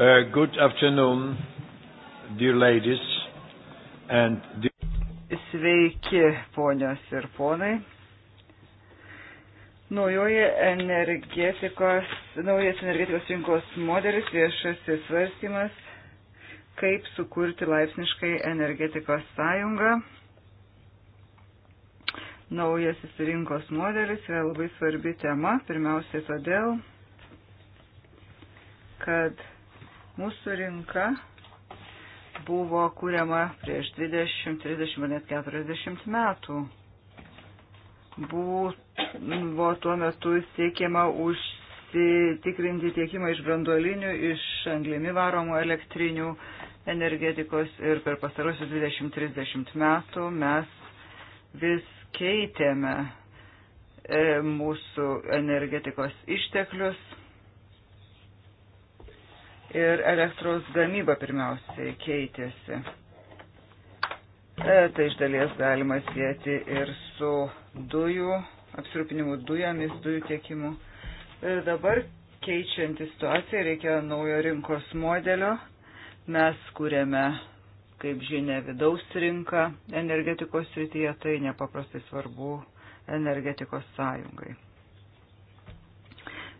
Uh, good afternoon, dear ladies and dear... Sveiki, ponios ir ponai. Naujoji energetikos, naujas energetikos rinkos modelis, viešasis svarstymas, kaip sukurti laipsniškai energetikos sąjungą. Naujasis rinkos modelis yra labai svarbi tema, pirmiausiai todėl, kad Mūsų rinka buvo kuriama prieš 20, 30 ar net 40 metų. Buvo tuo metu siekiama užsitikrinti tiekimą iš branduolinių, iš anglimi varomų elektrinių energetikos ir per pastarosius 20-30 metų mes vis keitėme e, mūsų energetikos išteklius ir elektros gamyba pirmiausiai keitėsi. E, tai iš dalies galima sėti ir su dujų, apsirūpinimu dujomis, dujų tiekimu. E, dabar keičianti situaciją reikia naujo rinkos modelio. Mes kūrėme, kaip žinia, vidaus rinką energetikos srityje, tai nepaprastai svarbu energetikos sąjungai.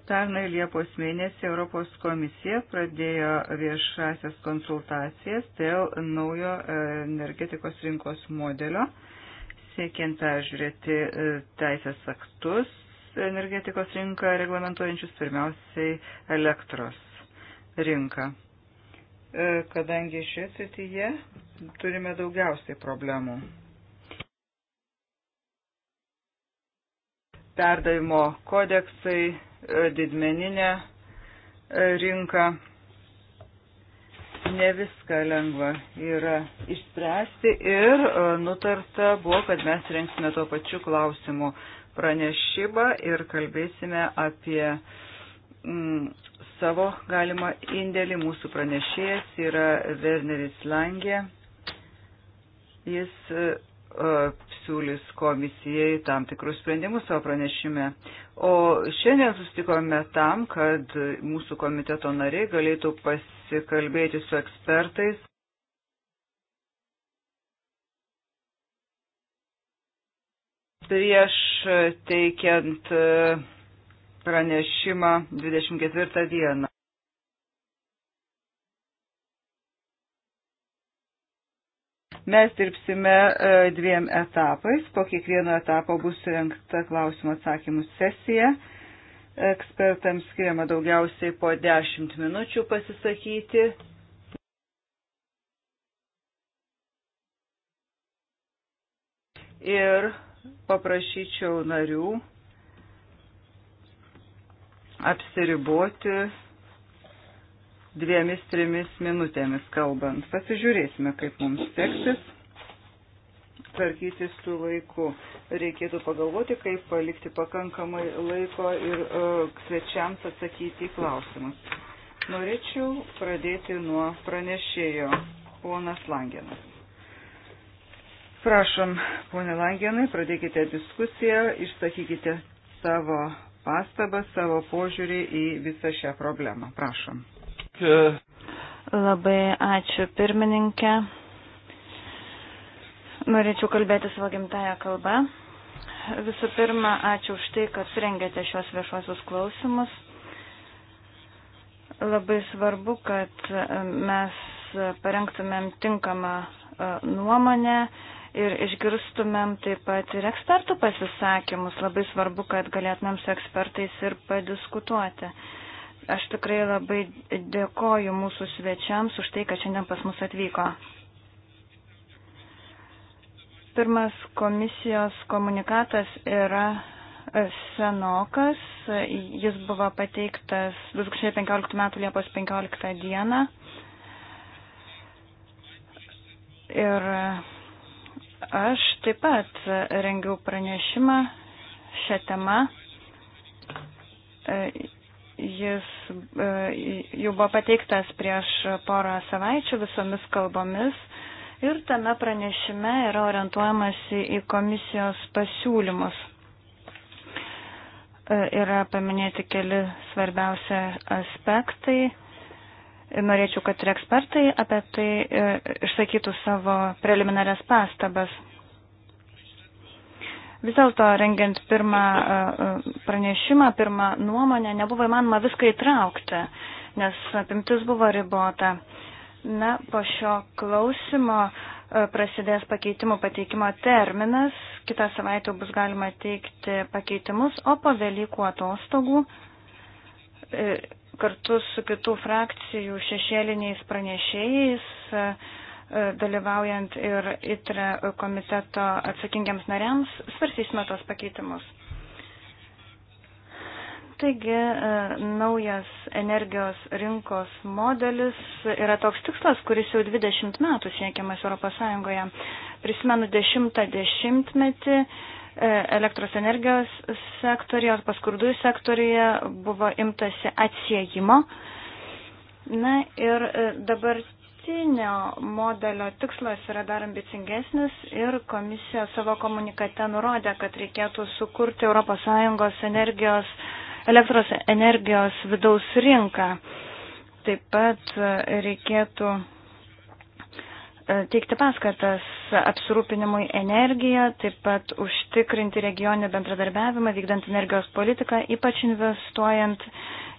Pernai Liepos mėnesį Europos komisija pradėjo viešasias konsultacijas dėl naujo e, energetikos rinkos modelio, siekiant peržiūrėti e, teisės aktus energetikos rinką reglamentuojančius pirmiausiai elektros rinką. E, kadangi šioje srityje turime daugiausiai problemų. Perdavimo kodeksai didmeninę e, rinką. Ne viską lengva yra išspręsti ir e, nutarta buvo, kad mes rengsime tuo pačiu klausimu pranešimą ir kalbėsime apie mm, savo galimą indėlį. Mūsų pranešėjas yra Werneris Langė. Jis e, E, siūlys komisijai tam tikrus sprendimus savo pranešime. O šiandien sustikome tam, kad mūsų komiteto nariai galėtų pasikalbėti su ekspertais. Prieš teikiant e, pranešimą 24 dieną. Mes dirbsime e, dviem etapais. Po kiekvieno etapo bus surinkta klausimų atsakymų sesija. Ekspertams skiriama daugiausiai po 10 minučių pasisakyti. Ir paprašyčiau narių apsiriboti dviemis, trimis minutėmis kalbant. Pasižiūrėsime, kaip mums seksis tvarkytis su laiku. Reikėtų pagalvoti, kaip palikti pakankamai laiko ir uh, svečiams atsakyti į klausimus. Norėčiau pradėti nuo pranešėjo, ponas Langenas. Prašom, ponė Langenai, pradėkite diskusiją, išsakykite savo pastabą, savo požiūrį į visą šią problemą. Prašom. E, Labai ačiū pirmininkė. Norėčiau kalbėti savo gimtają kalbą. Visų pirma, ačiū už tai, kad surengėte šios viešuosius klausimus. Labai svarbu, kad mes parengtumėm tinkamą e, nuomonę ir išgirstumėm taip pat ir ekspertų pasisakymus. Labai svarbu, kad galėtumėm su ekspertais ir padiskutuoti. Aš tikrai labai dėkoju mūsų svečiams už tai, kad šiandien pas mus atvyko. Pirmas komisijos komunikatas yra senokas. Jis buvo pateiktas 2015 m. Liepos 15 d. Ir aš taip pat rengiau pranešimą šią temą. Jis e, jau buvo pateiktas prieš porą savaičių visomis kalbomis ir tame pranešime yra orientuojamasi į komisijos pasiūlymus. E, yra paminėti keli svarbiausia aspektai. Norėčiau, kad ir ekspertai apie tai e, išsakytų savo preliminarias pastabas. Vis dėlto, rengiant pirmą e, e, pranešimą, pirmą nuomonę, nebuvo įmanoma viską įtraukti, nes apimtis buvo ribota. Na, po šio klausimo e, prasidės pakeitimų pateikimo terminas, kitą savaitę bus galima teikti pakeitimus, o po Velykų atostogų kartu su kitų frakcijų šešėliniais pranešėjais dalyvaujant ir ITRE komiteto atsakingiams nariams, svarsysime tos pakeitimus. Taigi, e, naujas energijos rinkos modelis yra toks tikslas, kuris jau 20 metų siekiamas ES. Prisimenu 10-10-metį e, elektros energijos sektorijos, paskurdųjų sektorija buvo imtasi atsiejimo. Na ir e, dabar dabartinio modelio tikslas yra dar ambicingesnis ir komisija savo komunikate nurodė, kad reikėtų sukurti ES energijos, elektros energijos vidaus rinką. Taip pat reikėtų E, teikti paskatas apsirūpinimui energiją, taip pat užtikrinti regioninį bendradarbiavimą, vykdant energijos politiką, ypač investuojant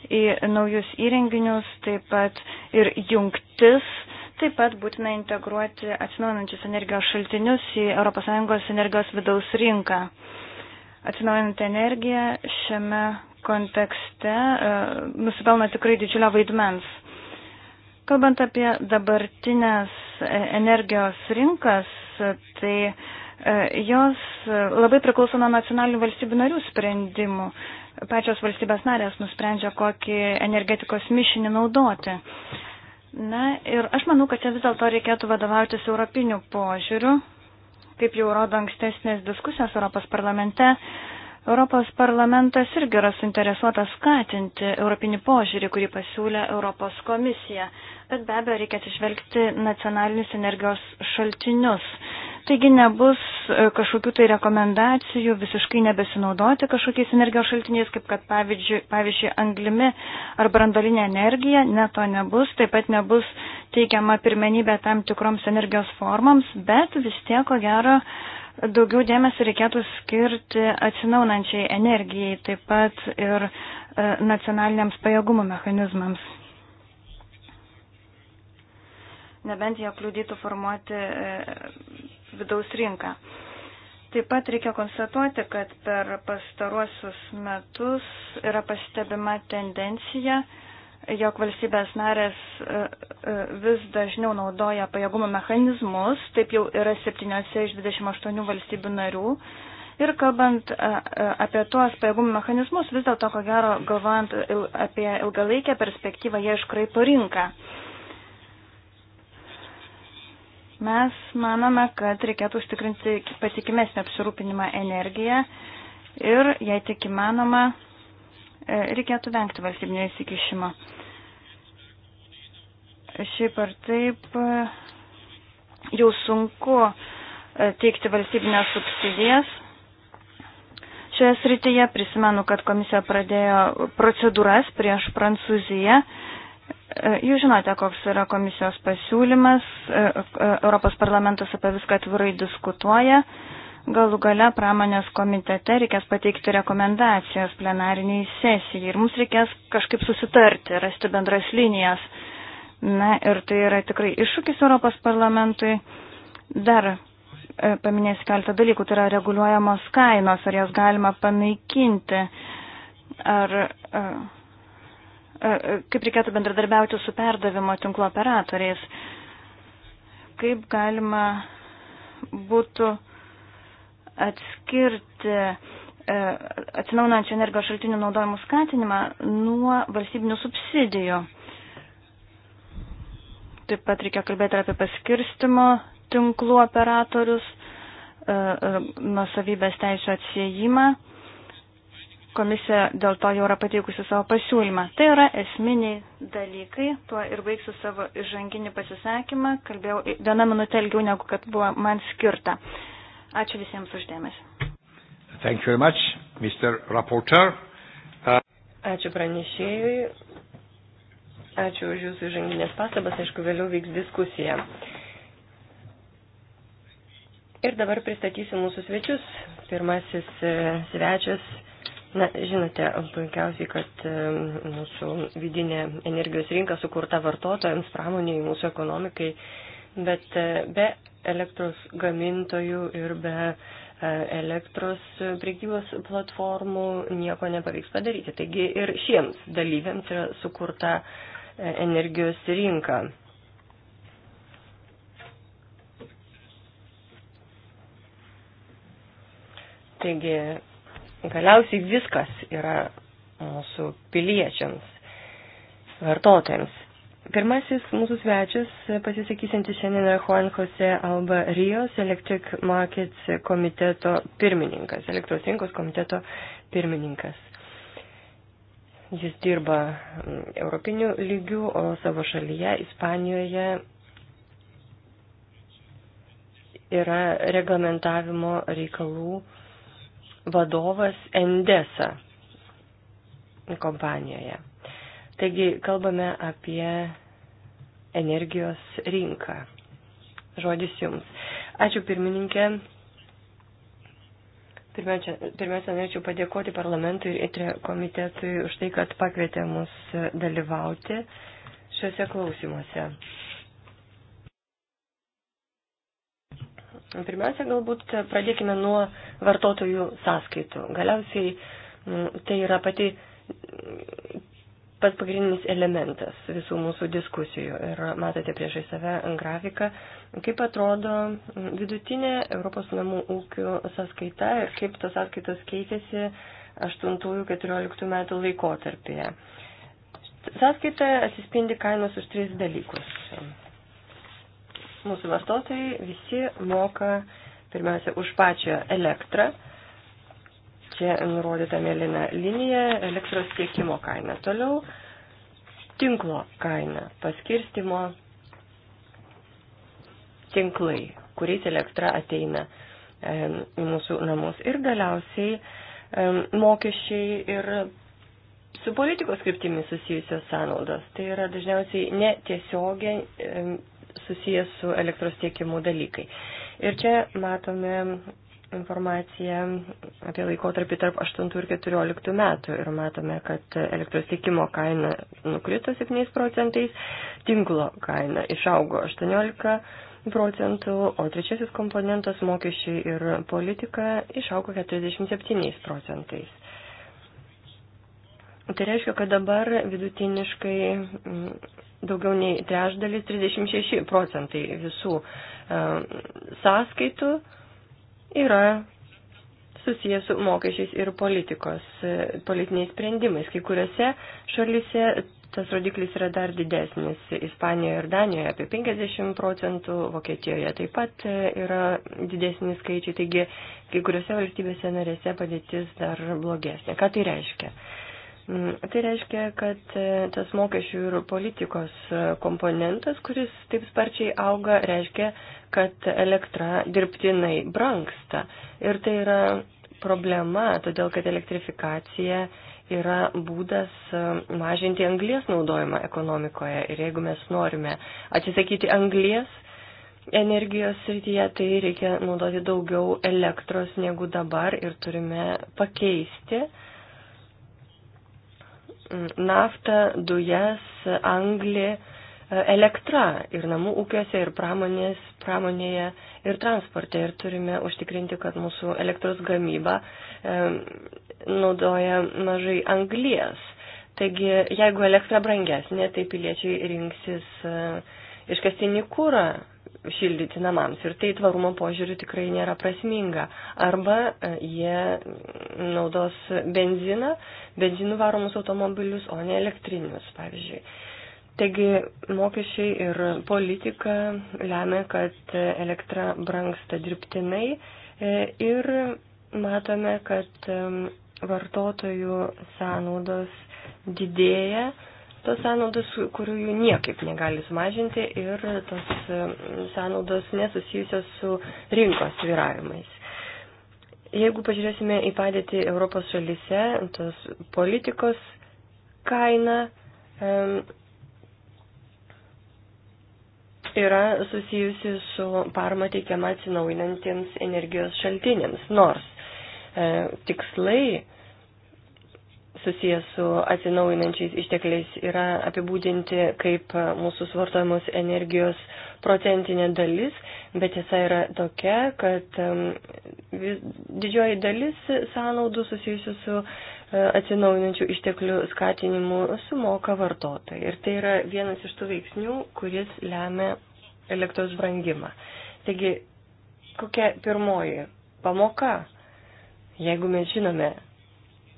į naujus įrenginius, taip pat ir jungtis, taip pat būtina integruoti atsinaujinančius energijos šaltinius į ES energijos vidaus rinką. Atsinaujinanti energija šiame kontekste e, nusipelno tikrai didžiulio vaidmens. Kalbant apie dabartinės e, energijos rinkas, tai e, jos labai priklauso nuo nacionalinių valstybių narių sprendimų. Pačios valstybės narės nusprendžia, kokį energetikos mišinį naudoti. Na ir aš manau, kad čia vis dėlto reikėtų vadovautis europiniu požiūriu, kaip jau rodo ankstesnės diskusijos Europos parlamente, Europos parlamentas irgi yra suinteresuotas skatinti europinį požiūrį, kurį pasiūlė Europos komisija, bet be abejo reikia atsižvelgti nacionalinius energijos šaltinius. Taigi nebus e, kažkokių tai rekomendacijų visiškai nebesinaudoti kažkokiais energijos šaltiniais, kaip kad pavyzdžiui, pavyzdžiui anglimi ar brandolinė energija, ne to nebus, taip pat nebus teikiama pirmenybė tam tikroms energijos formoms, bet vis tiek, ko gero, daugiau dėmesio reikėtų skirti atsinaunančiai energijai, taip pat ir e, nacionaliniams pajėgumų mechanizmams. Nebent jie kliudytų formuoti e, vidaus rinką. Taip pat reikia konstatuoti, kad per pastaruosius metus yra pastebima tendencija, jog valstybės narės e, e, vis dažniau naudoja pajėgumo mechanizmus, taip jau yra 7 iš 28 valstybių narių. Ir kalbant e, apie tuos pajėgumo mechanizmus, vis dėlto, ko gero, galvojant apie ilgalaikę perspektyvą, jie iškraipo rinką. Mes manome, kad reikėtų užtikrinti patikimesnį apsirūpinimą energiją ir, jei tik įmanoma, E, reikėtų vengti valstybinio įsikišimo. Šiaip ar taip e, jau sunku e, teikti valstybinės subsidijas. Šioje srityje prisimenu, kad komisija pradėjo procedūras prieš Prancūziją. Jūs žinote, koks yra komisijos pasiūlymas. Europos parlamentas apie viską atvirai diskutuoja. Galų gale pramonės komitete reikės pateikti rekomendacijas plenariniai sesijai ir mums reikės kažkaip susitarti, rasti bendras linijas. Na ir tai yra tikrai iššūkis Europos parlamentui. Dar e, paminėsiu keletą dalykų, tai yra reguliuojamos kainos, ar jas galima panaikinti, ar e, e, kaip reikėtų bendradarbiauti su perdavimo tinklo operatoriais, kaip galima būtų atskirti e, atsinaunančių energijos šaltinių naudojimų skatinimą nuo valstybinių subsidijų. Taip pat reikia kalbėti apie paskirstimo tinklų operatorius, e, e, nusavybės teisų atsiejimą. Komisija dėl to jau yra pateikusi savo pasiūlymą. Tai yra esminiai dalykai. Tuo ir baigsiu savo žanginį pasisakymą. Kalbėjau vieną minutę ilgiau negu kad buvo man skirta. Uh, Ačiū visiems uždėmesi. Thank you very much, Mr. Rapporteur. Uh... Ačiū pranešėjui. Ačiū už Jūsų žanginės pastabas, aišku, vėliau vyks diskusija. Ir dabar pristatysiu mūsų svečius. Pirmasis e, svečias, na, žinote, puikiausiai, kad e, mūsų vidinė energijos rinka sukurta vartotojams, pramoniai, mūsų ekonomikai Bet e, be elektros gamintojų ir be e, elektros prekybos platformų nieko nepavyks padaryti. Taigi ir šiems dalyviams yra sukurta e, energijos rinka. Taigi galiausiai viskas yra mūsų piliečiams, vartotojams. Pirmasis mūsų svečias e, pasisakysinti šiandien yra Juan Jose Alba Rijos Electric Markets komiteto pirmininkas, elektros rinkos komiteto pirmininkas. Jis dirba europinių lygių, o savo šalyje, Ispanijoje, yra reglamentavimo reikalų vadovas Endesa kompanijoje. Taigi kalbame apie energijos rinką. Žodis jums. Ačiū pirmininkė. Pirmiausia, pirmiausia, norėčiau padėkoti parlamentui ir ITRE komitetui už tai, kad pakvietė mus dalyvauti šiuose klausimuose. Pirmiausia, galbūt pradėkime nuo vartotojų sąskaitų. Galiausiai mm, tai yra pati pats pagrindinis elementas visų mūsų diskusijų. Ir matote priešai save grafiką, kaip atrodo vidutinė Europos namų ūkių sąskaita ir kaip tos sąskaitos keitėsi 8-14 metų laikotarpėje. Sąskaita atsispindi kainos už tris dalykus. Mūsų vartotojai visi moka pirmiausia už pačią elektrą Čia nurodyta mėlyna linija elektros tiekimo kaina. Toliau tinklo kaina, paskirstimo tinklai, kuriais elektra ateina į mūsų namus. Ir galiausiai mokesčiai ir su politikos kryptimi susijusios sąnaudos. Tai yra dažniausiai netiesiogiai susijęs su elektros tiekimu dalykai. Ir čia matome informaciją apie laikotarpį tarp 8 ir 14 metų ir matome, kad elektros tiekimo kaina nukrito 7 procentais, tinklo kaina išaugo 18 procentų, o trečiasis komponentas mokesčiai ir politika išaugo 47 procentais. Tai reiškia, kad dabar vidutiniškai mm, daugiau nei trešdalis 36 procentai visų e, sąskaitų yra susijęs su mokesčiais ir politikos, e, politiniais sprendimais. Kai kuriuose šalise tas rodiklis yra dar didesnis. Ispanijoje ir Danijoje apie 50 procentų, Vokietijoje taip pat e, yra didesni skaičiai, taigi kai kuriuose valstybėse narėse padėtis dar blogesnė. Ką tai reiškia? Mm, tai reiškia, kad e, tas mokesčių ir politikos e, komponentas, kuris taip sparčiai auga, reiškia, kad elektra dirbtinai branksta. Ir tai yra problema, todėl kad elektrifikacija yra būdas e, mažinti anglies naudojimą ekonomikoje. Ir jeigu mes norime atsisakyti anglies energijos srityje, tai reikia naudoti daugiau elektros negu dabar ir turime pakeisti uh, naftą, dujas, anglį, elektrą ir namų ūkiuose, ir pramonės, pramonėje, ir transporte. Ir turime užtikrinti, kad mūsų elektros gamyba naudoja mažai anglies. Taigi, jeigu elektra brangesnė, tai piliečiai rinksis uh, iškastinį kūrą šildyti namams ir tai tvarumo požiūriu tikrai nėra prasminga. Arba e, jie naudos benziną, benzinų varomus automobilius, o ne elektrinius, pavyzdžiui. Taigi mokesčiai ir politika lemia, kad elektra brangsta dirbtinai e, ir matome, kad vartotojų sąnaudos didėja tos sąnaudos, kurių jų niekaip negali sumažinti ir tos e, sąnaudos nesusijusios su rinkos sviravimais. Jeigu pažiūrėsime į padėtį Europos šalyse, tos politikos kaina um, yra susijusi su parma teikiama atsinaujinantiems energijos šaltiniams, nors e, tikslai susijęs su atsinaujinančiais ištekliais yra apibūdinti kaip mūsų suvartojamos energijos procentinė dalis, bet tiesa yra tokia, kad um, vis, didžioji dalis sąnaudų susijusių su e, atsinaujinančių išteklių skatinimu sumoka vartotojai. Ir tai yra vienas iš tų veiksnių, kuris lemia elektros brangimą. Taigi, kokia pirmoji pamoka, jeigu mes žinome,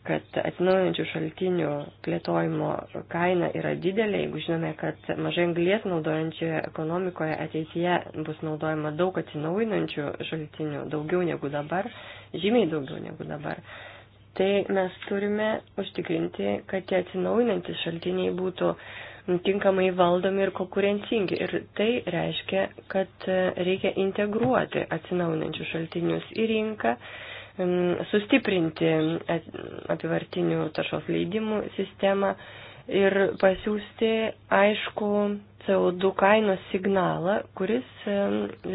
kad atsinaujančių šaltinių plėtojimo kaina yra didelė, jeigu žinome, kad mažai anglies naudojančioje ekonomikoje ateityje bus naudojama daug atsinaujinančių šaltinių, daugiau negu dabar, žymiai daugiau negu dabar. Tai mes turime užtikrinti, kad tie atsinaujinantis šaltiniai būtų tinkamai valdomi ir konkurencingi. Ir tai reiškia, kad reikia integruoti atsinaujinančių šaltinius į rinką sustiprinti apivartinių taršos leidimų sistemą ir pasiūsti aišku CO2 kainos signalą, kuris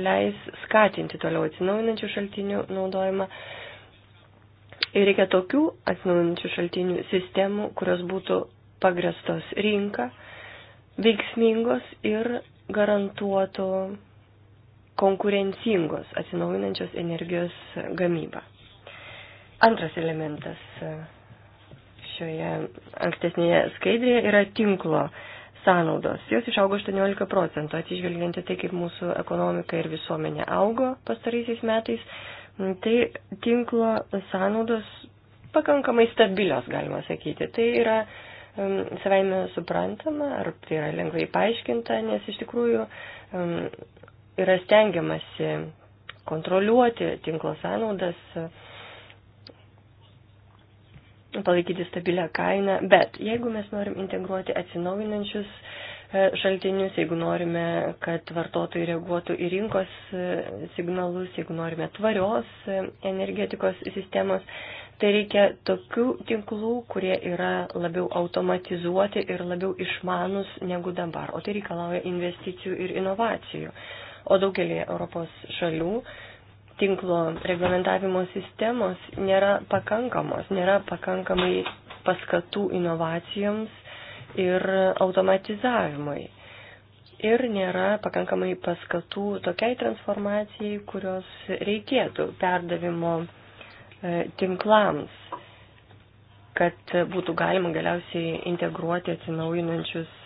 leis skatinti toliau atsinaujinančių šaltinių naudojimą. Ir reikia tokių atsinaujinančių šaltinių sistemų, kurios būtų pagrestos rinka, veiksmingos ir garantuotų konkurencingos atsinaujinančios energijos gamybą. Antras elementas e, šioje ankstesnėje skaidrėje yra tinklo sąnaudos. Jos išaugo 18 procentų, atsižvelgianti tai, kaip mūsų ekonomika ir visuomenė augo pastaraisiais metais. Mm, tai tinklo sąnaudos pakankamai stabilios, galima sakyti. Tai yra um, savaime suprantama, ar tai yra lengvai paaiškinta, nes iš tikrųjų um, yra stengiamasi kontroliuoti tinklo sąnaudas. Uh, palaikyti stabilę kainą, bet jeigu mes norim integruoti atsinaujinančius e, šaltinius, jeigu norime, kad vartotojai reaguotų į rinkos e, signalus, jeigu norime tvarios e, energetikos sistemos, tai reikia tokių tinklų, kurie yra labiau automatizuoti ir labiau išmanus negu dabar, o tai reikalauja investicijų ir inovacijų. O daugelį Europos šalių tinklo reglamentavimo sistemos nėra pakankamos, nėra pakankamai paskatų inovacijoms ir automatizavimui. Ir nėra pakankamai paskatų tokiai transformacijai, kurios reikėtų perdavimo e, tinklams, kad būtų galima galiausiai integruoti atsinaujinančius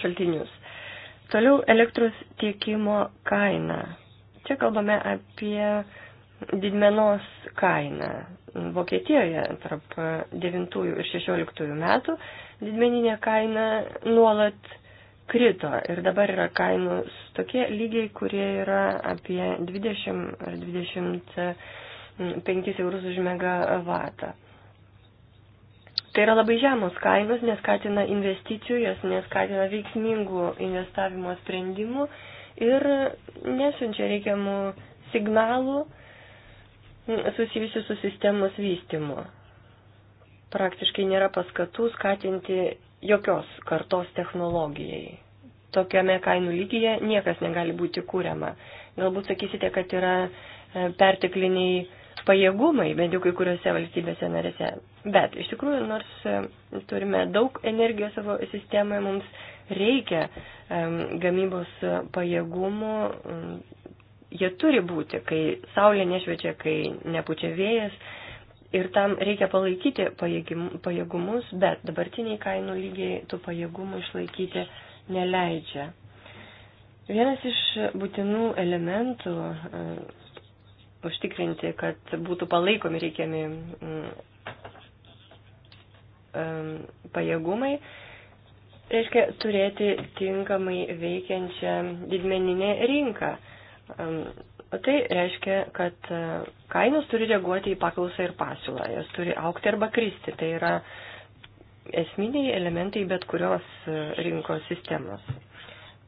šaltinius. Toliau elektros tiekimo kaina. Čia kalbame apie didmenos kainą. Vokietijoje tarp 9 ir 16 metų didmeninė kaina nuolat krito ir dabar yra kainų tokie lygiai, kurie yra apie 20 ar 25 eurus už megavatą. Tai yra labai žemos kainos, neskatina investicijų, jos neskatina veiksmingų investavimo sprendimų ir nesiunčia reikiamų signalų susijusių su sistemos vystimu. Praktiškai nėra paskatų skatinti jokios kartos technologijai. Tokiame kainų lygyje niekas negali būti kūriama. Galbūt sakysite, kad yra e, pertekliniai pajėgumai, bent jau kai kuriuose valstybėse narėse. Bet iš tikrųjų, nors e, turime daug energijos savo sistemoje, mums reikia gamybos pajėgumų, mm, jie turi būti, kai saulė nešviečia, kai nepučia vėjas. Ir tam reikia palaikyti pajėgumus, bet dabartiniai kainų lygiai tų pajėgumų išlaikyti neleidžia. Vienas iš būtinų elementų e, užtikrinti, kad būtų palaikomi reikiami mm, e, pajėgumai Reiškia turėti tinkamai veikiančią didmeninę rinką. O tai reiškia, kad e, kainos turi reaguoti į paklausą ir pasiūlą. Jos turi aukti arba kristi. Tai yra esminiai elementai bet kurios e, rinkos sistemos.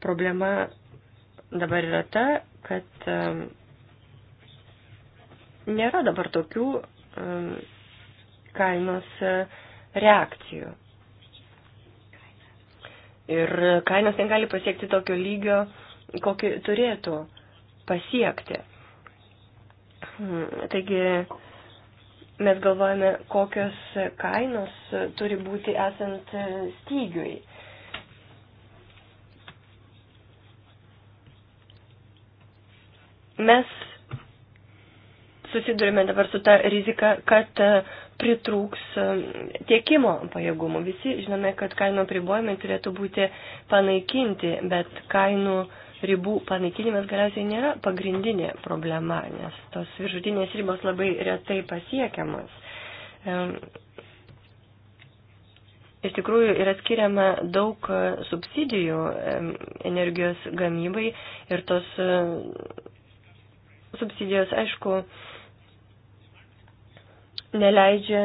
Problema dabar yra ta, kad nėra dabar tokių kainos e, reakcijų. Ir kainos ten gali pasiekti tokio lygio, kokį turėtų pasiekti. Hmm, taigi mes galvojame, kokios kainos turi būti esant stygiui. Mes susidurime dabar su ta rizika, kad pritrūks e, tiekimo pajėgumų. Visi žinome, kad kainų apribojimai turėtų būti panaikinti, bet kainų ribų panaikinimas galiausiai nėra pagrindinė problema, nes tos viršutinės ribos labai retai pasiekiamas. E, Iš tikrųjų yra skiriama daug e, subsidijų energijos gamybai ir tos subsidijos, aišku, neleidžia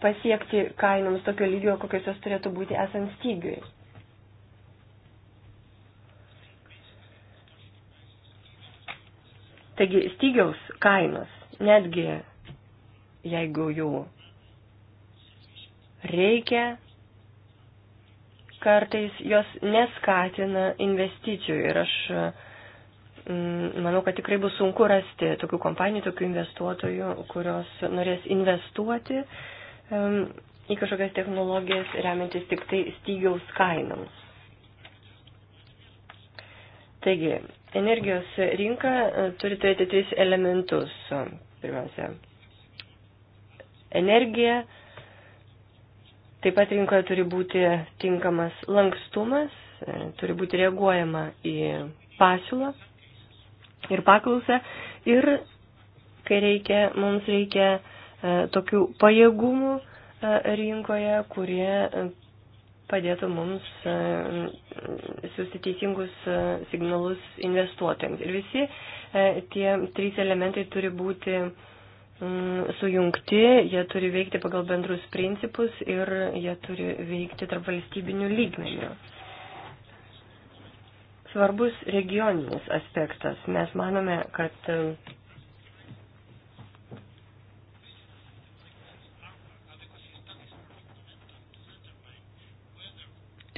pasiekti kainoms tokio lygio, kokios jos turėtų būti esant stygiui. Taigi stygiaus kainos, netgi jeigu jų reikia, kartais jos neskatina investicijų ir aš uh, Mm, manau, kad tikrai bus sunku rasti tokių kompanijų, tokių investuotojų, kurios norės investuoti į kažkokias technologijas remiantis tik tai stygiaus kainams. Taigi, energijos rinka e, turi turėti tris elementus. Pirmiausia, energija. Taip pat rinkoje turi būti tinkamas lankstumas, e, turi būti reaguojama į pasiūlą ir paklausą. Ir kai reikia, mums reikia e, tokių pajėgumų e, rinkoje, kurie e, padėtų mums siūsti teisingus signalus investuotojams. Ir visi tie trys elementai turi būti mm, sujungti, jie turi veikti pagal bendrus principus ir jie turi veikti tarp valstybinių lygmenių svarbus regioninis aspektas. Mes manome, kad e,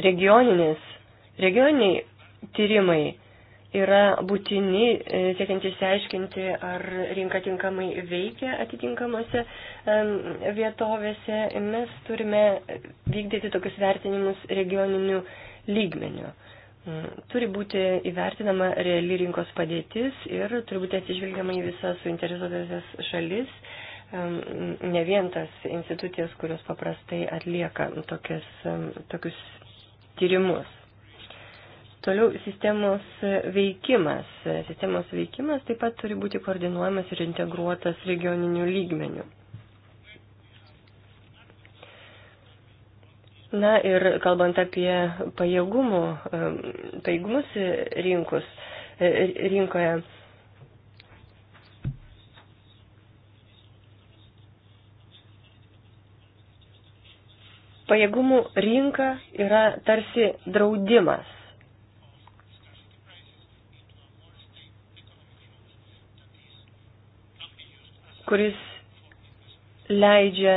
regioninis, regioniniai tyrimai yra būtini, e, siekiant išsiaiškinti, ar rinka tinkamai veikia atitinkamose vietovėse. Mes turime vykdyti tokius vertinimus regioniniu lygmeniu. Turi būti įvertinama reali rinkos padėtis ir turi būti atsižvelgiama į visas suinteresuotasias šalis, ne vien tas institucijas, kurios paprastai atlieka tokias, tokius tyrimus. Toliau sistemos veikimas. Sistemos veikimas taip pat turi būti koordinuojamas ir integruotas regioniniu lygmeniu. Na ir kalbant apie pajėgumų, pajėgumus rinkus, e, rinkoje. Pajėgumų rinka yra tarsi draudimas. kuris leidžia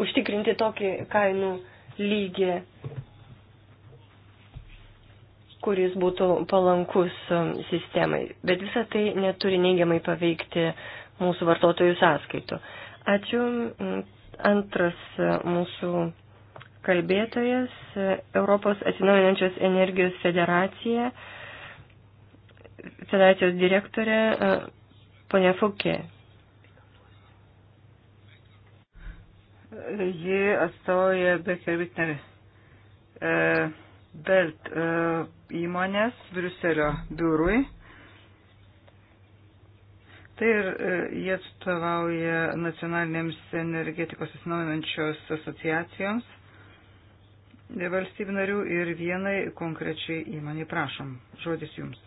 užtikrinti tokį kainų lygį, kuris būtų palankus um, sistemai. Bet visa tai neturi neigiamai paveikti mūsų vartotojų sąskaitų. Ačiū. Antras e, mūsų kalbėtojas, e, Europos atsinaujinančios energijos federacija, federacijos direktorė, e, ponia Fukė. Ji atstovauja Becker Wittner e, Belt e, įmonės Briuselio biurui. Tai ir e, jie atstovauja nacionalinėms energetikos atsinaujinančios asociacijoms, valstybių narių ir vienai konkrečiai įmoniai. Prašom, žodis jums.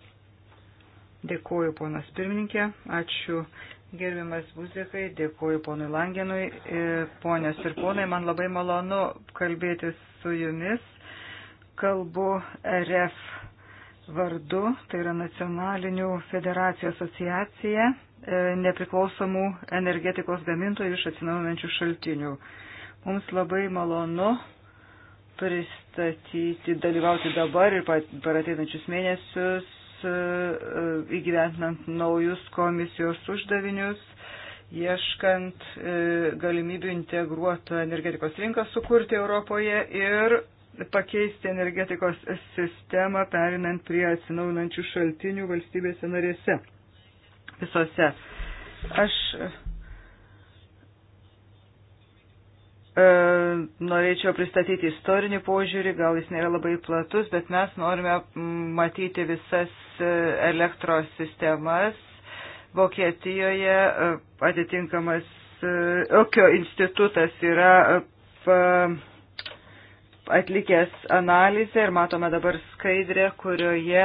Dėkuoju, ponas pirmininkė, ačiū Gerbiamas Buzikai, dėkuoju ponui Langenui. E, Ponės ir ponai, man labai malonu kalbėti su jumis. Kalbu RF vardu, tai yra Nacionalinių federacijų asociacija e, nepriklausomų energetikos gamintojų iš atsinaujančių šaltinių. Mums labai malonu pristatyti, dalyvauti dabar ir per ateinančius mėnesius E, e, įgyventinant naujus komisijos uždavinius, ieškant e, galimybių integruotą energetikos rinką sukurti Europoje ir pakeisti energetikos sistemą, perinant prie atsinaujinančių šaltinių valstybėse narėse visose. Aš E, norėčiau pristatyti istorinį požiūrį, gal jis nėra labai platus, bet mes norime matyti visas e, elektros sistemas. Vokietijoje e, atitinkamas Okio institutas yra atlikęs analizę ir matome dabar skaidrę, kurioje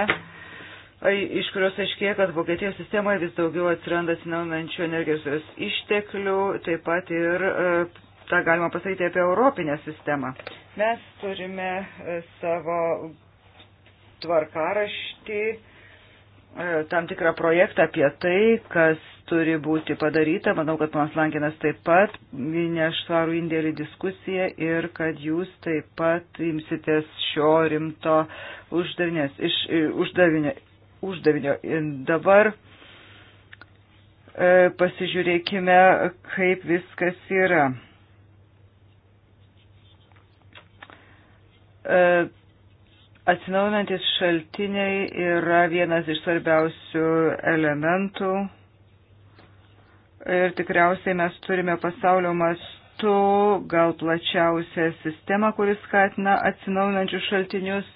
iš kurios aiškėja, kad Vokietijos sistemoje vis daugiau atsiranda atsinaunančių energijos išteklių, taip pat ir tą galima pasakyti apie Europinę sistemą. Mes turime e, savo tvarkaraštį, e, tam tikrą projektą apie tai, kas turi būti padaryta. Manau, kad panas Lankinas taip pat įneš svarų indėlį diskusiją ir kad jūs taip pat imsitės šio rimto uždavinės, iš, e, uždavinio, uždavinio. Dabar pasižiūrėkime, kaip viskas yra. E, Atsinaujantis šaltiniai yra vienas iš svarbiausių elementų ir tikriausiai mes turime pasaulio mastu gal plačiausią sistemą, kuris skatina atsinaujančius šaltinius.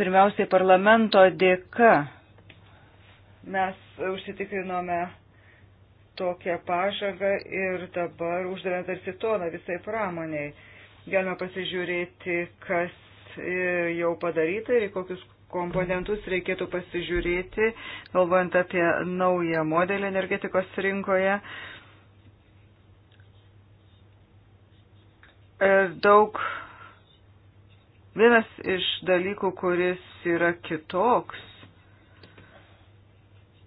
Pirmiausiai parlamento dėka mes užsitikrinome tokią pažangą ir dabar uždarėme tarsi toną visai pramoniai. Galima pasižiūrėti, kas e, jau padaryta ir kokius komponentus reikėtų pasižiūrėti, galvojant apie naują modelį energetikos rinkoje. E, daug vienas iš dalykų, kuris yra kitoks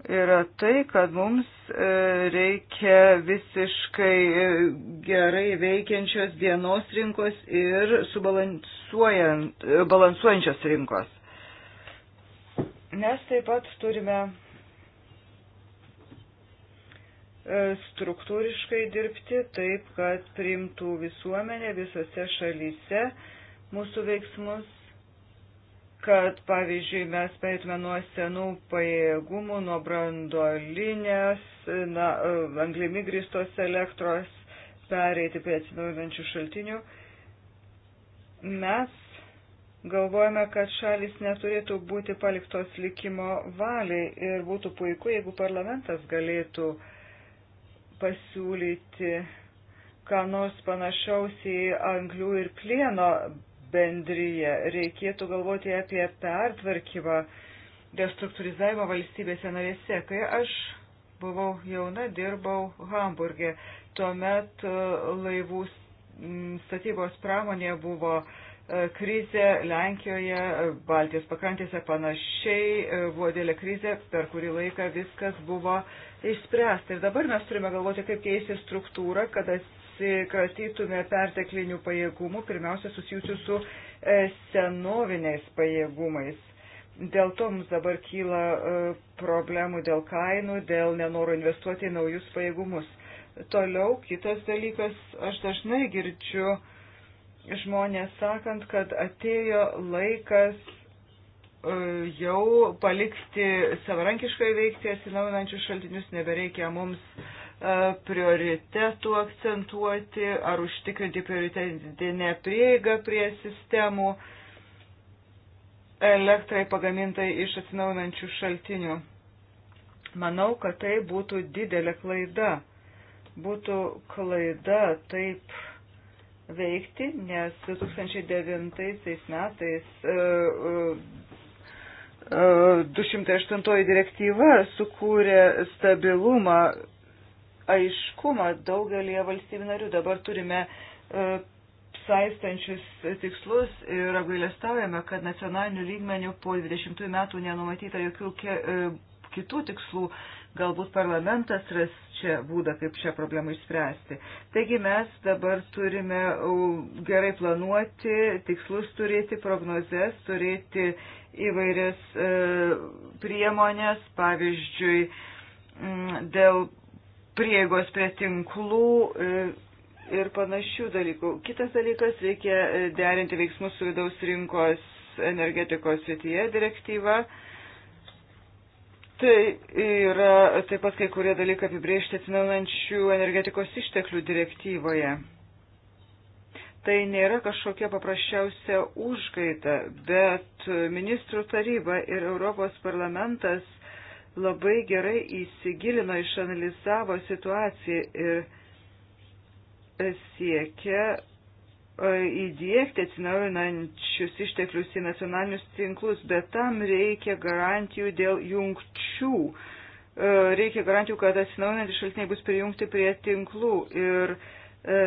yra tai, kad mums e, reikia visiškai e, gerai veikiančios dienos rinkos ir subalansuojančios e, rinkos. Mes taip pat turime struktūriškai dirbti taip, kad priimtų visuomenė visose šalyse mūsų veiksmus kad, pavyzdžiui, mes perėtume nuo senų pajėgumų, nuo brandolinės, na, e, anglimi gristos elektros, pereiti prie atsinaujinančių šaltinių. Mes galvojame, kad šalis neturėtų būti paliktos likimo valiai ir būtų puiku, jeigu parlamentas galėtų pasiūlyti ką nors panašaus į anglių ir plieno bendryje. Reikėtų galvoti apie pertvarkymą, restruktūrizavimą valstybėse narėse. Kai aš buvau jauna, dirbau Hamburgė. Tuomet e, laivų statybos pramonė buvo e, krizė Lenkijoje, Baltijos pakrantėse panašiai e, buvo dėlė krizė, per kurį laiką viskas buvo išspręsta. Ir dabar mes turime galvoti, kaip keisti struktūrą, kad atsikratytume perteklinių pajėgumų, pirmiausia susijusių su e, senoviniais pajėgumais. Dėl to mums dabar kyla e, problemų dėl kainų, dėl nenoro investuoti į naujus pajėgumus. Toliau kitas dalykas, aš dažnai girdžiu žmonės sakant, kad atėjo laikas e, jau palikti savarankiškai veikti atsinaujinančius šaltinius, nebereikia mums uh, E, prioritetų akcentuoti, ar užtikrinti prioritetinę prieigą prie sistemų elektrai pagamintai iš atsinaujinančių šaltinių. Manau, kad tai būtų didelė klaida. Būtų klaida taip veikti, nes 2009 metais e, e, 208 e, direktyva sukūrė stabilumą aiškumą daugelie valstybių narių. Dabar turime e, saistančius tikslus ir apgailestaujame, kad nacionalinių lygmenių po 20 metų nenumatyta jokių ke, e, kitų tikslų. Galbūt parlamentas ras čia būdą, kaip šią problemą išspręsti. Taigi mes dabar turime gerai planuoti, tikslus turėti, prognozes, turėti įvairias e, priemonės, pavyzdžiui, m, dėl prieigos prie tinklų e, ir panašių dalykų. Kitas dalykas, reikia e, derinti veiksmus su vidaus rinkos energetikos srityje direktyva. Tai yra taip pat kai kurie dalykai apibriežti atsinaujančių energetikos išteklių direktyvoje. Tai nėra kažkokia paprasčiausia užgaita, bet ministrų taryba ir Europos parlamentas labai gerai įsigilino, išanalizavo situaciją ir siekia e, įdėkti atsinaujinančius išteklius į nacionalinius tinklus, bet tam reikia garantijų dėl jungčių. E, reikia garantijų, kad atsinaujinantys šaltiniai bus prijungti prie tinklų ir e,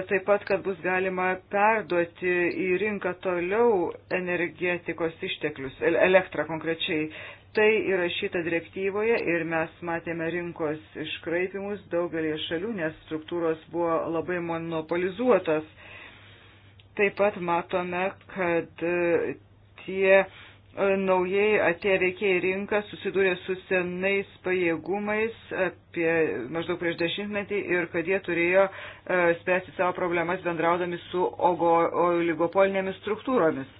taip pat, kad bus galima perduoti į rinką toliau energetikos išteklius, elektrą konkrečiai tai įrašyta direktyvoje ir mes matėme rinkos iškraipimus daugelį šalių, nes struktūros buvo labai monopolizuotos. Taip pat matome, kad e, tie e, naujai atėję veikėjai rinka susidūrė su senais pajėgumais apie maždaug prieš dešimtmetį ir kad jie turėjo e, spręsti savo problemas bendraudami su oligopolinėmis struktūromis.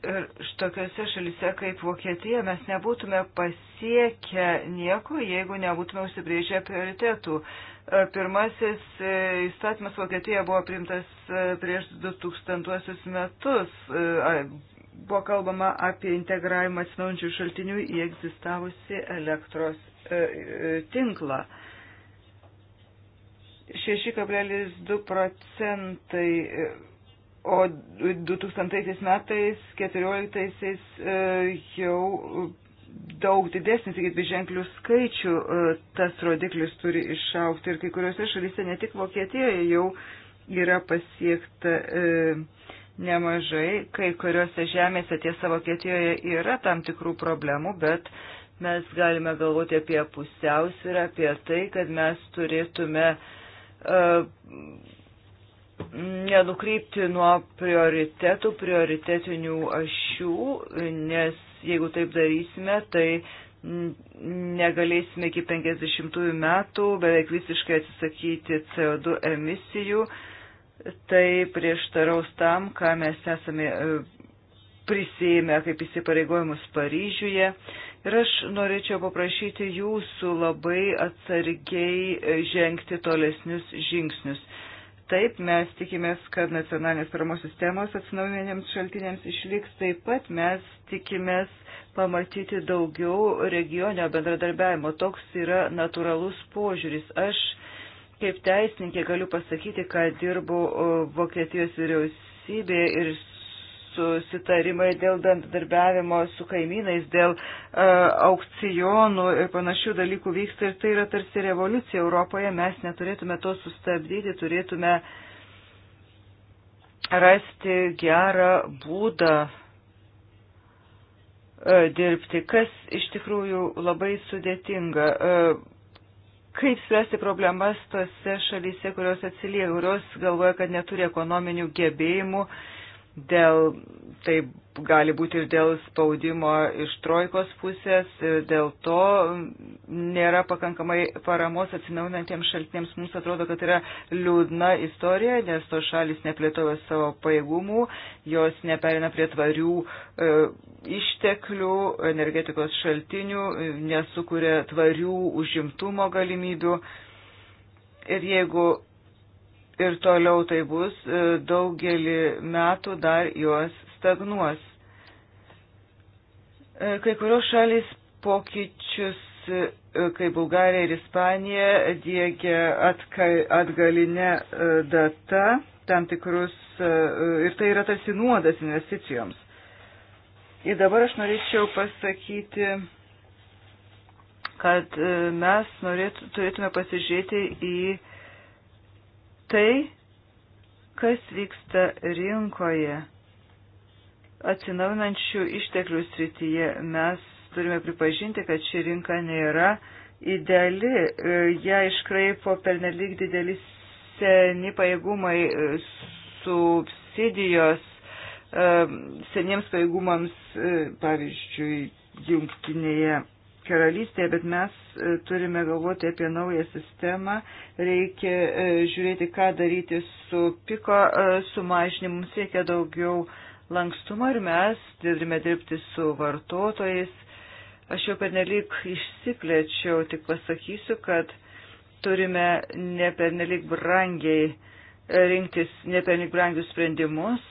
E, Ir tokiuose šalise kaip Vokietija mes nebūtume pasiekę nieko, jeigu nebūtume užsibrėžę prioritetų. E, pirmasis e, įstatymas Vokietija buvo priimtas prieš 2000 metus. Buvo kalbama apie integravimą atsinaujančių šaltinių į egzistavusi elektros tinklą. 6,2 procentai O 2000 metais, 14 e, jau daug didesnis, iki dviženklių skaičių e, tas rodiklis turi išaukti ir kai kuriuose šalyse, ne tik Vokietijoje, jau yra pasiekta e, nemažai, kai kuriuose žemėse tiesa Vokietijoje yra tam tikrų problemų, bet mes galime galvoti apie pusiausvyrą, apie tai, kad mes turėtume uh, nenukrypti nuo prioritetų, prioritetinių ašių, nes jeigu taip darysime, tai negalėsime iki 50 metų beveik visiškai atsisakyti CO2 emisijų. Tai prieštaraus tam, ką mes esame e, prisėmę kaip įsipareigojimus Paryžiuje. Ir aš norėčiau paprašyti jūsų labai atsargiai e, žengti tolesnius žingsnius. Taip, mes tikimės, kad nacionalinės paramos sistemos atsinaujinėms šaltiniams išliks. Taip pat mes tikimės pamatyti daugiau regionio bendradarbiavimo. Toks yra natūralus požiūris. Aš kaip teisininkė galiu pasakyti, kad dirbu uh, Vokietijos vyriausybėje ir susitarimai dėl bendradarbiavimo su kaimynais, dėl e, aukcijonų ir panašių dalykų vyksta ir tai yra tarsi revoliucija Europoje, mes neturėtume to sustabdyti, turėtume rasti gerą būdą e, dirbti, kas iš tikrųjų labai sudėtinga. E, kaip spręsti problemas tose šalyse, kurios atsilieka, kurios galvoja, kad neturi ekonominių gebėjimų dėl, tai gali būti ir dėl spaudimo iš trojkos pusės, dėl to nėra pakankamai paramos atsinaujinantiems šaltiniams. Mums atrodo, kad yra liūdna istorija, nes to šalis neplėtojo savo pajėgumų, jos neperina prie tvarių e, išteklių, energetikos šaltinių, nesukuria tvarių užimtumo galimybių. Ir jeigu ir toliau tai bus, e, daugelį metų dar juos stagnuos. E, kai kurios šalis pokyčius, e, kaip Bulgarija ir Ispanija, diegia atgalinę datą tam tikrus ir tai yra tarsi nuodas investicijoms. Ir dabar aš norėčiau pasakyti, kad mes norėtų, turėtume pasižiūrėti į tai, kas vyksta rinkoje atsinaujinančių išteklių srityje. Mes turime pripažinti, kad ši rinka nėra ideali, ją iškraipo pernelyg dideli seni pajėgumai subsidijos ehm, seniems pajėgumams, e, pavyzdžiui, jungtinėje karalystėje, bet mes e, turime galvoti apie naują sistemą, reikia e, žiūrėti, ką daryti su piko e, sumažinimu, mums reikia daugiau lankstumo ir mes turime dirbti su vartotojais. Aš jau pernelyg išsiplėčiau, tik pasakysiu, kad turime nepernelyg brangiai rinktis nepernelyg brangius sprendimus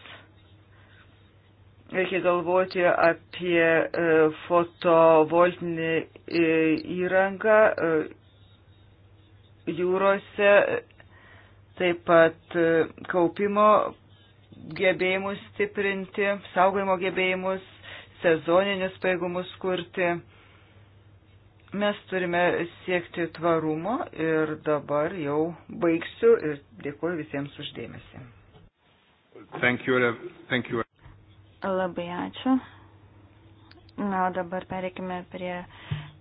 Reikia galvoti apie e, fotovoltinį e, įrangą e, jūrose, taip pat kaupimo gebėjimus stiprinti, saugojimo gebėjimus, sezoninius paėgumus kurti. Mes turime siekti tvarumo ir dabar jau baigsiu ir dėkuoju visiems uždėmesi. Thank you, thank you. Labai ačiū. Na, o dabar pereikime prie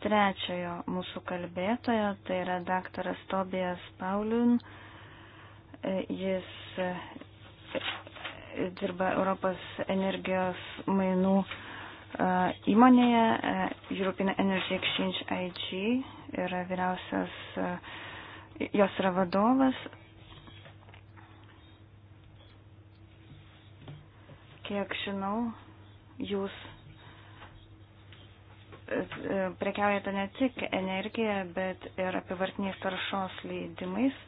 trečiojo mūsų kalbėtojo, tai yra daktaras Tobijas Paulin. E, jis e, dirba Europos energijos mainų e, įmonėje European Energy Exchange IG, yra vyriausias, jos yra vadovas, Kiek žinau, jūs e, e, prekiaujate ne tik energiją, bet ir apivartiniais taršos leidimais.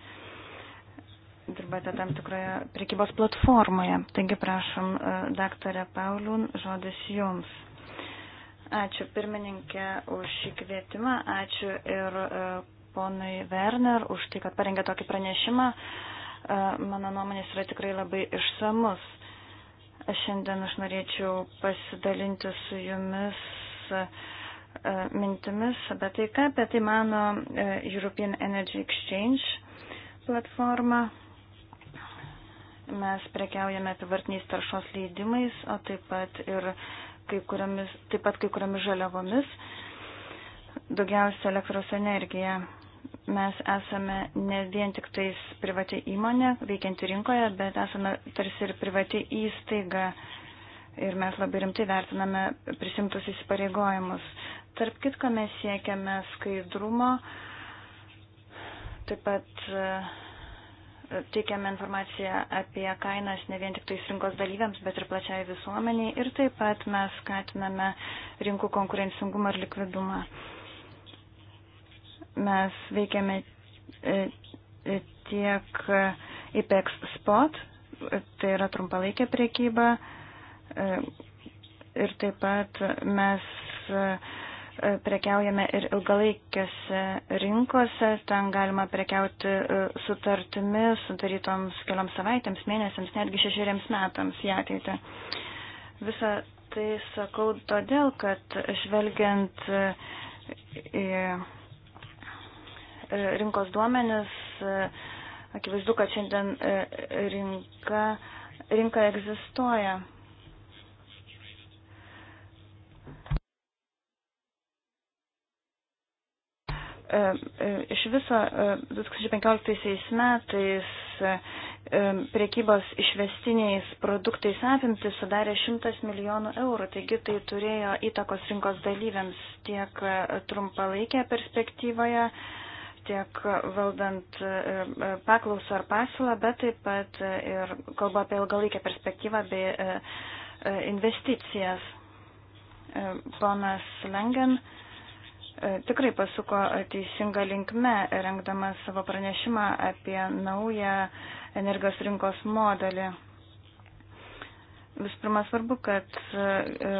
Dirbate tam tikroje prekybos platformoje. Taigi prašom, e, daktarė Pauliun, žodis jums. Ačiū pirmininkė už šį kvietimą, ačiū ir ponui Werner už tai, kad parengė tokį pranešimą. Mano nuomonės yra tikrai labai išsamus. Aš šiandien aš norėčiau pasidalinti su jumis e, mintimis apie tai, ką apie tai mano e, European Energy Exchange platforma. Mes prekiaujame apivartiniais taršos leidimais, o taip pat ir kai kuriomis, taip pat kai kuriomis žaliavomis, daugiausia elektros energija. Mes esame ne vien tik tais privati įmonė, veikianti rinkoje, bet esame tarsi ir privati įstaiga ir mes labai rimtai vertiname prisimtus įsipareigojimus. Tarp kitko mes siekiame skaidrumo, taip pat e, teikiame informaciją apie kainas ne vien tik tais rinkos dalyviams, bet ir plačiai visuomeniai ir taip pat mes skatiname rinkų konkurencingumą ir likvidumą. Mes veikiame e, e, tiek IPEX spot, tai yra trumpalaikė priekyba e, ir taip pat mes prekiaujame ir ilgalaikėse rinkose, ten galima prekiauti sutartimi sudarytoms kelioms savaitėms, mėnesiams, netgi šešeriems metams į ateitį. Visą tai sakau todėl, kad žvelgiant į rinkos duomenis. Akivaizdu, kad šiandien e, rinka, rinka egzistuoja. E, e, iš viso 2015 metais priekybos išvestiniais produktais apimtis sudarė 100 milijonų eurų, taigi tai turėjo įtakos rinkos dalyviams tiek trumpalaikėje perspektyvoje, tiek valdant e, e, paklausą ar pasiūlą, bet taip pat e, ir kalba apie ilgalaikę perspektyvą bei investicijas. Ponas Lengen tikrai pasuko teisinga linkme, rengdamas savo pranešimą apie naują energijos rinkos modelį. Vis pirma, svarbu, kad e,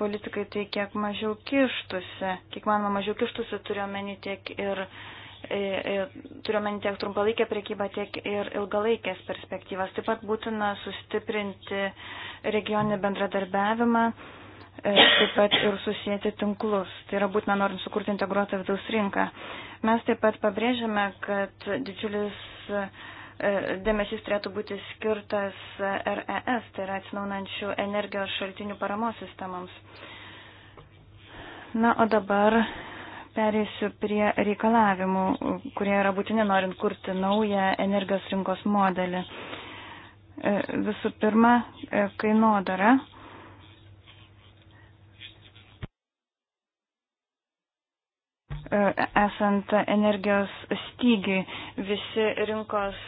politikai tai kiek mažiau kištusi, kiek manoma mažiau kištusi turiuomenį tiek ir e, E, e, turiuomenį tiek trumpalaikę priekybą, tiek ir ilgalaikės perspektyvas. Taip pat būtina sustiprinti regioninį bendradarbiavimą, e, taip pat ir susijęti tinklus. Tai yra būtina norint sukurti integruotą vidaus rinką. Mes taip pat pabrėžiame, kad didžiulis dėmesys turėtų būti skirtas RES, tai yra atsinaunančių energijos šaltinių paramos sistemams. Na, o dabar Pereisiu prie reikalavimų, kurie yra būtini norint kurti naują energijos rinkos modelį. E, visų pirma, e, kainodara. E, esant energijos stygiui, visi rinkos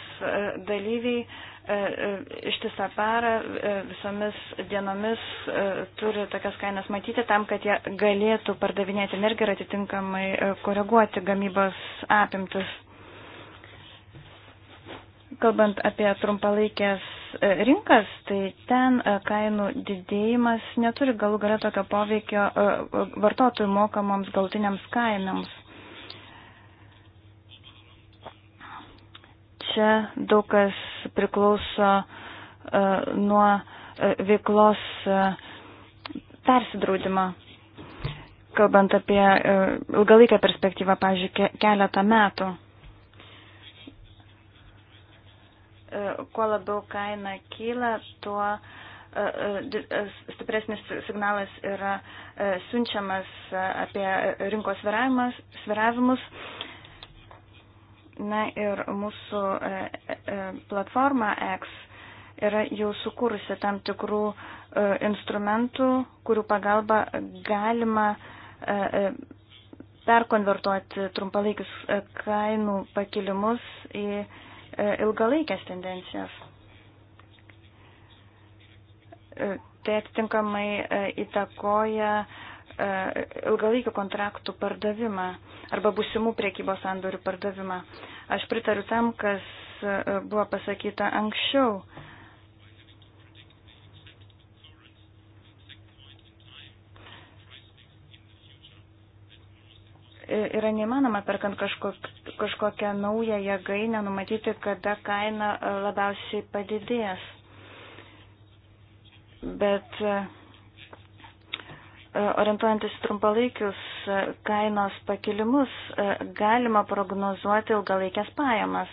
dalyviai E, e, ištisą parą e, visomis dienomis turi tokias kainas matyti tam, kad jie galėtų pardavinėti energiją ir atitinkamai koreguoti gamybos apimtis. Kalbant apie trumpalaikės rinkas, tai ten kainų didėjimas neturi galų gale tokio poveikio vartotojų mokamoms galtiniams kainams. Čia daug kas priklauso e, nuo e, veiklos e, persidraudimo. Kalbant apie ilgalaikę perspektyvą, pavyzdžiui, keletą metų. Kuo labiau kaina kyla, tuo stipresnis signalas yra siunčiamas apie rinkos sviravimus Na ir mūsų e, e, platforma X yra jau sukūrusi tam tikrų e, instrumentų, kurių pagalba galima perkonvertuoti trumpalaikius kainų pakilimus į ilgalaikės tendencijas. Tai atitinkamai įtakoja uh, E, ilgalaikio kontraktų pardavimą arba būsimų priekybos sandorių pardavimą. Aš pritariu tam, kas e, buvo pasakyta anksčiau. E, yra neįmanoma perkant kažko, kažkokią naują jėgainę numatyti, kada kaina labiausiai padidės. Bet uh, E, orientuojantis trumpalaikius e, kainos pakilimus, e, galima prognozuoti ilgalaikės pajamas.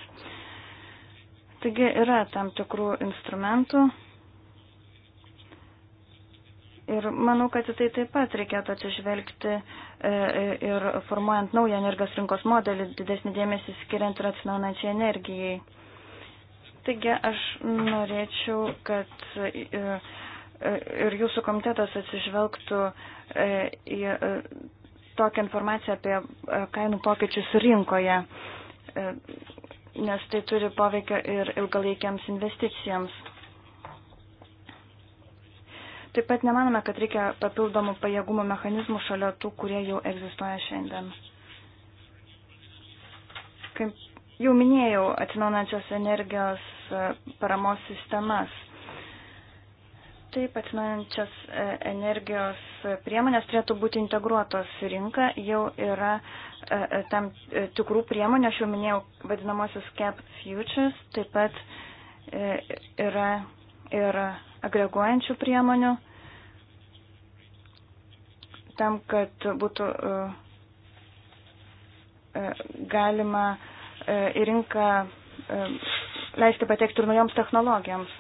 Taigi yra tam tikrų instrumentų. Ir manau, kad į tai taip pat reikėtų atsižvelgti ir formuojant naują energijos rinkos modelį, didesnį dėmesį skiriant ir atsinaunančiai energijai. Taigi aš norėčiau, kad E, ir jūsų komitetas atsižvelgtų e, į e, tokią informaciją apie kainų pokyčius rinkoje, nes tai turi poveikio ir ilgalaikiams investicijams. Taip pat nemanome, kad reikia papildomų pajėgumų mechanizmų šalia tų, kurie jau egzistuoja šiandien. Kaip jau minėjau, atsinaujančios energijos paramos sistemas – Taip, atsinaujančios e, energijos priemonės turėtų būti integruotos į rinką. Jau yra e, e, tam tikrų priemonių, aš jau minėjau vadinamosius cap futures, taip pat yra ir agreguojančių priemonių tam, kad būtų galima į rinką leisti patekti ir naujoms technologijoms.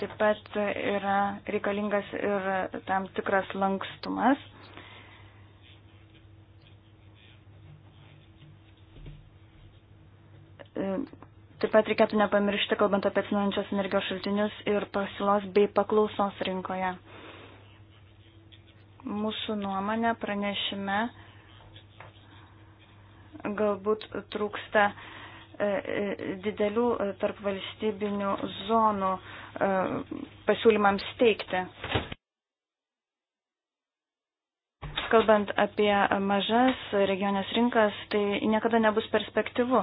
Taip pat yra reikalingas ir tam tikras lankstumas. Taip pat reikėtų nepamiršti, kalbant apie atsinaujančios energijos šaltinius ir pasiūlos bei paklausos rinkoje. Mūsų nuomonė pranešime galbūt trūksta e, e, didelių e, tarp valstybinių zonų E, pasiūlymams teikti. Kalbant apie mažas regionės rinkas, tai niekada nebus perspektyvu.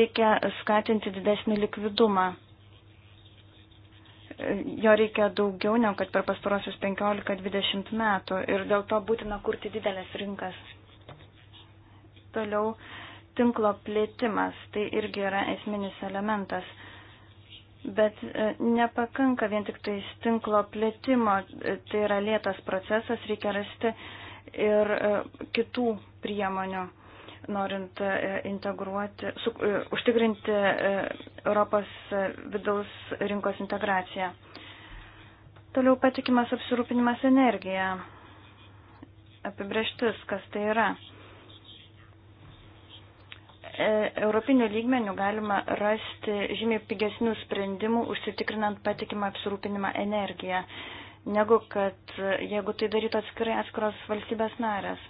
Reikia skatinti didesnį likvidumą. Jo reikia daugiau negu kad per pastarosius 15-20 metų ir dėl to būtina kurti didelės rinkas. Toliau tinklo plėtimas, tai irgi yra esminis elementas Bet e, nepakanka vien tik tais tinklo plėtimo, e, tai yra lėtas procesas, reikia rasti ir e, kitų priemonių, norint integruoti, su, užtikrinti Europos vidaus rinkos integraciją. Toliau patikimas apsirūpinimas energija. Apibrieštis, kas tai yra. E, europinių lygmenių galima rasti žymiai pigesnių sprendimų užsitikrinant patikimą apsirūpinimą energiją, negu kad e, jeigu tai darytų atskirai atskiros valstybės narės.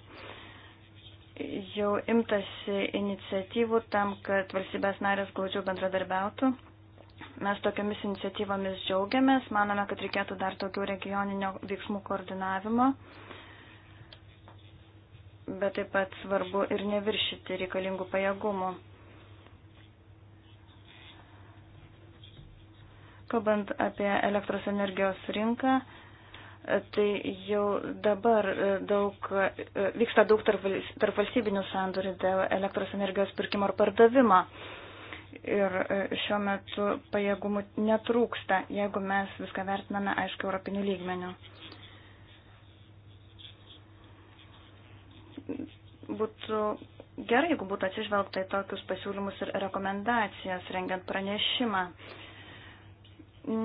Jau imtasi iniciatyvų tam, kad valstybės narės glaudžiau bendradarbiautų. Mes tokiamis iniciatyvomis džiaugiamės, manome, kad reikėtų dar daugiau regioninio veiksmų koordinavimo. Uh, bet taip pat svarbu ir neviršyti reikalingų pajėgumų. Kalbant apie elektros energijos rinką, tai jau dabar daug, vyksta daug tarp valstybinių sandorių dėl elektros energijos pirkimo ar pardavimo. Ir e, šiuo metu pajėgumų netrūksta, jeigu mes viską vertiname, aišku, europinių lygmenių. būtų gerai, jeigu būtų atsižvelgta į tokius pasiūlymus ir rekomendacijas rengiant pranešimą.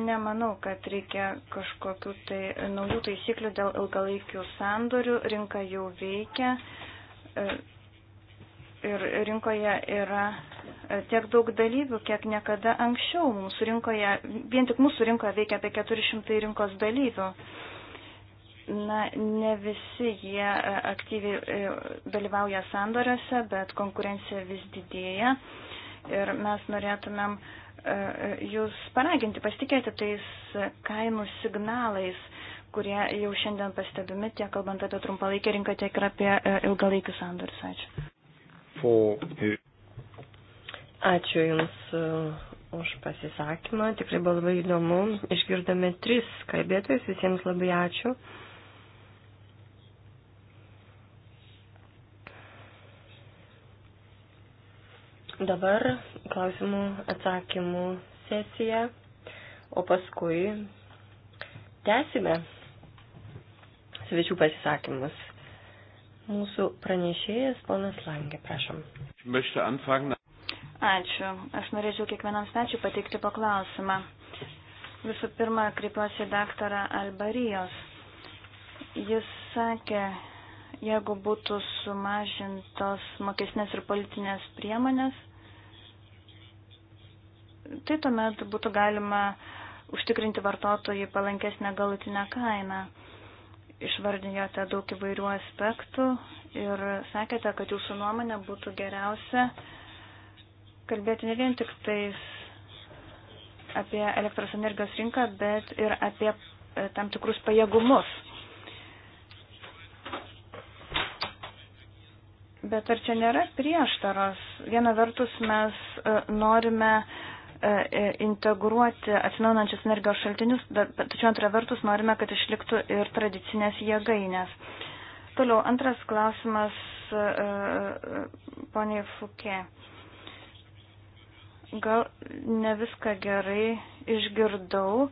Nemanau, kad reikia kažkokių tai naujų taisyklių dėl ilgalaikių sandorių. Rinka jau veikia e, ir rinkoje yra e, tiek daug dalyvių, kiek niekada anksčiau. Mūsų rinkoje, vien tik mūsų rinkoje veikia apie 400 rinkos dalyvių. Na, ne visi jie e, aktyviai e, dalyvauja sandoriuose, bet konkurencija vis didėja ir mes norėtumėm e, jūs paraginti pasitikėti tais kainų signalais, kurie jau šiandien pastebimi, tiek kalbant apie trumpalaikę rinką, tiek ir apie ilgalaikius sandorius. Ačiū. For... Ačiū Jums už pasisakymą. Tikrai buvo labai įdomu. Išgirdome tris kalbėtojus. Visiems labai ačiū. Dabar klausimų atsakymų sesija, o paskui tęsime svečių pasisakymus. Mūsų pranešėjas ponas Langė, prašom. Ačiū. Aš norėčiau kiekvienam svečiu pateikti paklausimą. Visų pirma, kreipiuosi į daktarą Albarijos. Jis sakė, jeigu būtų sumažintos mokesnės ir politinės priemonės, tai tuomet būtų galima užtikrinti vartotojai palankesnę galutinę kainą. Išvardinėjote daug įvairių aspektų ir sakėte, kad jūsų nuomonė būtų geriausia kalbėti ne vien tik tais apie elektros energijos rinką, bet ir apie e, tam tikrus pajėgumus Bet ar čia nėra prieštaros? Viena vertus mes e, norime e, e, integruoti atsinaujančius energijos šaltinius, tačiau antra vertus norime, kad išliktų ir tradicinės jėgainės. Toliau antras klausimas poniai Fukė. Gal ne viską gerai išgirdau,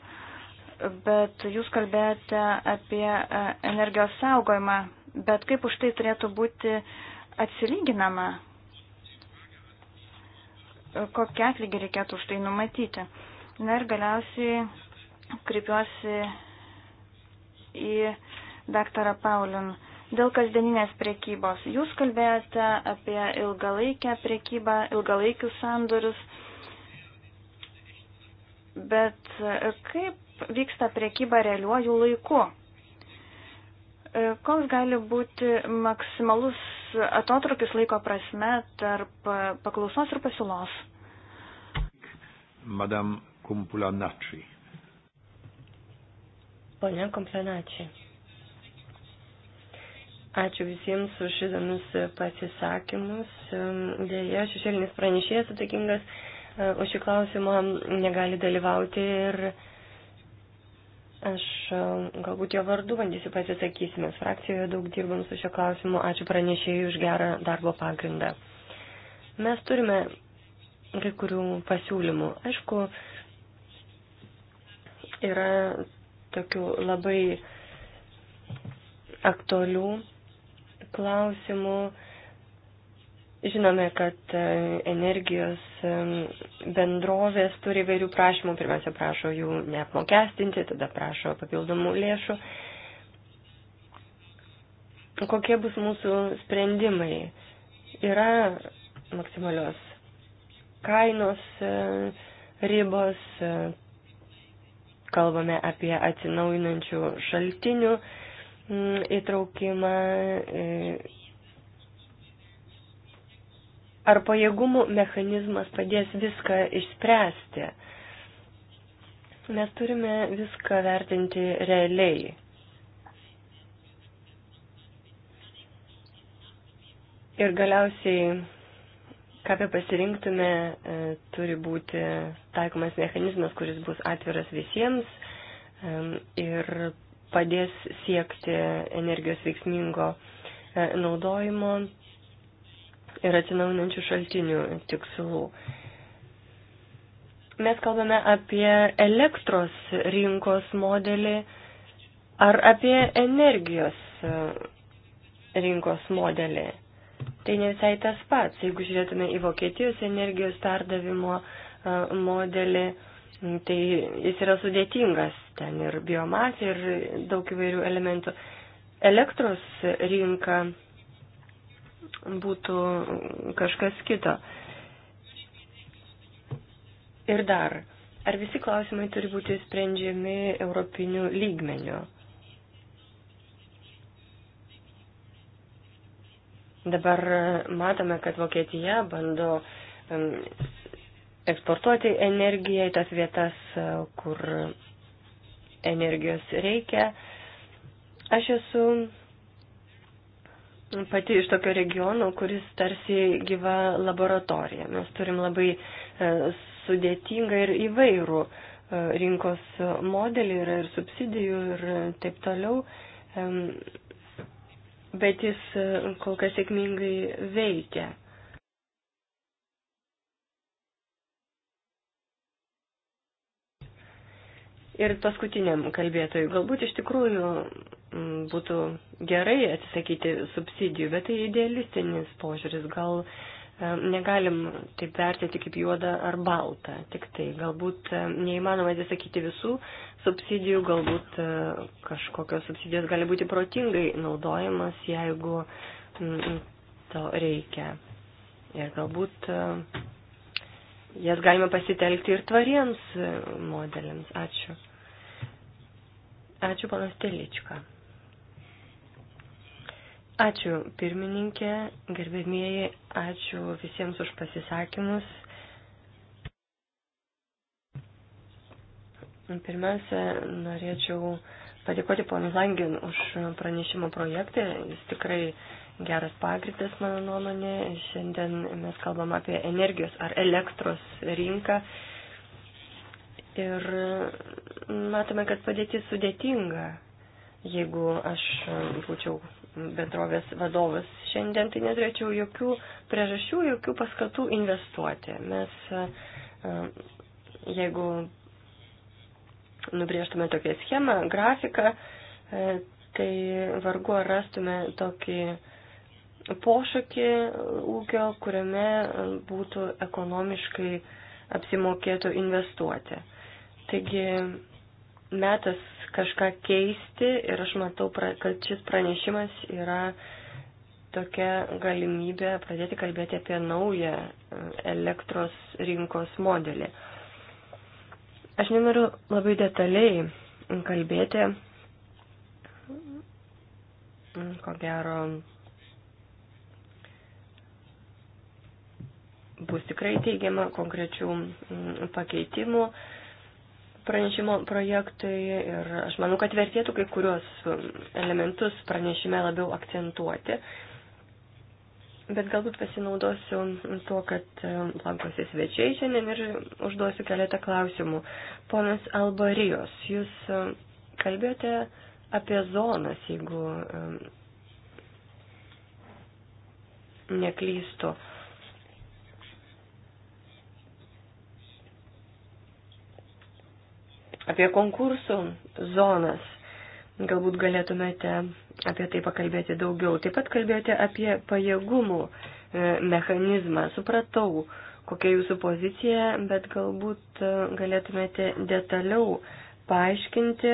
bet jūs kalbėjote apie energijos saugojimą, bet kaip už tai turėtų būti uh, atsilyginama, kokią atlygį reikėtų už tai numatyti. Na ir galiausiai kreipiuosi į daktarą Paulin. Dėl kasdieninės priekybos. Jūs kalbėjote apie ilgalaikę priekybą, ilgalaikius sandorius, bet kaip vyksta priekyba realiuoju laiku? Koks gali būti maksimalus atotrukis laiko prasme tarp paklausos ir pasiūlos. Madam Kumpulanačiai. Pone Kumpulanačiai. Ačiū visiems už įdomius pasisakymus. Dėja, šešėlinis pranešėjas atsakingas e, už šį klausimą negali dalyvauti ir. Ir Aš e, galbūt jo vardu bandysiu pasisakyti, mes frakcijoje daug dirbam su šio klausimu. Ačiū pranešėjai už gerą darbo pagrindą. Mes turime kai kurių pasiūlymų. Aišku, yra tokių labai aktualių klausimų Žinome, kad e, energijos e, bendrovės turi vairių prašymų. Pirmiausia, prašo jų neapmokestinti, tada prašo papildomų lėšų. Kokie bus mūsų sprendimai? Yra maksimalios kainos e, ribos, kalbame apie atsinaujinančių šaltinių įtraukimą Ar pajėgumų mechanizmas padės viską išspręsti? Mes turime viską vertinti realiai. Ir galiausiai, ką be pasirinktume, e, turi būti taikomas mechanizmas, kuris bus atviras visiems e, ir padės siekti energijos veiksmingo e, naudojimo ir atsinaujinančių šaltinių tikslų. Mes kalbame apie elektros rinkos modelį ar apie energijos e, rinkos modelį. Tai ne visai tas pats. Jeigu žiūrėtume į Vokietijos energijos perdavimo e, modelį, tai jis yra sudėtingas. Ten ir biomasė, ir daug įvairių elementų. Elektros rinka būtų kažkas kito. Ir dar, ar visi klausimai turi būti sprendžiami europiniu lygmeniu? Dabar matome, kad Vokietija bando eksportuoti energiją į tas vietas, kur energijos reikia. Aš esu pati iš tokio regiono, kuris tarsi gyva laboratorija. Mes turim labai e, sudėtingą ir įvairų e, rinkos modelį, yra ir subsidijų ir taip toliau, bet jis e, kol kas sėkmingai veikia. Ir paskutiniam kalbėtojui, galbūt iš tikrųjų Mm, būtų gerai atsisakyti subsidijų, bet tai idealistinis požiūris. Gal e, negalim taip vertinti kaip juoda ar balta. Tik tai galbūt e, neįmanoma atsisakyti visų subsidijų, galbūt e, kažkokios subsidijos gali būti protingai naudojamas, jeigu mm, to reikia. Ir galbūt jas galime pasitelkti ir tvariems modeliams. Ačiū. Ačiū, panas Telička. Ačiū pirmininkė, gerbėmieji, ačiū visiems už pasisakymus. Pirmiausia, norėčiau padėkoti ponui Langin už pranešimo projektą. Jis tikrai geras pagrindas, mano nuomonė. Šiandien mes kalbam apie energijos ar elektros rinką. Ir matome, kad padėtis sudėtinga. Jeigu aš būčiau bendrovės vadovas. Šiandien tai neturėčiau jokių priežasčių, jokių paskatų investuoti. Mes, e, jeigu nubrėžtume tokią schemą, grafiką, e, tai vargu ar rastume tokį pošakį ūkio, kuriame būtų ekonomiškai apsimokėtų investuoti. Taigi metas kažką keisti ir aš matau, kad šis pranešimas yra tokia galimybė pradėti kalbėti apie naują e, elektros rinkos modelį. Aš nenoriu labai detaliai kalbėti, ko gero bus tikrai teigiama konkrečių pakeitimų pranešimo projektui ir aš manau, kad vertėtų kai kurios um, elementus pranešime labiau akcentuoti. Bet galbūt pasinaudosiu tuo, kad um, lankosi svečiai šiandien ir užduosiu keletą klausimų. Ponas Albarijos, jūs um, kalbėjote apie zonas, jeigu neklystu. apie konkursų zonas. Galbūt galėtumėte apie tai pakalbėti daugiau. Taip pat kalbėjote apie pajėgumų e, mechanizmą. Supratau, kokia jūsų pozicija, bet galbūt e, galėtumėte detaliau paaiškinti,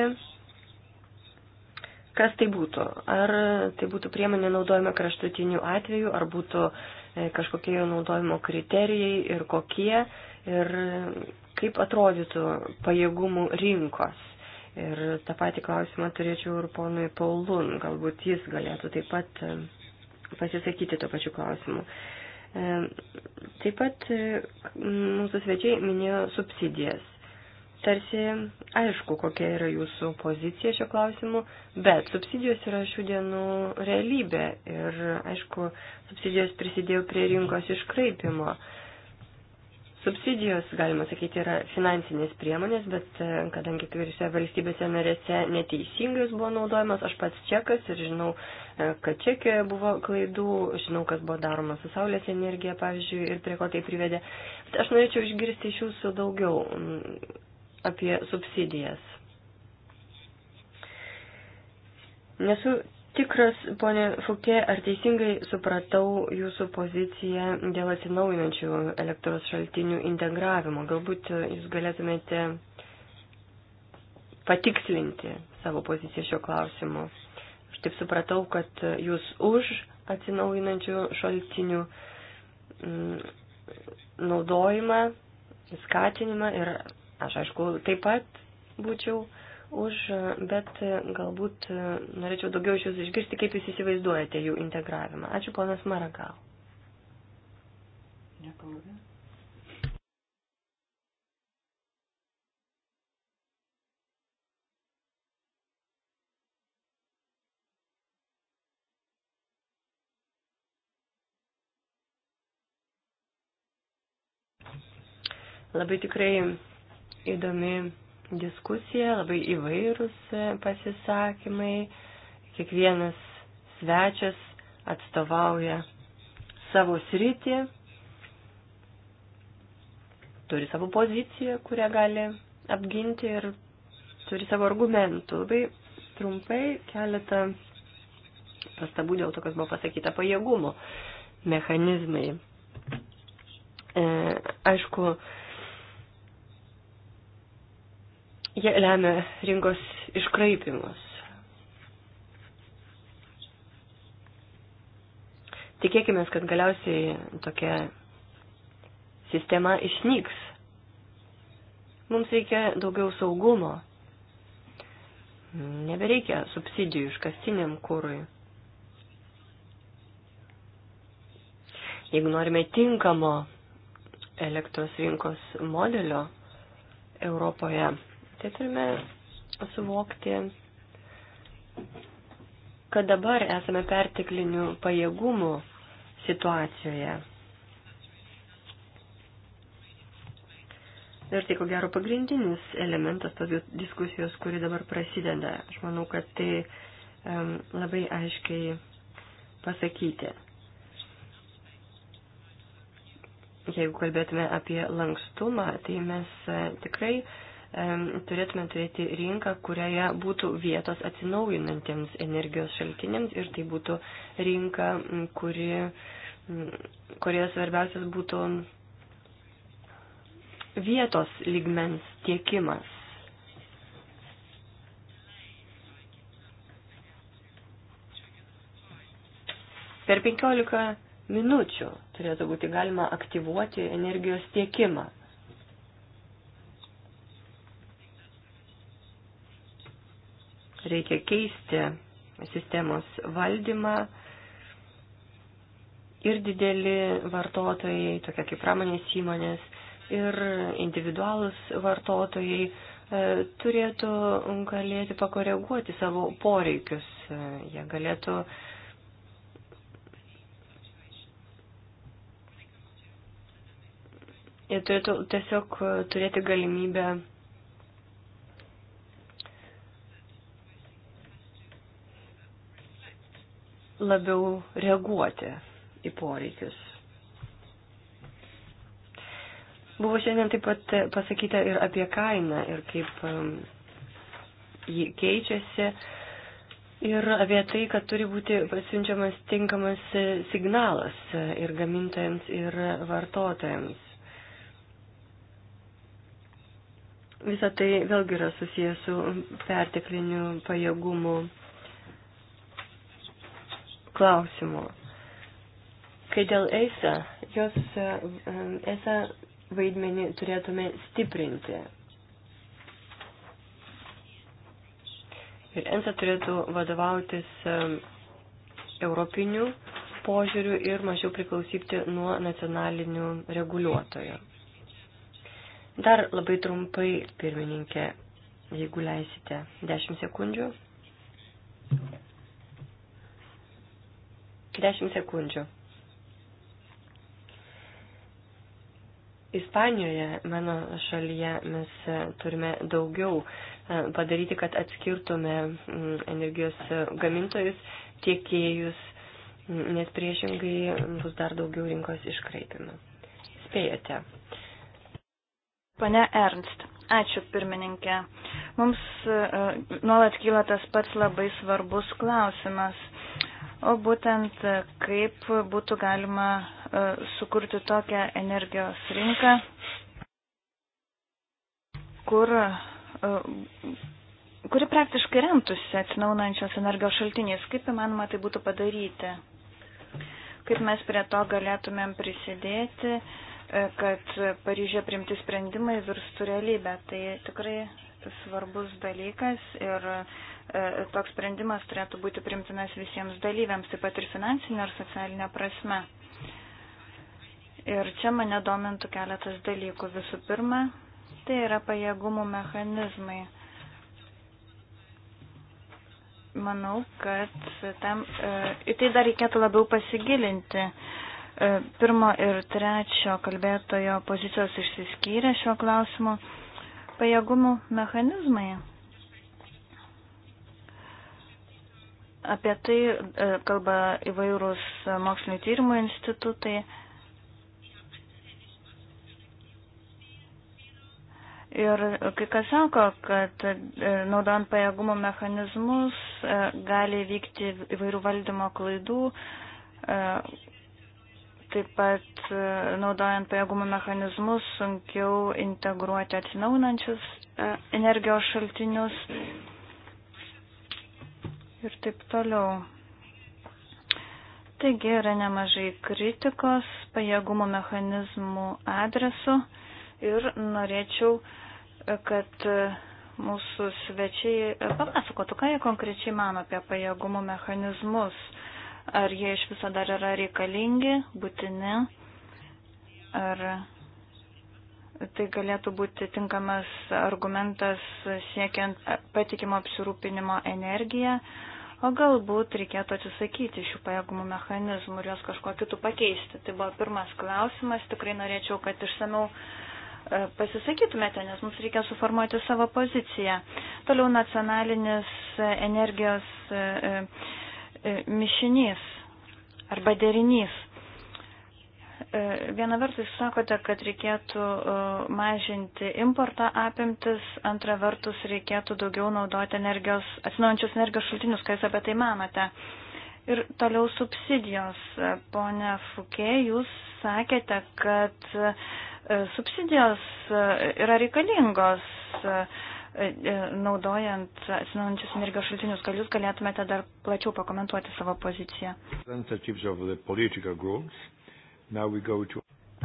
kas tai būtų. Ar tai būtų priemonė naudojama kraštutinių atvejų, ar būtų e, kažkokie jo naudojimo kriterijai ir kokie. Ir kaip atrodytų pajėgumų rinkos. Ir tą patį klausimą turėčiau ir ponui Paulun, galbūt jis galėtų taip pat e, pasisakyti tuo pačiu klausimu. E, taip pat e, mūsų svečiai minėjo subsidijas. Tarsi aišku, kokia yra jūsų pozicija šio klausimu, bet subsidijos yra šių dienų realybė ir aišku, subsidijos prisidėjo prie rinkos iškraipimo. Uh, Subsidijos, galima sakyti, yra finansinės priemonės, bet e, kadangi kai kuriuose valstybėse narėse neteisingai jis buvo naudojamas, aš pats čekas ir žinau, e, kad čekijoje buvo klaidų, žinau, kas buvo daroma su saulės energija, pavyzdžiui, ir prie ko tai privedė. Bet aš norėčiau išgirsti iš jūsų daugiau apie subsidijas. Nesu tikras, ponė Fukė, ar teisingai supratau jūsų poziciją dėl atsinaujinančių elektros šaltinių integravimo. Galbūt jūs galėtumėte patikslinti savo poziciją šio klausimu. Aš taip supratau, kad jūs už atsinaujinančių šaltinių mm, naudojimą, skatinimą ir aš aišku taip pat būčiau už, bet e, galbūt e, norėčiau daugiau iš jūsų išgirsti, kaip jūs įsivaizduojate jų integravimą. Ačiū, ponas Maragal. Nekalbė. Labai tikrai įdomi diskusija, labai įvairūs e, pasisakymai. Kiekvienas svečias atstovauja savo sritį, turi savo poziciją, kurią gali apginti ir turi savo argumentų. Labai trumpai keletą pastabų dėl to, kas buvo pasakyta pajėgumo mechanizmai. E, aišku, e, Jie lemia rinkos iškraipimus. Tikėkime, kad galiausiai tokia sistema išnyks. Mums reikia daugiau saugumo. Nebereikia subsidijų iškastiniam kūrui. Jeigu norime tinkamo elektros rinkos modelio Europoje, Tai turime suvokti, kad dabar esame perteklinių pajėgumų situacijoje. Ir tai, ko gero, pagrindinis elementas tos diskusijos, kuri dabar prasideda. Aš manau, kad tai um, labai aiškiai pasakyti. Jeigu kalbėtume apie lankstumą, tai mes e, tikrai uh, turėtume turėti rinką, kurioje būtų vietos atsinaujinantiems energijos šaltiniams ir tai būtų rinka, kuri, kurioje svarbiausias būtų vietos lygmens tiekimas. Per 15 minučių turėtų būti galima aktyvuoti energijos tiekimą. Reikia keisti sistemos valdymą ir dideli vartotojai, tokie kaip pramonės įmonės, ir individualus vartotojai e, turėtų galėti pakoreguoti savo poreikius. E, jie galėtų jie turėtų tiesiog turėti galimybę labiau reaguoti į poreikius. Buvo šiandien taip pat pasakyta ir apie kainą ir kaip um, ji keičiasi ir apie tai, kad turi būti pasiunčiamas tinkamas signalas uh, ir gamintojams, ir vartotojams. Visą tai vėlgi yra susijęs su pertekliniu pajėgumu klausimų. Kai dėl ESA, jos ESA vaidmenį turėtume stiprinti. Ir ESA turėtų vadovautis europinių požiūrių ir mažiau priklausyti nuo nacionalinių reguliuotojų. Dar labai trumpai, pirmininkė, jeigu leisite, 10 sekundžių. 10 sekundžių. Ispanijoje, mano šalyje, mes e, turime daugiau e, padaryti, kad atskirtume energijos e, gamintojus, tiekėjus, nes priešingai bus dar daugiau rinkos iškraipimų. Spėjate. Pane Ernst, ačiū pirmininkė. Mums nuolat kyla tas pats labai svarbus klausimas o būtent kaip būtų galima e, sukurti tokią energijos rinką, kur, e, kuri praktiškai remtųsi atsinaunančios energijos šaltiniais. Kaip įmanoma tai būtų padaryti? Kaip mes prie to galėtumėm prisidėti, e, kad Paryžė primti sprendimai virstų realybę? Tai tikrai svarbus dalykas ir e, toks sprendimas turėtų būti primtinas visiems dalyviams, taip pat ir finansinė ir socialinė prasme. Ir čia mane domintų keletas dalykų. Visų pirma, tai yra pajėgumų mechanizmai. Manau, kad tam, e, į tai dar reikėtų labiau pasigilinti e, pirmo ir trečio kalbėtojo pozicijos išsiskyrė šiuo klausimu pajėgumų mechanizmai. Apie tai e, kalba įvairūs mokslinio tyrimų institutai. Ir kai kas sako, kad e, naudojant pajėgumo mechanizmus e, gali vykti įvairių valdymo klaidų, Taip pat e, naudojant pajėgumo mechanizmus sunkiau integruoti atsinaunančius e, energijos šaltinius ir taip toliau. Taigi yra nemažai kritikos pajėgumo mechanizmų adresu ir norėčiau, e, kad mūsų svečiai papasakotų, ką jie konkrečiai mano apie pajėgumo mechanizmus ar jie iš viso dar yra reikalingi, būtini, ar tai galėtų būti tinkamas argumentas siekiant patikimo apsirūpinimo energiją, o galbūt reikėtų atsisakyti šių pajėgumų mechanizmų ir juos kažkuo kitų pakeisti. Tai buvo pirmas klausimas, tikrai norėčiau, kad išsameu e, pasisakytumėte, nes mums reikia suformuoti savo poziciją. Toliau nacionalinis energijos e, e, E, mišinys arba derinys. E, viena vertus sakote, kad reikėtų e, mažinti importo apimtis, antra vertus reikėtų daugiau naudoti energijos, atsinaujančius energijos šaltinius, ką jūs apie tai manote. Ir toliau subsidijos. Pone Fukė, jūs sakėte, kad subsidijos yra reikalingos E, e, naudojant atsinaujančius energijos šaltinius. Gal jūs galėtumėte dar plačiau pakomentuoti savo poziciją?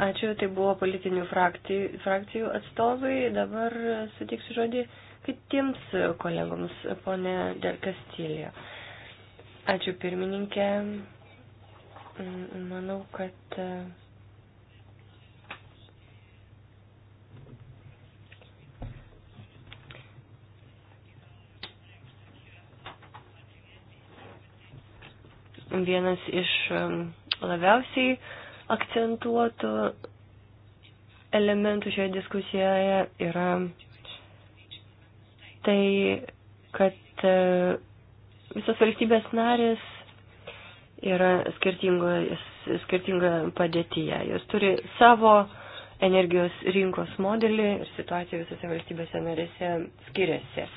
Ačiū, tai buvo politinių frakcijų, frakcijų atstovai. Dabar sutiksiu žodį kitiems kolegoms, ponė Del Castillo. Ačiū pirmininkė. Mm, manau, kad. Uh, vienas iš labiausiai akcentuotų elementų šioje diskusijoje yra tai, kad e, visos valstybės narės yra skirtingoje, skirtingoje padėtyje. Jos turi savo energijos rinkos modelį ir situacija visose valstybėse narėse skiriasi.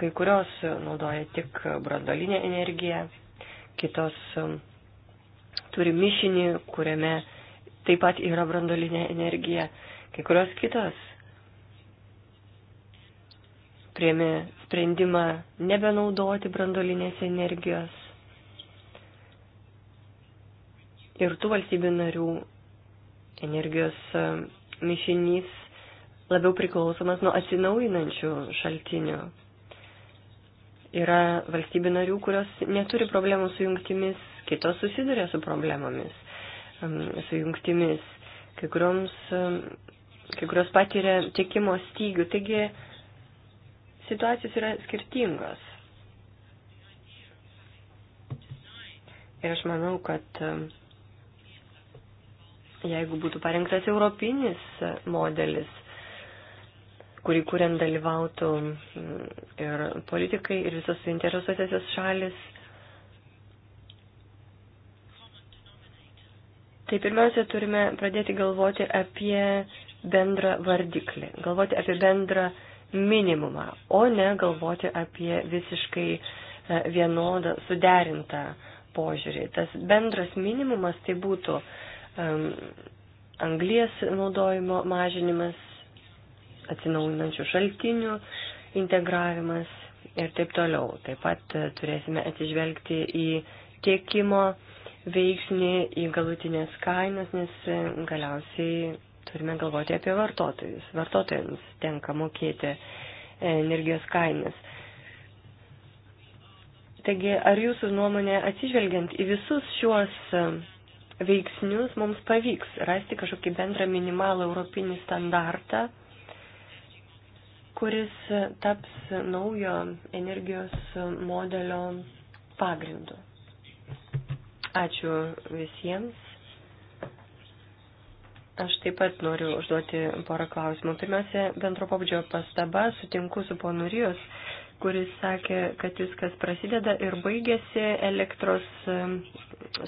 Kai kurios naudoja tik brandolinę energiją, kitos um, turi mišinį, kuriame taip pat yra brandolinė energija. Kai kurios kitos priemi sprendimą nebenaudoti brandolinės energijos. Ir tų valstybių narių energijos um, mišinys labiau priklausomas nuo atsinaujinančių šaltinių. Yra valstybių narių, kurios neturi problemų su jungtimis, kitos susiduria su problemomis, um, su jungtimis. Kai, kurioms, um, kai kurios patiria tiekimo stygių. Taigi situacijos yra skirtingos. Ir aš manau, kad um, jeigu būtų parengtas europinis modelis, kurį kuriant dalyvautų mm, ir politikai, ir visos suinteresuotėsios šalis. Tai pirmiausia, turime pradėti galvoti apie bendrą vardiklį, galvoti apie bendrą minimumą, o ne galvoti apie visiškai e, vienodą, suderintą požiūrį. Tas bendras minimumas tai būtų um, anglies naudojimo mažinimas, atsinaujinančių šaltinių integravimas ir taip toliau. Taip pat e, turėsime atsižvelgti į tiekimo veiksnį, į galutinės kainas, nes e, galiausiai turime galvoti apie vartotojus. Vartotojams tenka mokėti e, energijos kainas. Taigi, ar jūsų nuomonė atsižvelgiant į visus šiuos veiksnius mums pavyks rasti kažkokį bendrą minimalą europinį standartą kuris taps naujo energijos modelio pagrindu. Ačiū visiems. Aš taip pat noriu užduoti porą klausimų. Pirmiausia, bendro pabudžio pastaba, sutinku su ponu Rijos, kuris sakė, kad viskas prasideda ir baigėsi elektros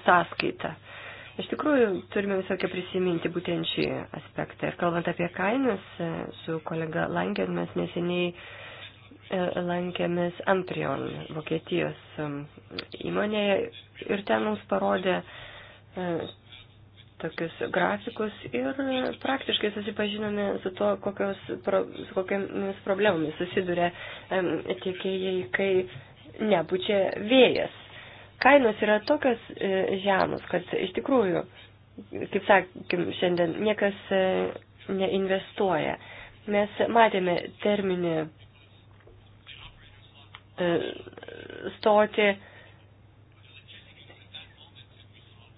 sąskaita. Uh, Iš tikrųjų, turime visokiai prisiminti būtent šį aspektą. Ir kalbant apie kainas, e, su kolega Langen mes neseniai e, lankėmės Amprion, Vokietijos įmonėje, ir ten mums parodė e, tokius grafikus ir praktiškai susipažinome su to, kokios, su kokiamis problemomis susiduria tiekėjai, kai nepučia vėjas kainos yra tokios e, žemos, kad iš tikrųjų, kaip sakėm, šiandien niekas e, neinvestuoja. Mes matėme terminį e, stoti,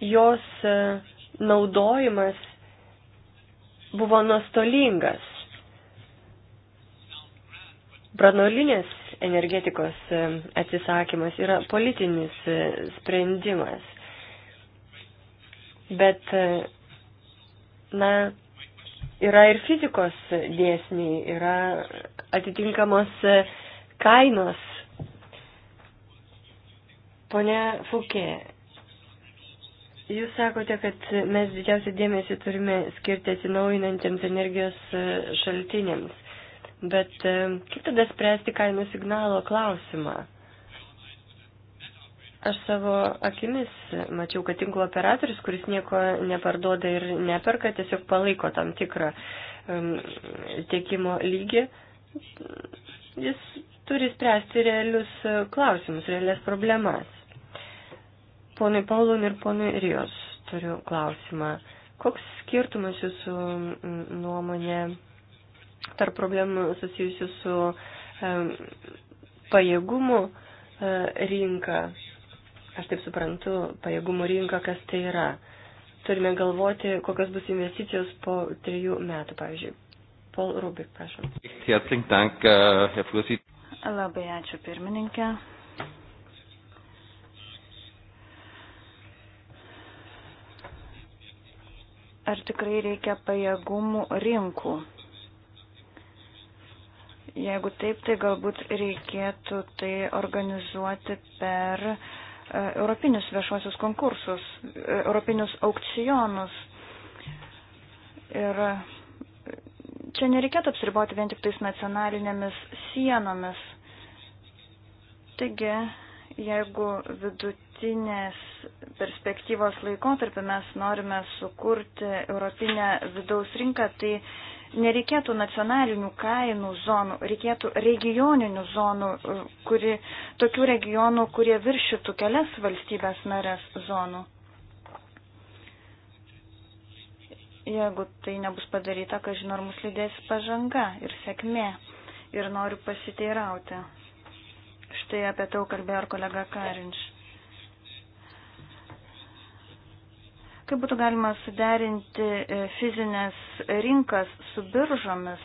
jos naudojimas buvo nuostolingas Branolinės energetikos e, atsisakymas yra politinis e, sprendimas. Bet, e, na, yra ir fizikos dėsniai, yra atitinkamos kainos. Pone Fukė, jūs sakote, kad mes didžiausią dėmesį turime skirti atsinaujinantiems energijos šaltiniams. Bet e, kaip tada spręsti kainų signalo klausimą? Aš savo akimis mačiau, kad tinklo operatorius, kuris nieko neparduoda ir neperka, tiesiog palaiko tam tikrą um, tiekimo lygį. Jis turi spręsti realius klausimus, realias problemas. Ponui Paulun ir ponui Rijos turiu klausimą. Koks skirtumas jūsų nuomonė tarp problemų susijusių su pajėgumų e, rinka. Aš taip suprantu, pajėgumų rinka, kas tai yra. Turime galvoti, kokios bus investicijos po trijų metų, pavyzdžiui. Paul Rubik, prašom. Äh, Labai ačiū pirmininkė. Ar tikrai reikia pajėgumų rinkų? Jeigu taip, tai galbūt reikėtų tai organizuoti per e, europinius viešuosius konkursus, e, europinius aukcionus. Ir čia nereikėtų apsiriboti vien tik tais nacionalinėmis sienomis. Taigi, jeigu vidutinės perspektyvos laikotarpį mes norime sukurti europinę vidaus rinką, tai nereikėtų nacionalinių kainų zonų, reikėtų regioninių zonų, e, kuri, tokių regionų, kurie viršytų kelias valstybės narės zonų. Jeigu tai nebus padaryta, kažin ar mus lydės pažanga ir sėkmė. Ir noriu pasiteirauti. Štai apie tai kalbėjo ir kolega Karinč. Kaip būtų galima suderinti e, fizinės rinkas su biržomis?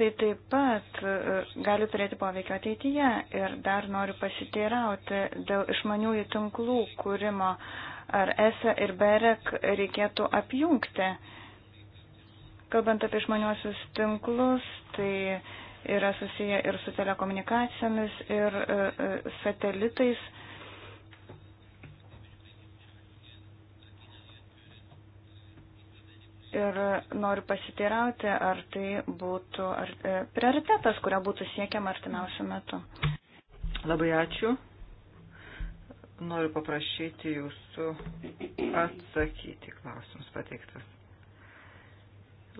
Tai taip pat e, gali turėti poveikio ateityje ir dar noriu pasiteirauti dėl išmaniųjų tinklų kūrimo, ar ESA ir BEREK reikėtų apjungti. Kalbant apie išmaniuosius tinklus, tai yra susiję ir su telekomunikacijomis, ir e, e, satelitais. Ir noriu pasiteirauti, ar tai būtų ar, e, prioritetas, kurio būtų siekiama artimiausiu metu. Labai ačiū. Noriu paprašyti jūsų atsakyti klausimus pateiktus.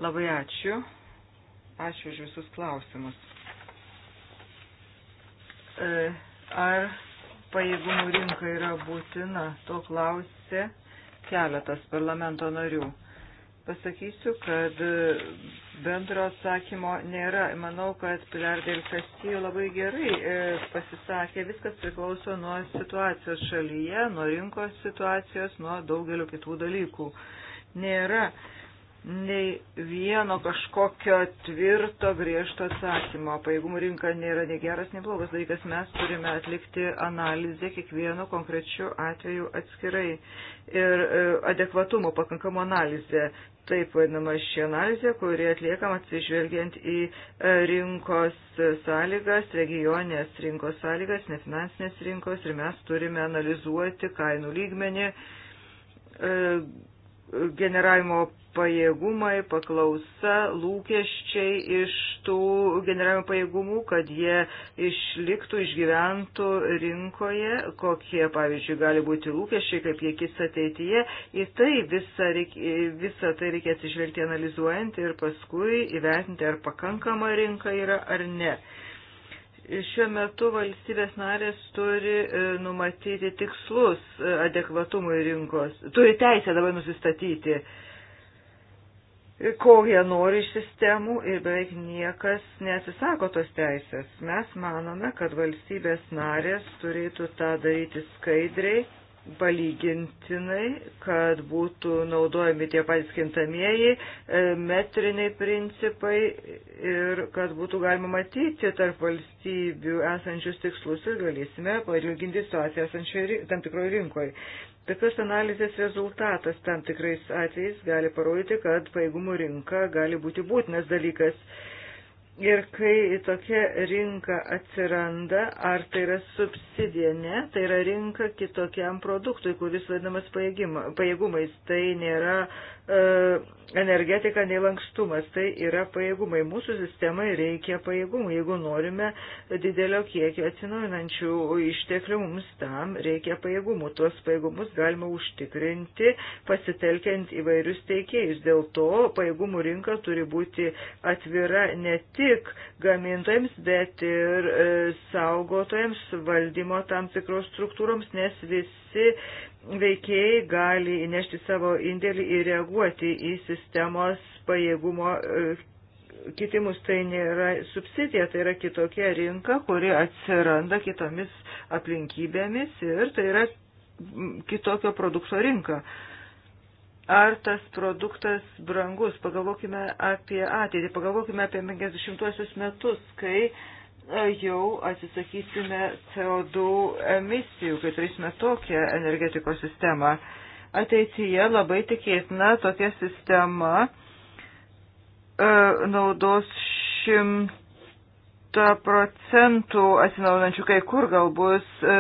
Labai ačiū. Ačiū už visus klausimus. E, ar pajėgumų rinka yra būtina? To klausė keletas parlamento narių. Pasakysiu, kad bendro atsakymo nėra. Manau, kad Pilar del Castillo labai gerai e, pasisakė. Viskas priklauso nuo situacijos šalyje, nuo rinkos situacijos, nuo daugelio kitų dalykų. Nėra nei vieno kažkokio tvirto, griežto atsakymo. Pajėgumų rinka nėra nei geras, nei blogas dalykas. Mes turime atlikti analizę kiekvieno konkrečiu atveju atskirai ir e, adekvatumo pakankamo analizę. Taip vadinama ši analizė, kuri atliekama atsižvelgiant į e, rinkos sąlygas, regionės rinkos sąlygas, nefinansinės rinkos ir mes turime analizuoti kainų lygmenį e, generavimo pajėgumai, paklausa, lūkesčiai iš tų generavimo pajėgumų, kad jie išliktų, išgyventų rinkoje, kokie, pavyzdžiui, gali būti lūkesčiai, kaip jie kis ateityje. Į tai visą, reik, visą tai reikia atsižvelgti analizuojant ir paskui įvertinti, ar pakankama rinka yra ar ne. Šiuo metu valstybės narės turi e, numatyti tikslus e, adekvatumui rinkos, turi teisę dabar nusistatyti uh, ko jie nori iš sistemų ir beveik niekas nesisako tos teisės. Mes manome, kad valstybės narės turėtų tą daryti skaidriai, palygintinai, kad būtų naudojami tie patys kintamieji, e, metriniai principai ir kad būtų galima matyti tarp valstybių esančius tikslus ir galėsime palyginti situaciją esančioje tam tikroje rinkoje. Tokios analizės rezultatas tam tikrais atvejais gali parodyti, kad pajėgumų rinka gali būti būtinas dalykas. Ir kai tokia rinka atsiranda, ar tai yra subsidija, ne, tai yra rinka kitokiam produktui, kuris vadinamas pajėgumais. Tai nėra e, energetika, nei lankstumas, tai yra pajėgumai. Mūsų sistemai reikia pajėgumų. Jeigu norime didelio kiekio atsinaujinančių išteklių, mums tam reikia pajėgumų. Tuos pajėgumus galima užtikrinti pasitelkiant įvairius teikėjus. Dėl to pajėgumų rinka turi būti atvira ne tik gamintojams, bet ir e, saugotojams valdymo tam tikros struktūroms, nes visi veikėjai gali įnešti savo indėlį ir reaguoti į sistemos pajėgumo e, kitimus. Tai nėra subsidija, tai yra kitokia rinka, kuri atsiranda kitomis aplinkybėmis ir tai yra kitokio produkto rinka. Ar tas produktas brangus? Pagalvokime apie ateitį, pagalvokime apie 50-uosius metus, kai uh, jau atsisakysime CO2 emisijų, kai turėsime tokią energetikos sistemą. Ateityje labai tikėtina tokia sistema e, naudos šimta procentų atsinaujinančių, kai kur gal bus e,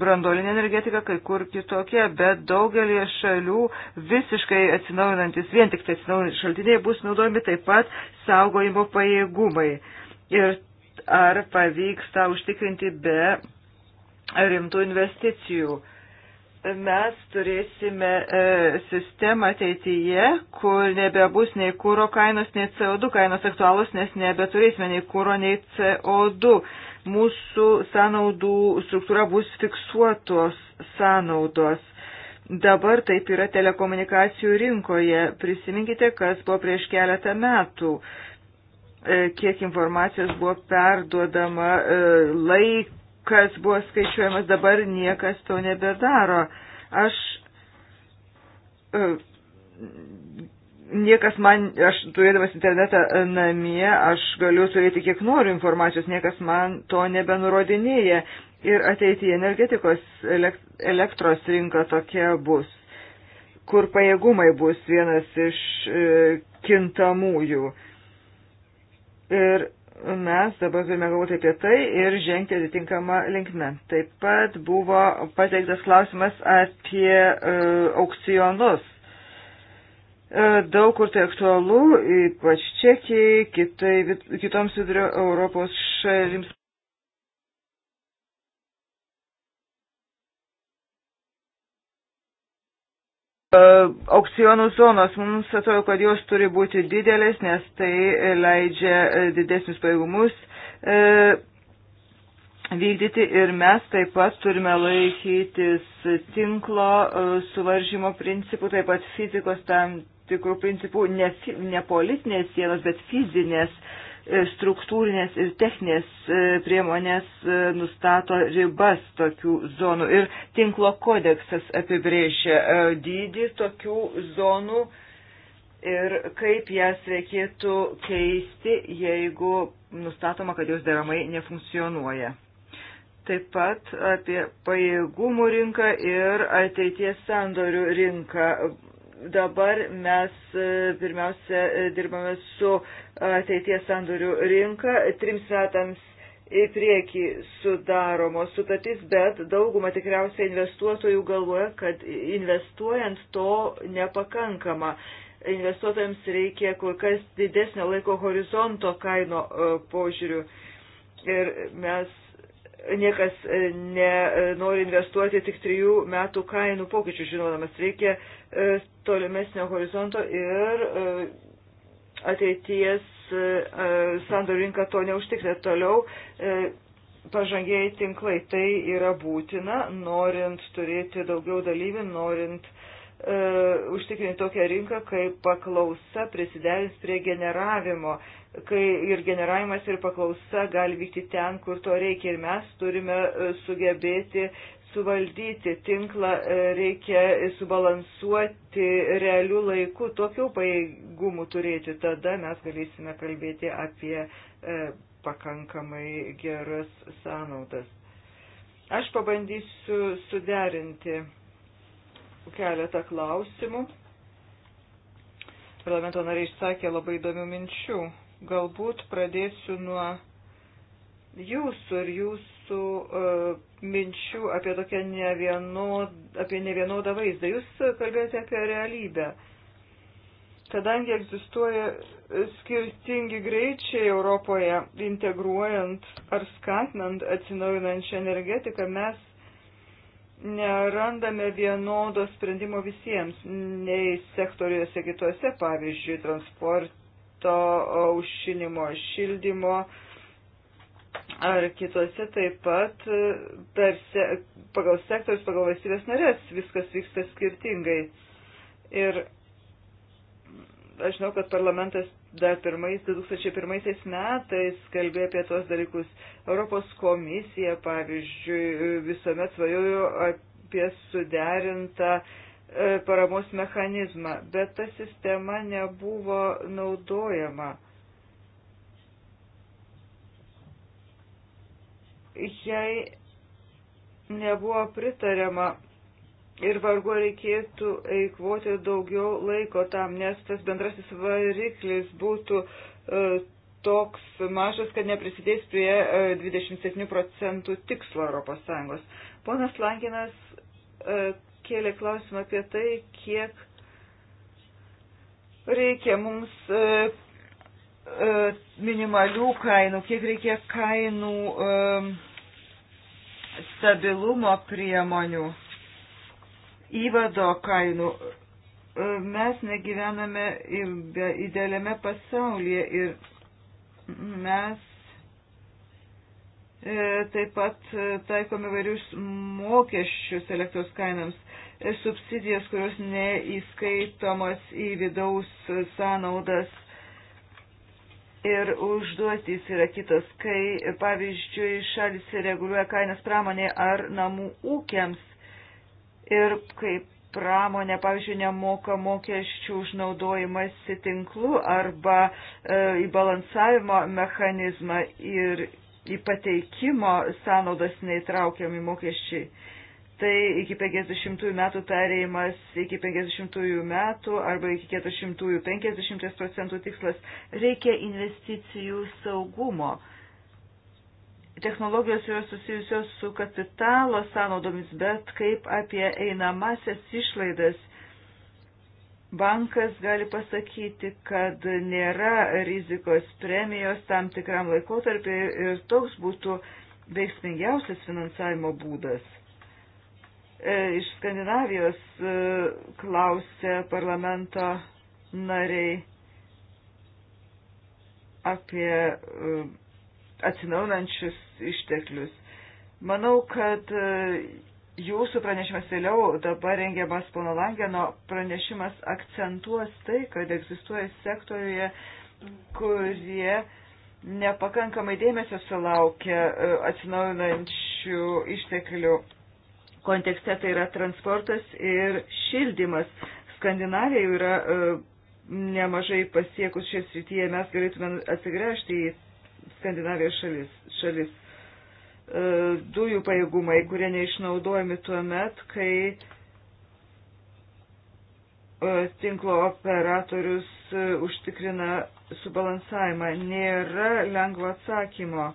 brandolinė energetika, kai kur kitokia, bet daugelį šalių visiškai atsinaujinantis, vien tik tai atsinaujinantis šaltiniai bus naudojami taip pat saugojimo pajėgumai. Ir ar pavyks tą užtikrinti be rimtų investicijų. Mes turėsime e, sistemą ateityje, kur nebebus nei kūro kainos, nei CO2 kainos aktualus, nes nebeturėsime nei kūro, nei CO2. Mūsų sąnaudų struktūra bus fiksuotos sąnaudos. Dabar taip yra telekomunikacijų rinkoje. Prisiminkite, kas buvo prieš keletą metų. E, E, kiek informacijos buvo perduodama, e, laikas buvo skaičiuojamas, dabar niekas to nebedaro. Aš e, niekas man, aš turėdamas internetą namie, aš galiu turėti kiek noriu informacijos, niekas man to nebenurodinėja. Ir ateityje energetikos elektros rinka tokia bus, kur pajėgumai bus vienas iš kintamųjų. E, Ir mes dabar turime galvoti apie tai ir žengti atitinkamą linkmę. Taip pat buvo pateiktas klausimas apie uh, aukcionus. E, daug kur tai aktualu, ypač Čekijai, kitai, kitoms vidurio Europos šalims. E, aukcionų zonos mums atrodo, kad jos turi būti didelės, nes tai leidžia e, didesnius pajėgumus e, vykdyti ir mes taip pat turime laikytis tinklo suvaržymo principų, taip pat fizikos tam tikrų principų, ne, ne politinės sienos, bet fizinės E, struktūrinės ir techninės e, priemonės e, nustato ribas tokių zonų ir tinklo kodeksas apibrėžia dydį tokių zonų ir kaip jas reikėtų keisti, jeigu nustatoma, kad jos deramai nefunkcionuoja. Taip pat apie pajėgumų rinką ir ateities sandorių rinką dabar mes e, pirmiausia e, dirbame su ateities sandorių rinka. Trims metams į priekį sudaromos sutartys, bet dauguma tikriausiai investuotojų galvoja, kad investuojant to nepakankama. Investuotojams reikia kur kas didesnio laiko horizonto kaino e, požiūrių. Ir mes niekas e, nenori e, investuoti tik trijų metų kainų pokyčių žinodamas. Reikia e, tolimesnio horizonto ir ateities sandorių rinka to neužtikrina. Toliau pažangiai tinklai tai yra būtina, norint turėti daugiau dalyvių, norint uh, E, užtikrinti tokią rinką, kai paklausa prisiderins prie generavimo, kai ir generavimas ir paklausa gali vykti ten, kur to reikia ir mes turime e, sugebėti suvaldyti tinklą, e, reikia subalansuoti realių laikų, tokių pajėgumų turėti, tada mes galėsime kalbėti apie pakankamai geras sąnaudas. Aš pabandysiu suderinti keletą klausimų. Parlamento nariai išsakė labai įdomių minčių. Galbūt pradėsiu nuo jūsų ir jūsų uh, minčių apie, tokią nevienod, apie nevienodą vaizdą. Jūs kalbėjote apie realybę. Kadangi egzistuoja skirtingi greičiai Europoje, integruojant ar skatinant atsinaujinančią energetiką, mes nerandame vienodo sprendimo visiems, nei sektoriuose kitose, pavyzdžiui, transporto, aušinimo, šildymo ar kitose taip pat per se, pagal sektorius, pagal valstybės narės viskas vyksta skirtingai. Ir aš žinau, kad parlamentas dar pirmais, 2001 metais kalbėjo apie tuos dalykus. Europos komisija, pavyzdžiui, visuomet svajojo apie suderintą e, paramos mechanizmą, bet ta sistema nebuvo naudojama. Jei nebuvo pritariama ir vargu reikėtų eikvoti daugiau laiko tam, nes tas bendrasis variklis būtų e, toks mažas, kad neprisidės prie 27 e, procentų tikslo ES. Ponas Lankinas e, kėlė klausimą apie tai, kiek reikia mums minimalių kainų, kiek reikia kainų stabilumo priemonių įvado kainų. E, mes negyvename idealiame pasaulyje ir mes e, taip pat e, taikome vairius mokesčius elektros kainams, subsidijas, kurios neįskaitomas į vidaus sąnaudas ir užduotys yra kitos, kai pavyzdžiui šalis reguliuoja kainas pramonėje ar namų ūkiams ir kaip pramonė, pavyzdžiui, nemoka mokesčių už naudojimąsi tinklų arba e, į balansavimo mechanizmą ir į pateikimo sąnaudas neįtraukiami mokesčiai. Tai iki 50 metų pereimas, iki 50 metų arba iki 450 procentų tikslas reikia investicijų saugumo. E, technologijos yra susijusios su kapitalo sąnaudomis, bet kaip apie einamasias išlaidas. Bankas gali pasakyti, kad nėra rizikos premijos tam tikram laikotarpiu ir toks būtų veiksmingiausias finansavimo būdas. E, iš Skandinavijos e, klausė parlamento nariai apie e, atsinaunančius išteklius. Manau, kad e, jūsų pranešimas vėliau, dabar rengiamas pono Langeno pranešimas akcentuos tai, kad egzistuoja sektoriuje, kurie nepakankamai dėmesio sulaukia e, atsinaujinančių išteklių kontekste, tai yra transportas ir šildymas. Skandinavija jau yra e, nemažai pasiekus šią srityje, mes galėtume atsigręžti į Skandinavijos šalis. šalis E, dujų pajėgumai, kurie neišnaudojami tuo met, kai e, tinklo operatorius e, užtikrina subalansavimą. Nėra lengvo atsakymo.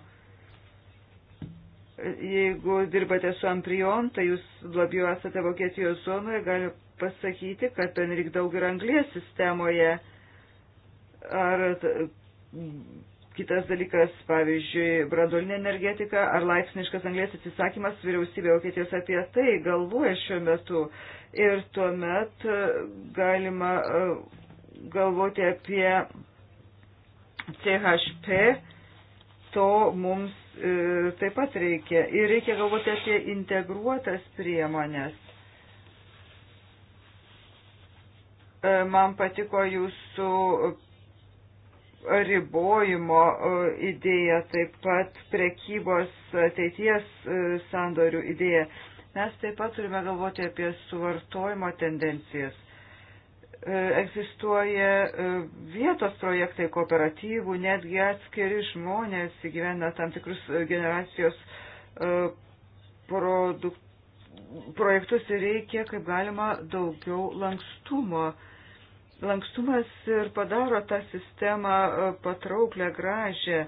Jeigu dirbate su Amprion, tai jūs labiau esate Vokietijos zonoje, galiu pasakyti, kad ten reikia daug ir anglės sistemoje. Ar Kitas dalykas, pavyzdžiui, brandolinė energetika ar laipsniškas anglės atsisakymas vyriausybė Vokietijos apie tai galvoja šiuo metu. Ir tuomet e, galima e, galvoti apie CHP, to mums e, taip pat reikia. Ir reikia galvoti apie integruotas priemonės. Man patiko jūsų ribojimo e, idėja, taip pat prekybos ateities e, sandorių idėja. Mes taip pat turime galvoti apie suvartojimo tendencijas. E, egzistuoja vietos projektai kooperatyvų, netgi atskiri žmonės įgyvena tam tikrus generacijos produk, projektus ir reikia kaip galima daugiau lankstumo Lankstumas ir padaro tą sistemą e, patrauklę gražią.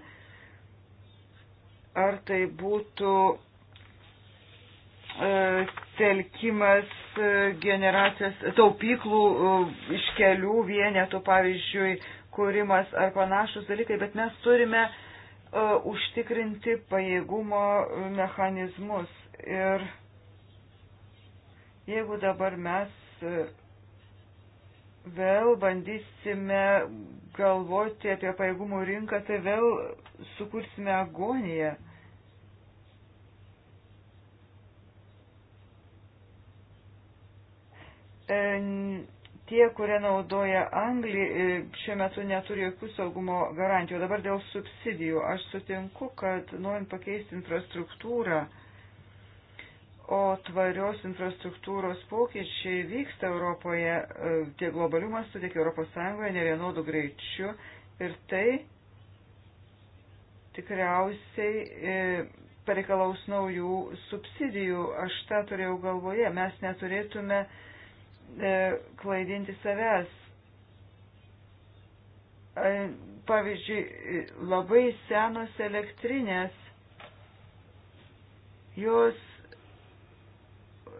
Ar tai būtų e, telkimas e, generacijos taupyklų iš kelių vienetų, pavyzdžiui, kūrimas ar panašus dalykai, bet mes turime uh, užtikrinti pajėgumo mechanizmus. Ir jeigu dabar mes uh, vėl bandysime galvoti apie pajėgumų rinką, tai vėl sukursime agoniją. E, tie, kurie naudoja anglį, e, šiuo metu neturi jokių saugumo garantijų. Dabar dėl subsidijų. Aš sutinku, kad norint pakeisti infrastruktūrą, O tvarios infrastruktūros pokyčiai vyksta Europoje e, tiek globalių mastų, tiek Europos Sąjungoje ne vienodų greičių ir tai tikriausiai e, pareikalaus naujų subsidijų. Aš tą turėjau galvoje. Mes neturėtume e, klaidinti savęs. Pavyzdžiui, labai senos elektrinės, jos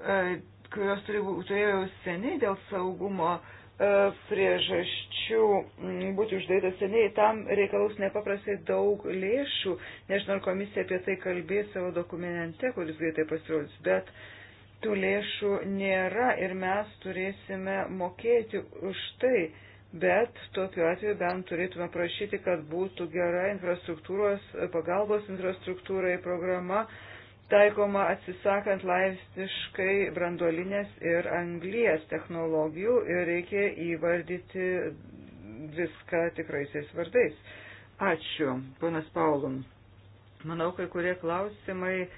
E, kurios turėjo jau seniai dėl saugumo e, priežasčių būti uždarytas seniai, tam reikalaus nepaprastai daug lėšų, nežinau, ar komisija apie tai kalbės savo dokumente, kuris greitai pasirodys, bet tų lėšų nėra ir mes turėsime mokėti už tai, bet tokiu atveju bent turėtume prašyti, kad būtų gera infrastruktūros, pagalbos infrastruktūrai programa, uh, taikoma atsisakant laistiškai branduolinės ir anglijas technologijų ir reikia įvardyti viską tikraisiais vardais. Ačiū, ponas Paulum. Manau, kai kurie klausimai e,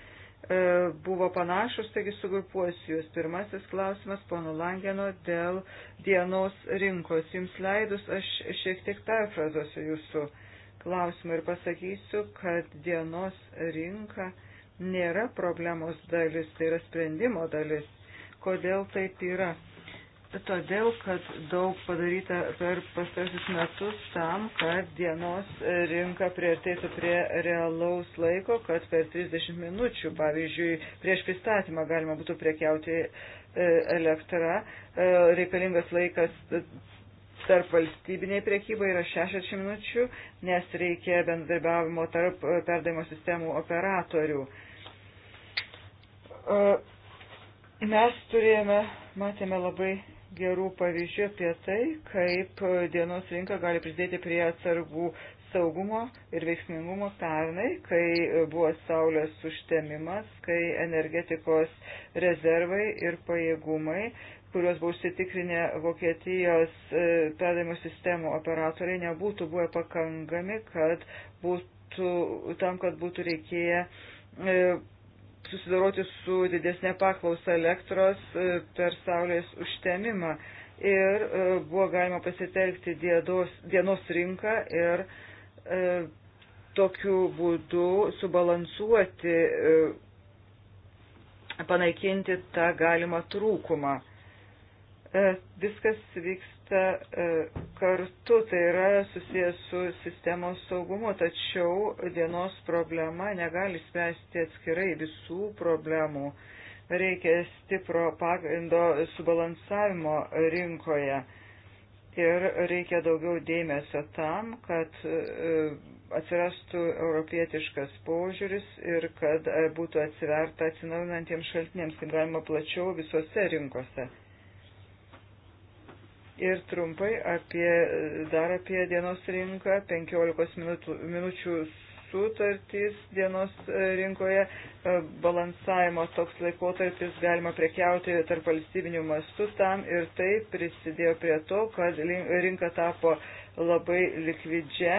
buvo panašus, taigi sugrupuosiu jūs. Pirmasis klausimas, pono Langeno, dėl dienos rinkos. Jums leidus, aš šiek tiek perfrazuosiu jūsų klausimą ir pasakysiu, kad dienos rinka e, nėra problemos dalis, tai yra sprendimo dalis. Kodėl taip yra? Todėl, kad daug padaryta per pastarusius metus tam, kad dienos rinka prieartėtų prie realaus laiko, kad per 30 minučių, pavyzdžiui, prieš pristatymą galima būtų prekiauti e, elektrą, e, reikalingas laikas tarp valstybiniai priekyba yra 60 minučių, nes reikia bendradarbiavimo tarp perdavimo sistemų operatorių. Mes turėjome, matėme labai gerų pavyzdžių apie tai, kaip dienos rinka gali prisidėti prie atsargų saugumo ir veiksmingumo pernai, kai buvo saulės užtemimas, kai energetikos rezervai ir pajėgumai, kuriuos buvo užsitikrinę Vokietijos e, perdavimo sistemų operatoriai, nebūtų buvę pakankami, kad būtų, tam, kad būtų reikėję e, susidoroti su didesnė paklausa elektros e, per saulės užtemimą. Ir e, buvo galima pasitelkti diedos, dienos rinką ir e, tokiu būdu subalansuoti, e, panaikinti tą galimą trūkumą. E, viskas vyks vyksta e, kartu, tai yra susijęs su sistemos saugumu, tačiau dienos problema negali spręsti atskirai visų problemų. Reikia stipro pagrindo subalansavimo rinkoje ir reikia daugiau dėmesio tam, kad e, atsirastų europietiškas požiūris ir kad e, būtų atsiverta atsinaujinantiems šaltiniams, kaip galima plačiau visose rinkose. Ir trumpai apie, dar apie dienos rinką, 15 minutų, minučių sutartys dienos e, rinkoje, e, balansavimo toks laikotarpis galima prekiauti tarp valstybinių mastų tam ir tai prisidėjo prie to, kad rinka tapo labai likvidžia,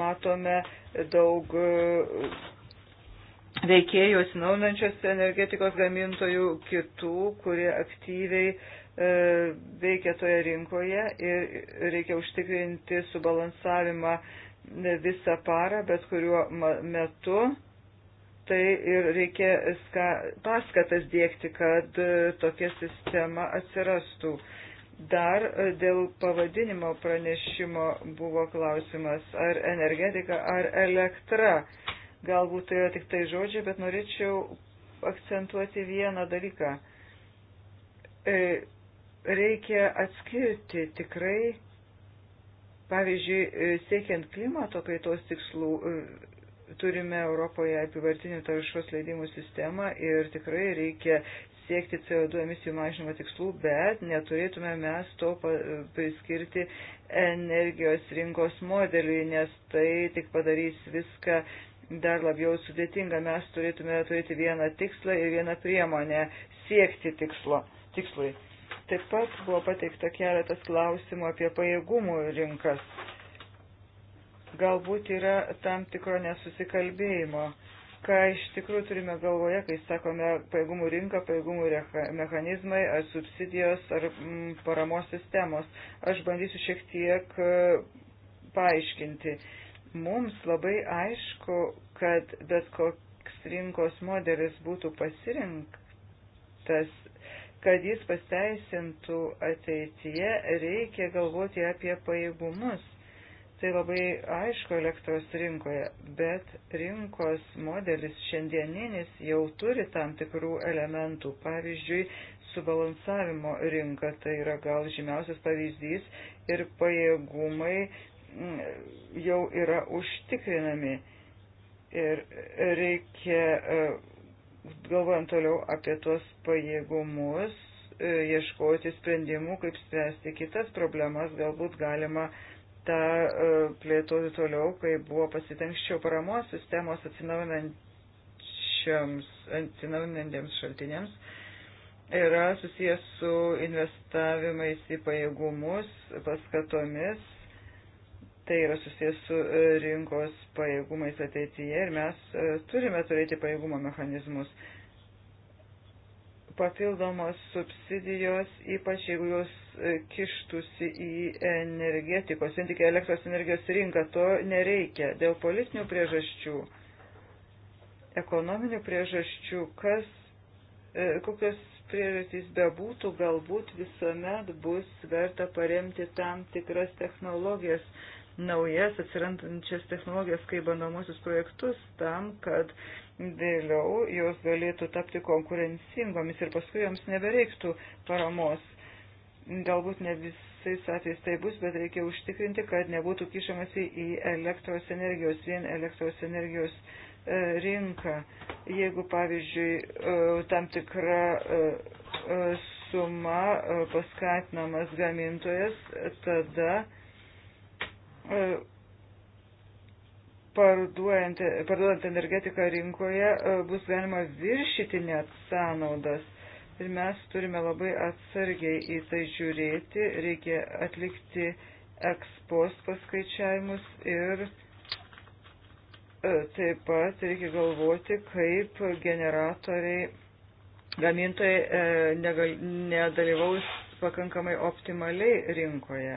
matome daug e, veikėjų atsinaunančios energetikos gamintojų, kitų, kurie aktyviai uh, E, veikia toje rinkoje ir reikia užtikrinti subalansavimą e, visą parą, bet kuriuo metu. Tai ir reikia ska, paskatas dėkti, kad e, tokia sistema atsirastų. Dar dėl pavadinimo pranešimo buvo klausimas, ar energetika, ar elektra. Galbūt tai yra tik tai žodžiai, bet norėčiau akcentuoti vieną dalyką. E, reikia atskirti tikrai, pavyzdžiui, e, siekiant klimato kaitos tikslų, e, turime Europoje apivartinių taršos leidimų sistemą ir tikrai reikia siekti CO2 emisijų mažinimo tikslų, bet neturėtume mes to e, priskirti energijos rinkos modeliui, nes tai tik padarys viską dar labiau sudėtinga. Mes turėtume turėti vieną tikslą ir vieną priemonę siekti tikslo, tikslui. Taip pat buvo pateikta keletas klausimų apie pajėgumų rinkas. Galbūt yra tam tikro nesusikalbėjimo, ką iš tikrųjų turime galvoje, kai sakome pajėgumų rinka, pajėgumų mechanizmai ar subsidijos ar m, mm, paramos sistemos. Aš bandysiu šiek tiek e, paaiškinti. Mums labai aišku, kad bet koks rinkos modelis būtų pasirinktas, Kad jis pasteisintų ateityje, reikia galvoti apie pajėgumus. Tai labai aišku elektros rinkoje, bet rinkos modelis šiandieninis jau turi tam tikrų elementų. Pavyzdžiui, subalansavimo rinka tai yra gal žymiausias pavyzdys ir pajėgumai mm, jau yra užtikrinami ir reikia e, galvojant toliau apie tuos pajėgumus, e, ieškoti sprendimų, kaip spręsti kitas problemas, galbūt galima tą e, plėtoti toliau, kai buvo pasitenkščiau paramos sistemos atsinaujinantiems šaltiniams, yra susijęs su investavimais į pajėgumus, paskatomis Tai yra susijęs su e, rinkos pajėgumais ateityje ir mes e, turime turėti pajėgumo mechanizmus. Papildomos subsidijos, ypač jeigu jos e, kištusi į energetikos, vien tik elektros energijos rinką, to nereikia dėl politinių priežasčių, ekonominių priežasčių, kas, kokios priežastys bebūtų, galbūt visuomet bus verta paremti tam tikras technologijas naujas atsirandančias technologijas kaip bandomosius projektus tam, kad vėliau jos galėtų tapti konkurencingomis ir paskui joms nebereiktų paramos. Galbūt ne visais atvejais tai bus, bet reikia užtikrinti, kad nebūtų kišamasi į elektros energijos, vien elektros energijos e, rinką. Jeigu, pavyzdžiui, e, tam tikra e, suma paskatinamas gamintojas, tada E, parduojant, parduodant energetiką rinkoje e, bus galima viršyti net sąnaudas. Ir mes turime labai atsargiai į tai žiūrėti, reikia atlikti ekspos paskaičiavimus ir e, taip pat reikia galvoti, kaip generatoriai, gamintojai nedalyvaus pakankamai optimaliai rinkoje.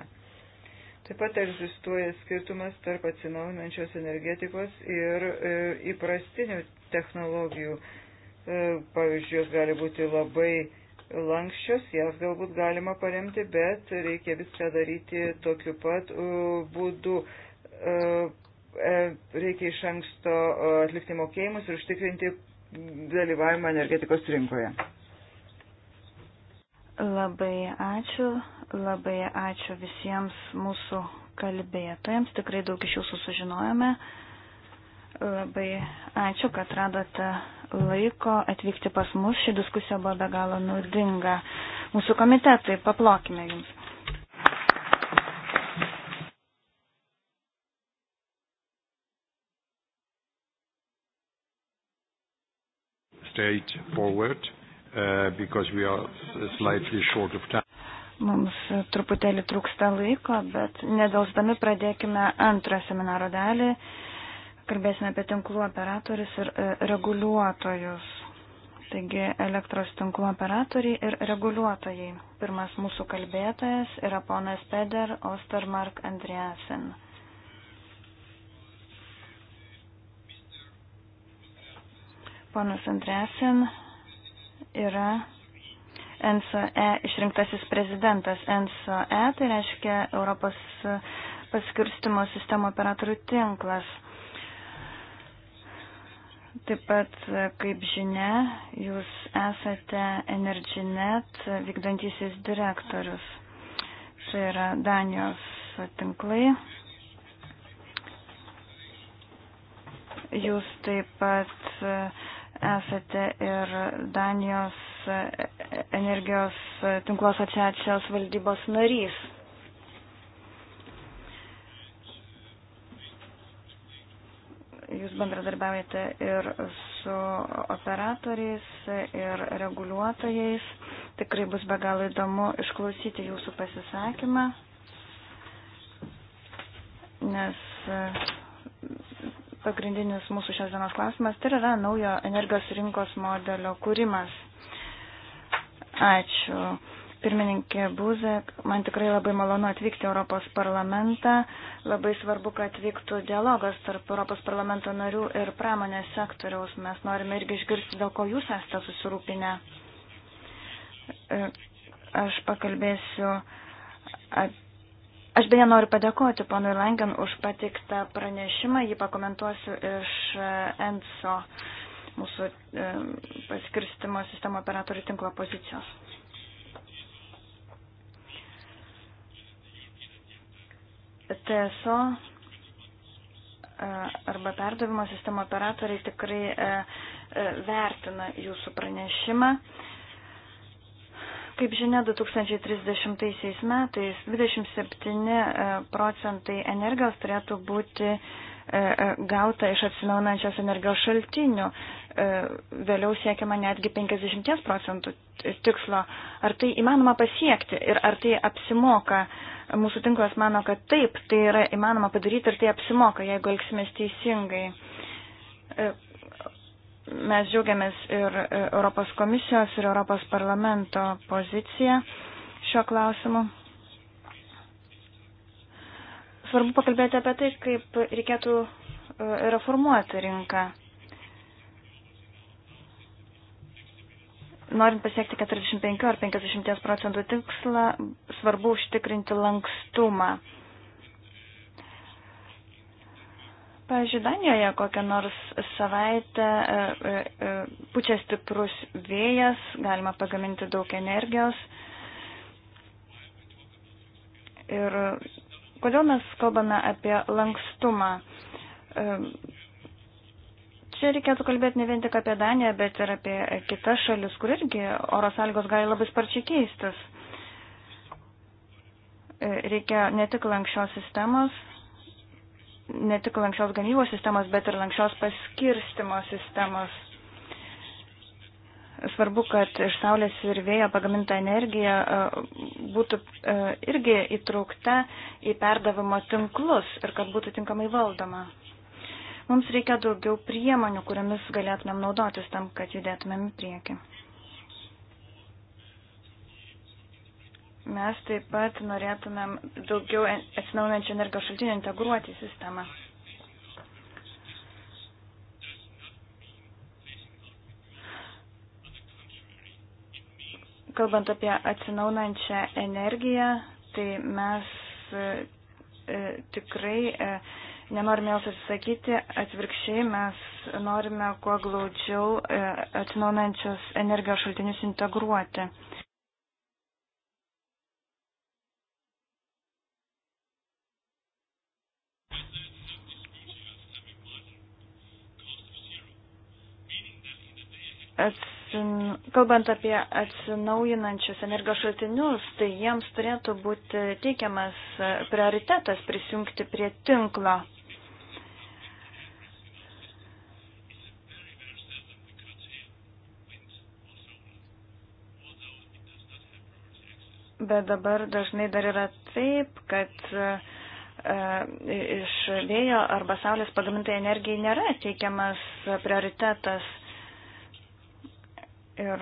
Taip pat egzistuoja skirtumas tarp atsinaujinančios energetikos ir e, įprastinių technologijų. E, pavyzdžiui, jos gali būti labai lankščios, jas galbūt galima paremti, bet reikia viską daryti tokiu pat e, būdu. E, e reikia iš anksto e, atlikti mokėjimus ir užtikrinti dalyvavimą energetikos rinkoje. Labai ačiū, labai ačiū visiems mūsų kalbėtojams, tikrai daug iš jūsų sužinojome. Labai ačiū, kad radote laiko atvykti pas mus. Ši diskusija buvo be galo naudinga. Mūsų komitetui paplokime jums. Stage forward. Uh, because we are slightly short of time. Mums truputėlį trūksta laiko, bet nedelsdami pradėkime antrą seminaro dalį. Kalbėsime apie tinklų operatorius ir e, reguliuotojus. Taigi elektros tinklų operatoriai ir reguliuotojai. Pirmas mūsų kalbėtojas yra ponas Peder Ostermark Andreasen. Ponas Andreasen yra NSE išrinktasis prezidentas. NSE tai reiškia Europos paskirstimo sistemo operatorių tinklas. Taip pat, kaip žinia, jūs esate Energynet vykdantysis direktorius. Tai yra Danijos tinklai. Jūs taip pat uh, esate ir Danijos energijos tinklo asociacijos valdybos narys. Jūs bendradarbiaujate ir su operatoriais, ir reguliuotojais. Tikrai bus be galo įdomu išklausyti jūsų pasisakymą, nes pagrindinis mūsų šios dienos klausimas, tai yra naujo energijos rinkos modelio kūrimas. Ačiū. Pirmininkė Buzek, man tikrai labai malonu atvykti Europos parlamentą. Labai svarbu, kad vyktų dialogas tarp Europos parlamento narių ir pramonės sektoriaus. Mes norime irgi išgirsti, dėl ko jūs esate susirūpinę. E, aš pakalbėsiu apie Aš beje noriu padėkoti ponui Langen už patiktą pranešimą, jį pakomentuosiu iš e, ENSO mūsų e, paskirstimo sistemo operatorių tinklo pozicijos. TSO e, arba perdavimo sistemo operatoriai tikrai vertina jūsų pranešimą. Kaip žinia, 2030 metais 27 e, procentai energijos turėtų būti e, e, gauta iš atsinaunančios energijos šaltinių. Vėliau siekiama netgi 50 procentų tikslo. Ar tai įmanoma pasiekti ir ar tai apsimoka? Mūsų tinklas mano, kad taip, tai yra įmanoma padaryti ir tai apsimoka, jeigu elgsimės teisingai. Mes džiaugiamės ir e, Europos komisijos, ir Europos parlamento poziciją šiuo klausimu. Svarbu pakalbėti apie tai, kaip reikėtų e, reformuoti rinką. norint pasiekti 45 ar 50 procentų tikslą, svarbu užtikrinti lankstumą. Pavyzdžiui, Danijoje kokią nors savaitę e, e, e, pučia stiprus vėjas, galima pagaminti daug energijos. Ir kodėl mes kalbame apie lankstumą? Čia reikėtų kalbėti ne vien tik apie Daniją, bet ir apie kitas šalis, kur irgi oro sąlygos gali labai sparčiai keistis. Reikia ne tik lankščios sistemos, ne tik lankščios gamybos sistemos, bet ir lankščios paskirstimo sistemos. Svarbu, kad iš saulės ir vėjo pagaminta energija e, būtų e, irgi įtraukta į perdavimo tinklus ir kad būtų tinkamai valdoma. Mums reikia daugiau priemonių, kuriamis galėtumėm naudotis tam, kad judėtumėm į priekį. Mes taip pat norėtumėm daugiau atsinaujančių energijos šaltinių integruoti į sistemą. Kalbant apie atsinaujančią energiją, tai mes e, tikrai e, nenorime jos atsisakyti, atvirkščiai mes norime kuo glaudžiau e, atsinaujančios energijos šaltinius integruoti. E, atsin, kalbant apie atsinaujinančius energijos šaltinius, tai jiems turėtų būti teikiamas prioritetas prisijungti prie tinklo. Bet dabar dažnai dar yra taip, kad uh, iš vėjo arba saulės pagamintai energijai nėra teikiamas prioritetas. Ir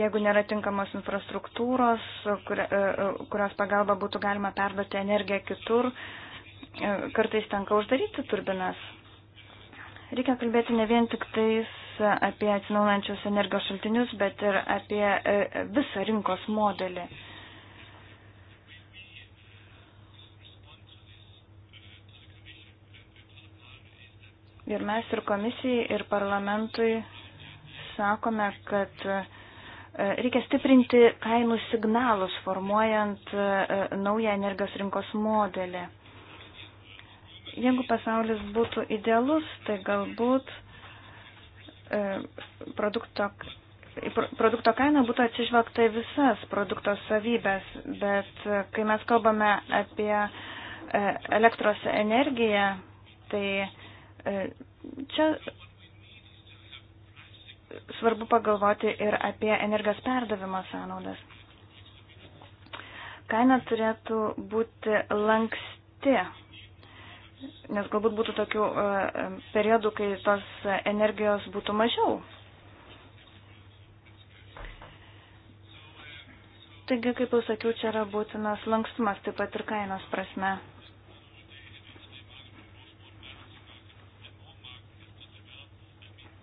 jeigu nėra tinkamos infrastruktūros, e, e, kurios pagalba būtų galima perduoti energiją kitur, e, kartais tenka uždaryti turbinas. Reikia kalbėti ne vien tik tais apie atsinaujančius energijos šaltinius, bet ir apie visą rinkos modelį. Ir mes ir komisijai, ir parlamentui sakome, kad e, reikia stiprinti kainų signalus, formuojant e, naują energijos rinkos modelį. Jeigu pasaulis būtų idealus, tai galbūt e, produkto, produkto kaina būtų atsižvelgta į visas produkto savybės, bet kai mes kalbame apie elektros energiją, tai E, čia svarbu pagalvoti ir apie energijos perdavimo sąnaudas. Kaina turėtų būti lanksti, nes galbūt būtų tokių e, periodų, kai tos energijos būtų mažiau. Taigi, kaip jau sakiau, čia yra būtinas lankstumas taip pat ir kainos prasme.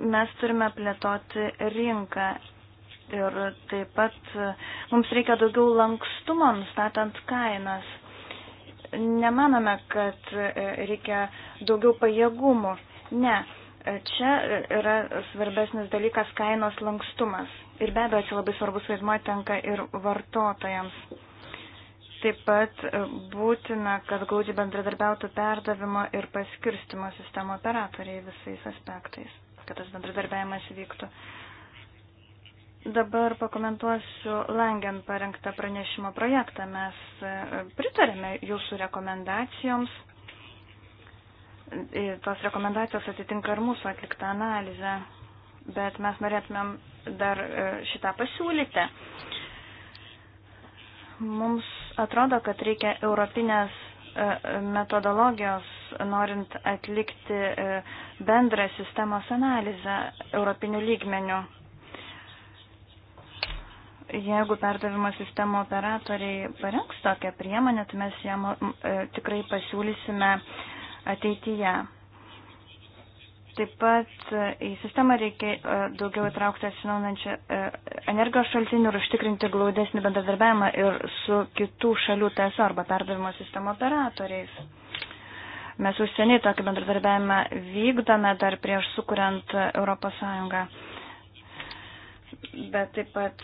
mes turime plėtoti rinką ir taip pat mums reikia daugiau lankstumo nustatant kainas. Nemanome, kad reikia daugiau pajėgumų. Ne, čia yra svarbesnis dalykas kainos lankstumas. Ir be abejo, čia labai svarbus vaidmuo tenka ir vartotojams. Taip pat būtina, kad glaudžiai bendradarbiautų perdavimo ir paskirstimo sistemo operatoriai visais aspektais kad tas bendradarbiavimas vyktų. Dabar pakomentuosiu Langen parengtą pranešimo projektą. Mes e, pritarėme jūsų rekomendacijoms. E, tos rekomendacijos atitinka ir mūsų atliktą analizę, bet mes norėtumėm dar e, šitą pasiūlyti. Mums atrodo, kad reikia europinės E, metodologijos, norint atlikti e, bendrą sistemos analizę europinių lygmenių. Jeigu perdavimo sistemo operatoriai parengs tokią priemonę, tai mes ją e, tikrai pasiūlysime ateityje. Taip pat į sistemą reikia e, daugiau įtraukti atsinaunančią e, energijos šaltinių ir užtikrinti glaudesnį bendradarbiavimą ir su kitų šalių TSO arba perdavimo sistemo operatoriais. Mes užsieniai tokį bendradarbiavimą vykdome dar prieš sukuriant Europos Sąjungą. Bet taip pat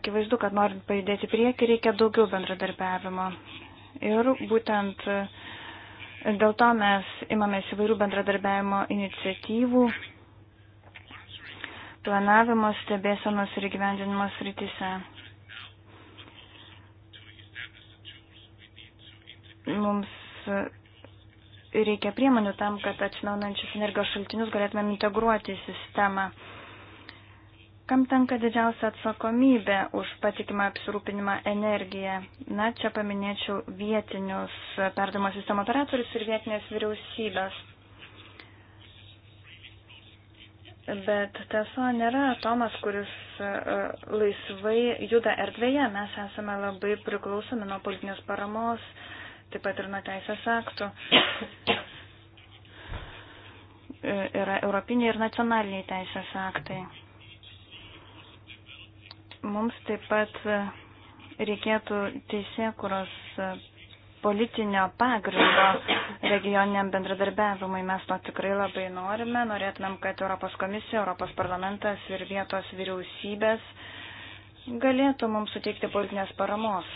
akivaizdu, kad norint pajudėti prieki, reikia daugiau bendradarbiavimo. Ir būtent uh, Dėl to mes imamės įvairių bendradarbiavimo iniciatyvų planavimo, stebėsenos ir gyvendinimo srityse. Mums reikia priemonių tam, kad atsinaunančius energijos šaltinius galėtumėm integruoti į sistemą. Kam tenka didžiausia atsakomybė už patikimą apsirūpinimą energiją? Na, čia paminėčiau vietinius perdamo sistemo operatorius ir vietinės vyriausybės. Bet tiesa nėra atomas, kuris e, laisvai juda erdvėje. Mes esame labai priklausomi nuo politinės paramos, taip pat ir nuo teisės aktų. E, yra europiniai ir nacionaliniai teisės aktai. Mums taip pat reikėtų teisėkuros politinio pagrindo regioniniam bendradarbiavimui. Mes to tikrai labai norime. Norėtumėm, kad Europos komisija, Europos parlamentas ir vietos vyriausybės galėtų mums suteikti politinės paramos.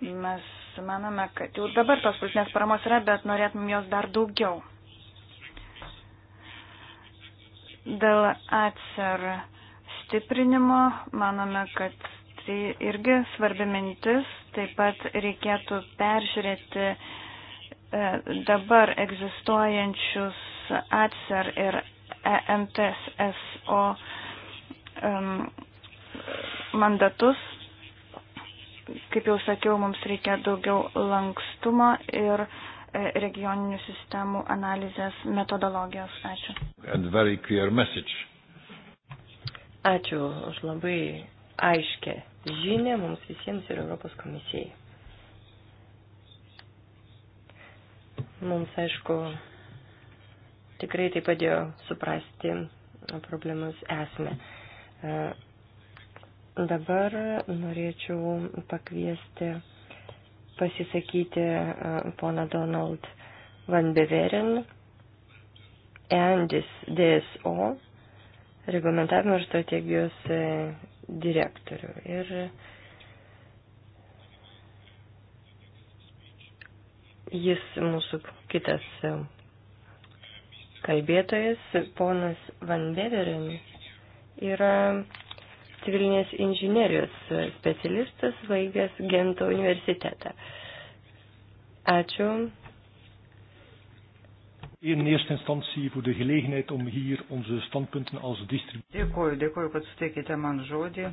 Mes manome, kad jau dabar tos politinės paramos yra, bet norėtumėm jos dar daugiau. Dėl atsar stiprinimo manome, kad tai irgi svarbi mintis. Taip pat reikėtų peržiūrėti e, dabar egzistuojančius atsar ir e EMTSO mandatus. Kaip jau sakiau, mums reikia daugiau lankstumo ir uh, E, regioninių sistemų analizės metodologijos. Ačiū. Ačiū už labai aiškę žinę mums visiems ir Europos komisijai. Mums, aišku, tikrai tai padėjo suprasti problemos esmę. E, dabar norėčiau pakviesti pasisakyti e, pona Donald Van Beveren, Endis DSO, reglamentavimo ir strategijos e, direktorių. Ir jis mūsų kitas e, kalbėtojas, ponas Van Beveren, yra civilinės inžinierijos specialistas, vaigęs Gento universitetą. Ačiū. In eerste instantie voor de gelegenheid om hier onze standpunten als distributie. Dėkuoju, dėkuoju, kad suteikėte man žodį.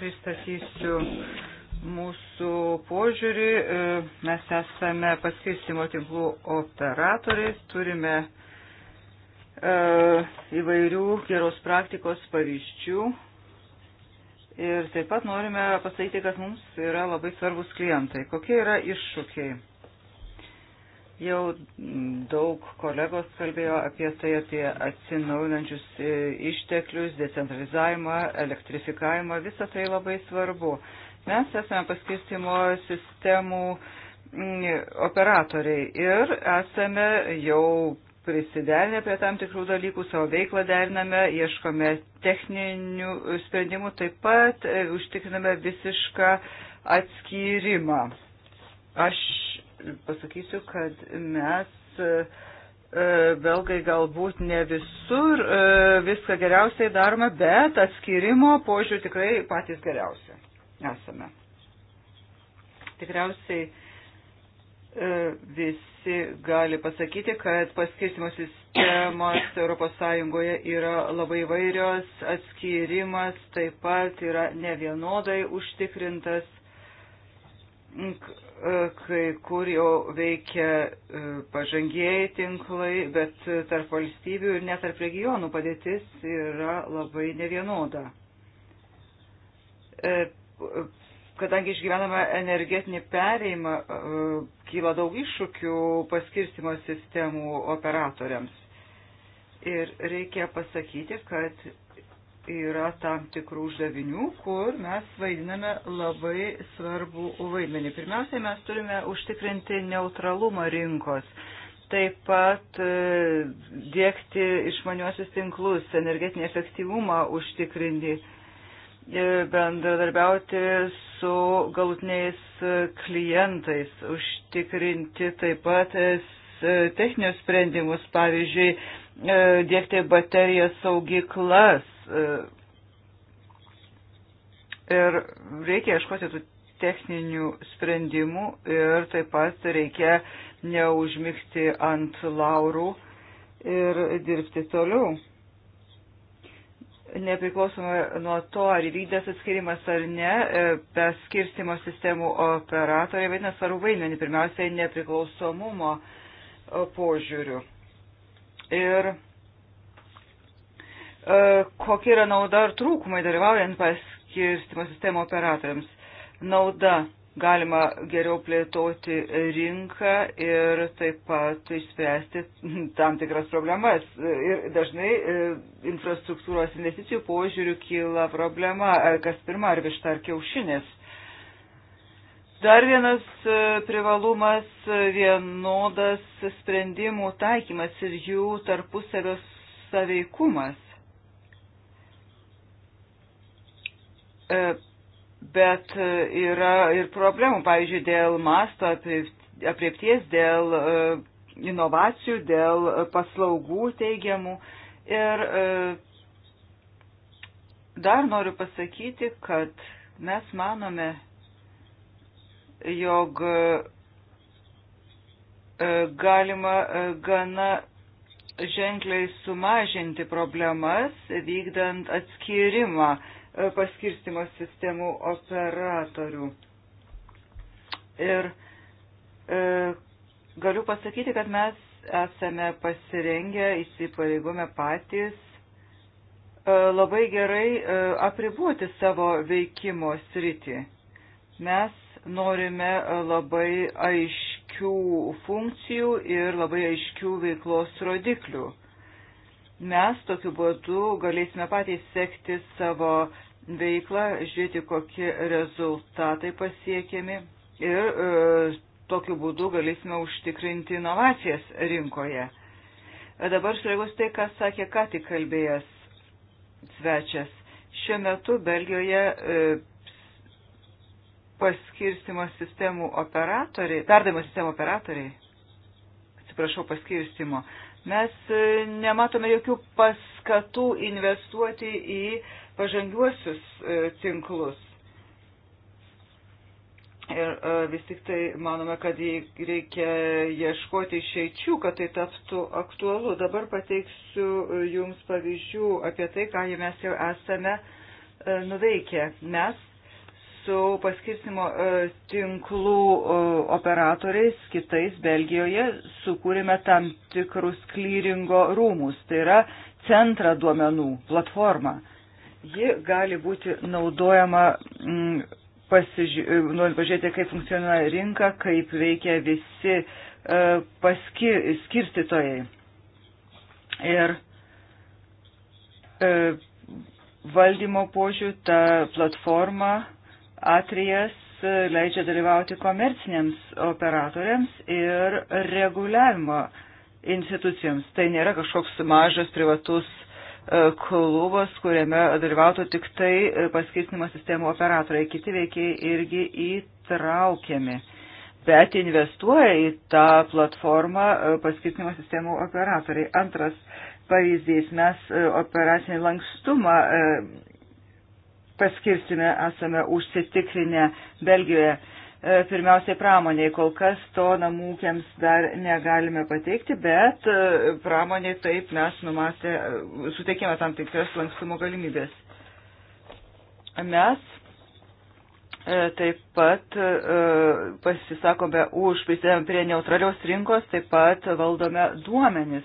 Pristatysiu mūsų požiūrį. E, mes esame paskirstimo tinklų operatoriais, turime e, įvairių geros praktikos pavyzdžių Ir taip pat norime pasakyti, kad mums yra labai svarbus klientai. Kokie yra iššūkiai? Jau daug kolegos kalbėjo apie tai, apie atsinaujinančius e, išteklius, decentralizavimą, elektrifikavimą. Visą tai labai svarbu. Mes esame paskirstimo sistemų mm, operatoriai ir esame jau prisiderinę prie tam tikrų dalykų, savo veiklą deriname, ieškome techninių sprendimų, taip pat e, užtikriname visišką atskyrimą. Aš pasakysiu, kad mes e, e, belgai galbūt ne visur viską geriausiai darome, bet atskirimo požiūrį tikrai patys geriausi esame. Tikriausiai vis visi gali pasakyti, kad paskirstimo sistemos ES yra labai vairios, atskirimas taip pat yra nevienodai užtikrintas, e, kai kur jau veikia e, pažangieji tinklai, bet tarp valstybių ir net tarp regionų padėtis yra labai nevienoda e, kadangi išgyvename energetinį pereimą, kyla daug iššūkių paskirstimo sistemų operatoriams. Ir reikia pasakyti, kad yra tam tikrų uždavinių, kur mes vaidiname labai svarbų vaidmenį. Pirmiausiai mes turime užtikrinti neutralumą rinkos, taip pat e, dėkti išmaniuosius tinklus, energetinį efektyvumą užtikrinti E, bendradarbiauti su galutiniais klientais, užtikrinti taip pat e, e, techninius sprendimus, pavyzdžiui, dėkti baterijas saugyklas. Ir reikia ieškoti tų techninių sprendimų ir taip pat reikia neužmygti ant laurų ir dirbti toliau nepriklausomai nuo to, ar įvykdęs atskirimas ar ne, perskirstimo sistemų operatoriai vaidina svarų vaidmenį, pirmiausiai nepriklausomumo e, požiūrių. Ir e, kokia yra nauda ar trūkumai dalyvaujant paskirstimo sistemo operatoriams. Nauda galima geriau plėtoti rinką ir taip pat išspręsti tam tikras problemas. Ir dažnai e, infrastruktūros investicijų požiūrių kyla problema, kas pirma ar višta ar kiaušinis. Dar vienas e, privalumas e, vienodas sprendimų taikymas ir jų tarpusavio saveikumas bet e, yra ir problemų, pavyzdžiui, dėl masto apriepties, dėl e, inovacijų, dėl e, paslaugų teigiamų. Ir dar noriu pasakyti, kad mes manome, jog galima gana ženkliai sumažinti problemas, vykdant atskirimą E, paskirstimo sistemų operatorių. Ir e, galiu pasakyti, kad mes esame pasirengę, įsipareigome patys e, labai gerai e, apriboti savo veikimo sritį. Mes norime e, labai aiškių funkcijų ir labai aiškių veiklos rodiklių mes tokiu būdu galėsime patys sekti savo veiklą, žiūrėti, kokie rezultatai pasiekiami ir e, tokiu būdu galėsime užtikrinti inovacijas rinkoje. E, dabar sureaguos tai, ką sakė ką tik kalbėjęs svečias. Šiuo metu Belgijoje e, paskirstimo sistemų operatoriai, perdavimo sistemų operatoriai, atsiprašau, paskirstimo Mes e, nematome jokių paskatų investuoti į pažangiuosius e, tinklus. Ir e, vis tik tai manome, kad reikia ieškoti išeičių, kad tai taptų aktualu. Dabar pateiksiu Jums pavyzdžių apie tai, ką mes jau esame nuveikę. Mes su paskirstimo e, tinklų e, operatoriais, kitais Belgijoje, sukūrėme tam tikrus klyringo rūmus, tai yra centrą duomenų, platformą. Ji gali būti naudojama, m, mm, pasiži... E, norint pažiūrėti, kaip funkcionuoja rinka, kaip veikia visi e, paskirstytojai. Ir e, valdymo požiūrį ta platforma Atrijas leidžia dalyvauti komerciniams operatoriams ir reguliavimo institucijoms. Tai nėra kažkoks mažas privatus e, klubas, kuriame dalyvautų tik tai e, paskirstimo sistemų operatoriai. Kiti veikiai irgi įtraukiami, bet investuoja į tą platformą e, paskirstimo sistemų operatoriai. Antras pavyzdys, mes operacinį lankstumą paskirsime esame užsitikrinę Belgijoje. E, pirmiausiai pramoniai, kol kas to namų ūkiams dar negalime pateikti, bet e, pramoniai taip mes numatė, e, suteikėme tam tikras lankstumo galimybės. Mes taip pat pasisakome už, prisidėjome prie neutralios rinkos, taip pat valdome duomenis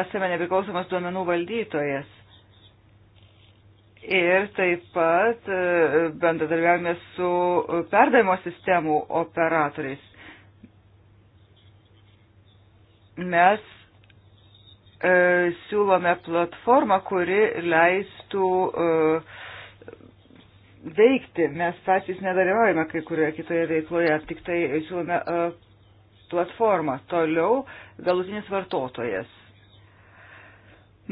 esame nepriklausomas duomenų valdytojas. Ir taip pat e, bendradarbiavime su perdavimo sistemų operatoriais. Mes e, siūlome platformą, kuri leistų e, veikti. Mes patys nedalyvaujame kai kurioje kitoje veikloje, tik tai siūlome e, platformą. Toliau galutinis vartotojas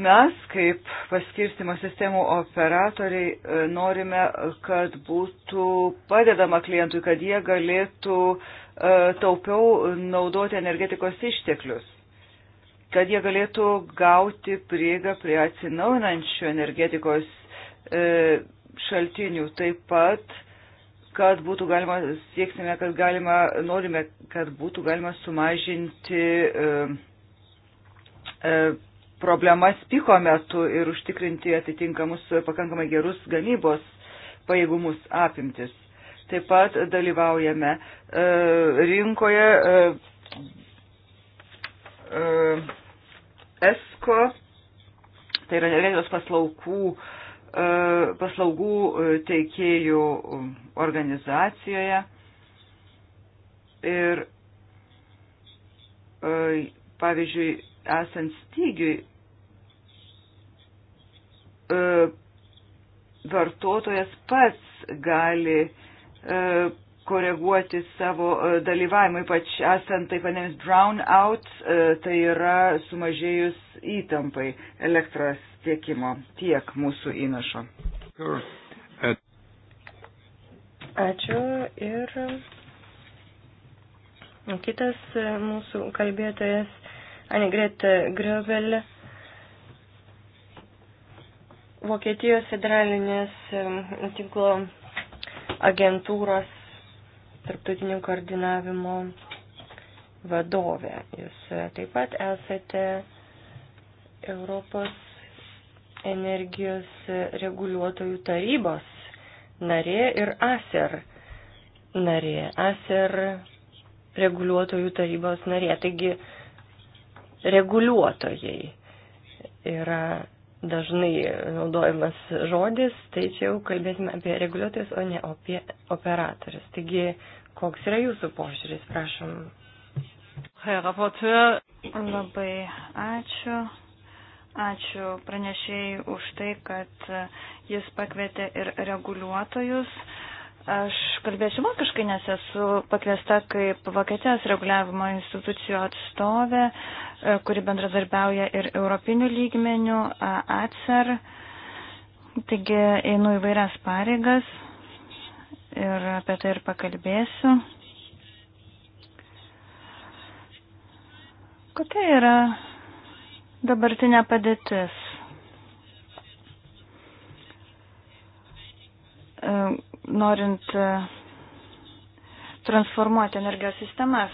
Mes, kaip paskirstimo sistemų operatoriai, e, norime, kad būtų padedama klientui, kad jie galėtų e, taupiau naudoti energetikos išteklius, kad jie galėtų gauti prieigą prie atsinaujinančių energetikos e, šaltinių. Taip pat, kad būtų galima, sieksime, kad galima, norime, kad būtų galima sumažinti problemas piko metu ir užtikrinti atitinkamus pakankamai gerus gamybos pajėgumus apimtis. Taip pat dalyvaujame e, rinkoje e, e, ESCO, tai yra energetikos paslaugų, paslaugų teikėjų organizacijoje. Ir pavyzdžiui, esant stygiui E, vartotojas pats gali e, koreguoti savo e, dalyvavimą, ypač esant taip vadinamiems brownout, tai yra sumažėjus įtampai elektros tiekimo tiek mūsų įnašo. Ačiū ir kitas mūsų kalbėtojas Anigret Gröbel Vokietijos federalinės tinklo agentūros tarptautinio koordinavimo vadovė. Jūs e, taip pat esate Europos energijos reguliuotojų tarybos narė ir ASER narė. ASER reguliuotojų tarybos narė. Taigi reguliuotojai yra dažnai naudojamas žodis, tai čia jau kalbėsime apie reguliuotojus, o ne apie operatorius. Taigi, koks yra jūsų požiūris, prašom. Labai ačiū. Ačiū pranešėjai už tai, kad jis pakvietė ir reguliuotojus. Aš kalbėsiu vokiškai, nes esu pakviesta kaip Vokietijos reguliavimo institucijų atstovė, e, kuri bendradarbiauja ir europinių lygmenių, e, ACER. Taigi einu į vairias pareigas ir apie tai ir pakalbėsiu. Kokia yra dabartinė padėtis? E, norint e, transformuoti energijos sistemas.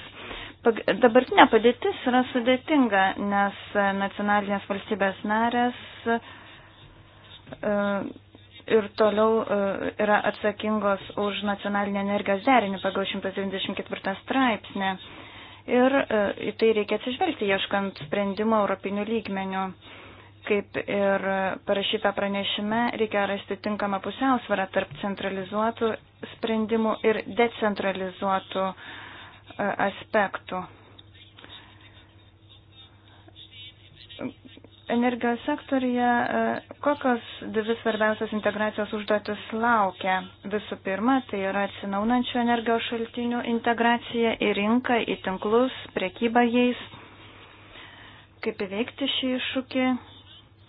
Dabartinė padėtis yra sudėtinga, nes nacionalinės valstybės narės e, ir toliau e, yra atsakingos už nacionalinę energijos derinį pagal 174 straipsnį. Ir į tai reikia atsižvelgti, ieškant sprendimo europinių lygmenių. Kaip ir parašyta pranešime, reikia rasti tinkamą pusiausvarą tarp centralizuotų sprendimų ir decentralizuotų e, aspektų. Energijos sektorija, e, kokios dvi svarbiausios integracijos užduotis laukia? Visų pirma, tai yra atsinaunančių energijos šaltinių integracija į rinką, į tinklus, priekybą jais. Kaip įveikti šį iššūkį?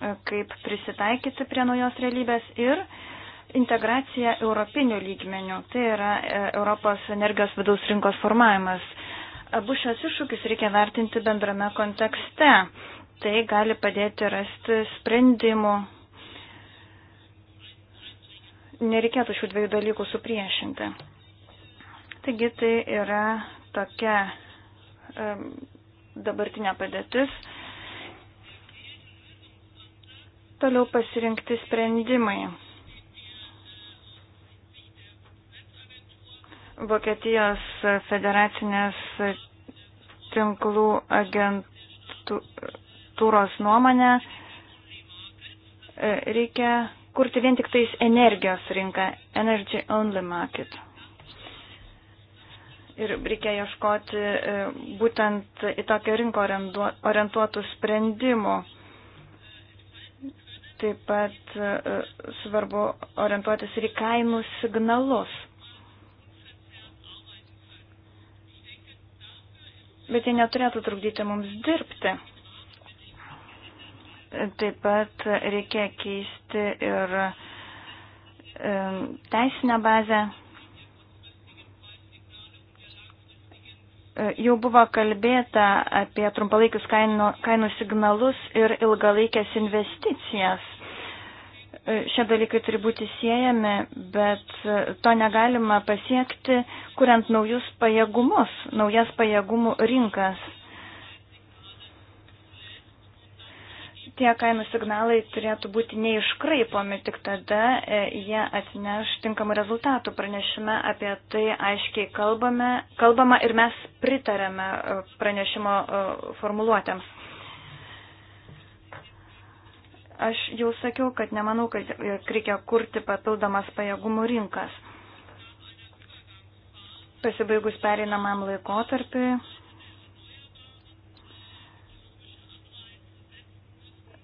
kaip prisitaikyti prie naujos realybės ir integracija europinių lygmenių, tai yra e, Europos energijos vidaus rinkos formavimas. Abu šios iššūkius reikia vertinti bendrame kontekste. Tai gali padėti rasti sprendimų. Nereikėtų šių dviejų dalykų supriešinti. Taigi tai yra tokia um, dabartinė padėtis. Uh, Toliau pasirinkti sprendimai. Vokietijos federacinės tinklų agentūros nuomonė e, reikia kurti vien tik tais energijos rinką, energy only market. Ir reikia ieškoti e, būtent į tokią rinką orientuotų sprendimų. Taip pat e, svarbu orientuotis ir į kainų signalus. Bet jie neturėtų trukdyti mums dirbti. Taip pat reikia keisti ir e, teisinę bazę E, jau buvo kalbėta apie trumpalaikius kainų, kainų signalus ir ilgalaikės investicijas. E, šie dalykai turi būti siejami, bet e, to negalima pasiekti, kuriant naujus pajėgumus, naujas pajėgumų rinkas. tie kainų signalai turėtų būti neiškraipomi, tik tada e, jie atneš tinkamų rezultatų. Pranešime apie tai aiškiai kalbame, kalbama ir mes pritarėme e, pranešimo e, formuluotėms. Aš jau sakiau, kad nemanau, kad reikia kurti papildomas pajėgumų rinkas. Pasibaigus pereinamam laikotarpiui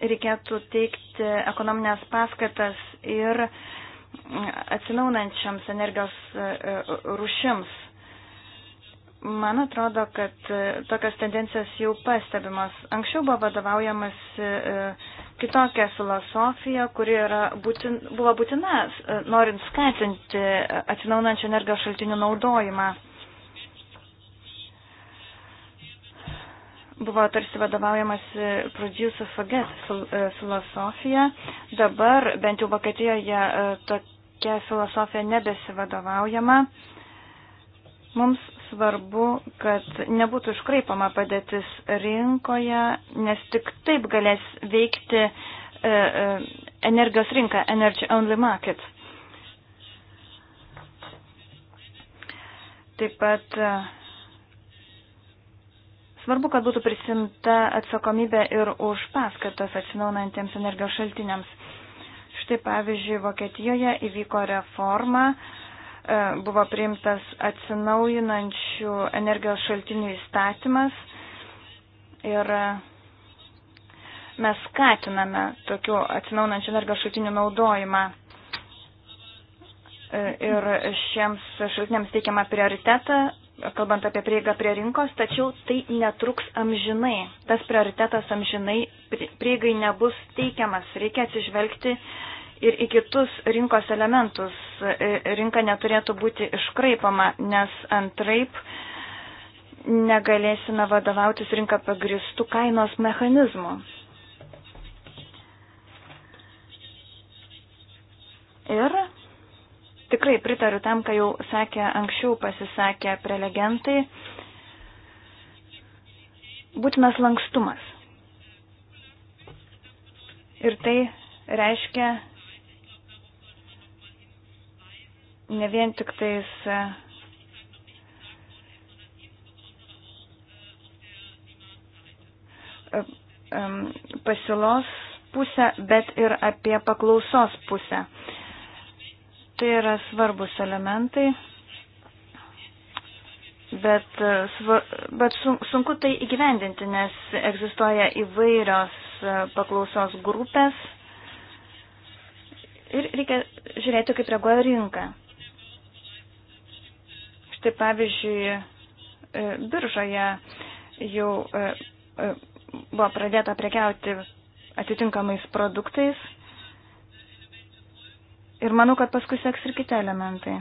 reikėtų teikti ekonominės paskatas ir atsinaunančiams energijos e, e, rušims. Man atrodo, kad e, tokios tendencijos jau pastebimos. Anksčiau buvo vadovaujamas kitokia filosofija, kuri būtin, buvo būtina, norint skatinti atsinaunančių energijos šaltinių naudojimą. buvo tarsi vadovaujamas e, producer forget e, filosofija. Dabar bent jau Vokietijoje e, tokia filosofija nebesivadovaujama. Mums svarbu, kad nebūtų iškraipama padėtis rinkoje, nes tik taip galės veikti energijos rinka, Energy Only Market. Taip pat Svarbu, kad būtų prisimta atsakomybė ir už paskatas atsinaunantiems energijos šaltiniams. Štai pavyzdžiui, Vokietijoje įvyko reforma, e, buvo priimtas atsinaujinančių energijos šaltinių įstatymas ir e, mes skatiname tokių atsinaunančių energijos šaltinių naudojimą. E, ir šiems šaltiniams teikiama prioritetą kalbant apie prieigą prie rinkos, tačiau tai netruks amžinai. Tas prioritetas amžinai prieigai nebus teikiamas. Reikia atsižvelgti ir į kitus rinkos elementus. E, rinka neturėtų būti iškraipama, nes antraip negalėsime vadovautis rinką pagristų kainos mechanizmu. Ir tikrai pritariu tam, ką jau sakė anksčiau pasisakę prelegentai. Būtinas lankstumas. Ir tai reiškia ne vien tik tais e, e, pasiūlos pusę, bet ir apie paklausos pusę. Tai yra svarbus elementai, bet, bet sunku tai įgyvendinti, nes egzistuoja įvairios e, paklausos grupės ir reikia žiūrėti, kaip reaguoja rinka. Štai pavyzdžiui, e, biržoje jau e, buvo pradėta prekiauti atitinkamais produktais Ir manau, kad paskui seks ir kiti elementai.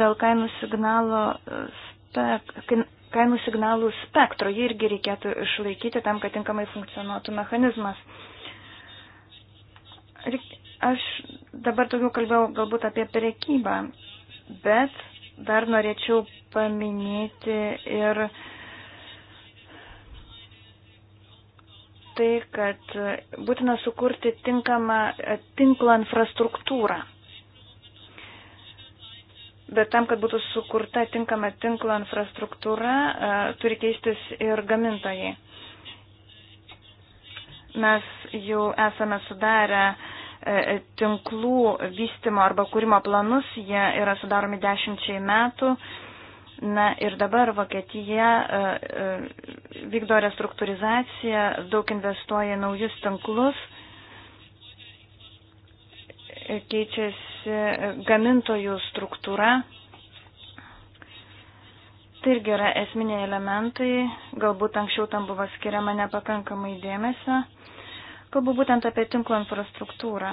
Dėl kainų signalo e, spek, kainų signalų spektro jį irgi reikėtų išlaikyti tam, kad tinkamai funkcionuotų mechanizmas. Aš dabar daugiau kalbėjau galbūt apie prekybą, bet dar norėčiau paminėti ir uh, tai, kad būtina sukurti tinkamą e, tinklo infrastruktūrą. Bet tam, kad būtų sukurta tinkama tinklo infrastruktūra, e, turi keistis ir gamintojai. Mes jau esame sudarę e, tinklų vystimo arba kūrimo planus, jie yra sudaromi dešimčiai metų Na ir dabar Vokietija e, e, vykdo restruktūrizaciją, daug investuoja į naujus tinklus, keičiasi gamintojų struktūra. Tai irgi yra esminiai elementai, galbūt anksčiau tam buvo skiriama nepakankamai dėmesio. Kalbu būtent apie tinklo infrastruktūrą.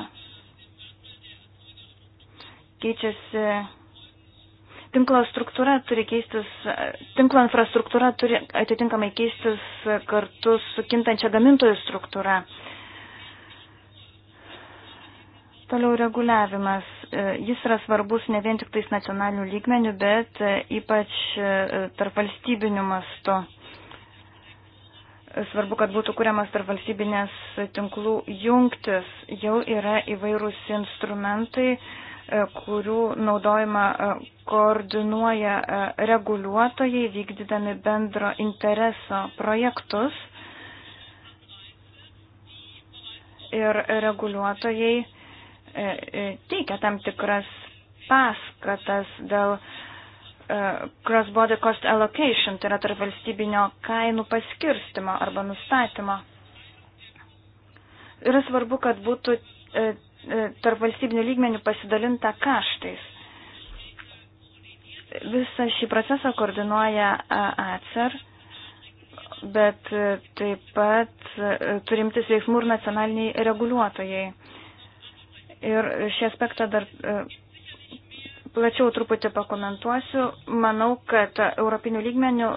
Keičiasi Tinklo struktūra turi keistis, tinklo infrastruktūra turi atitinkamai keistis kartu su kintančia gamintojų struktūra. Toliau reguliavimas. Jis yra svarbus ne vien tik tais nacionalinių lygmenių, bet ypač tarp valstybinių mastų. Svarbu, kad būtų kuriamas tarp valstybinės tinklų jungtis. Jau yra įvairūs instrumentai, E, kurių naudojimą e, koordinuoja e, reguliuotojai, vykdydami bendro intereso projektus. Ir reguliuotojai teikia tam tikras paskatas dėl cross-border cost allocation, tai yra tarp valstybinio kainų paskirstimo arba nustatymo. Yra svarbu, kad būtų E, tarp valstybinių lygmenių pasidalinta kaštais. Visą šį procesą koordinuoja e, ACER, bet e, taip pat turimtis veiksmų ir nacionaliniai reguliuotojai. Ir šį aspektą dar plačiau truputį pakomentuosiu. Manau, kad europinių lygmenių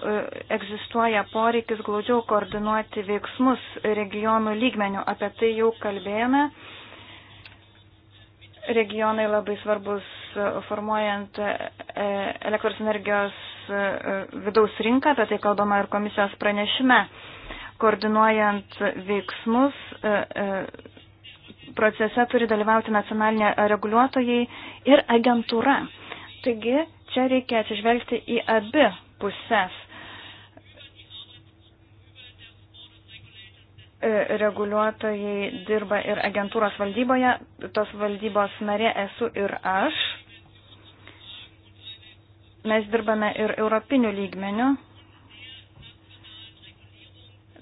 egzistuoja poreikis glaudžiau koordinuoti veiksmus regionų lygmenių. Apie tai jau kalbėjome regionai labai svarbus e, formuojant e, e, elektros energijos vidaus rinką, apie tai kalbama ir komisijos pranešime, koordinuojant veiksmus. Procese turi dalyvauti nacionalinė reguliuotojai ir agentūra. Taigi čia reikia atsižvelgti į abi pusės. E, reguliuotojai dirba ir agentūros valdyboje, tos valdybos narė esu ir aš. Mes dirbame ir europinių lygmenių.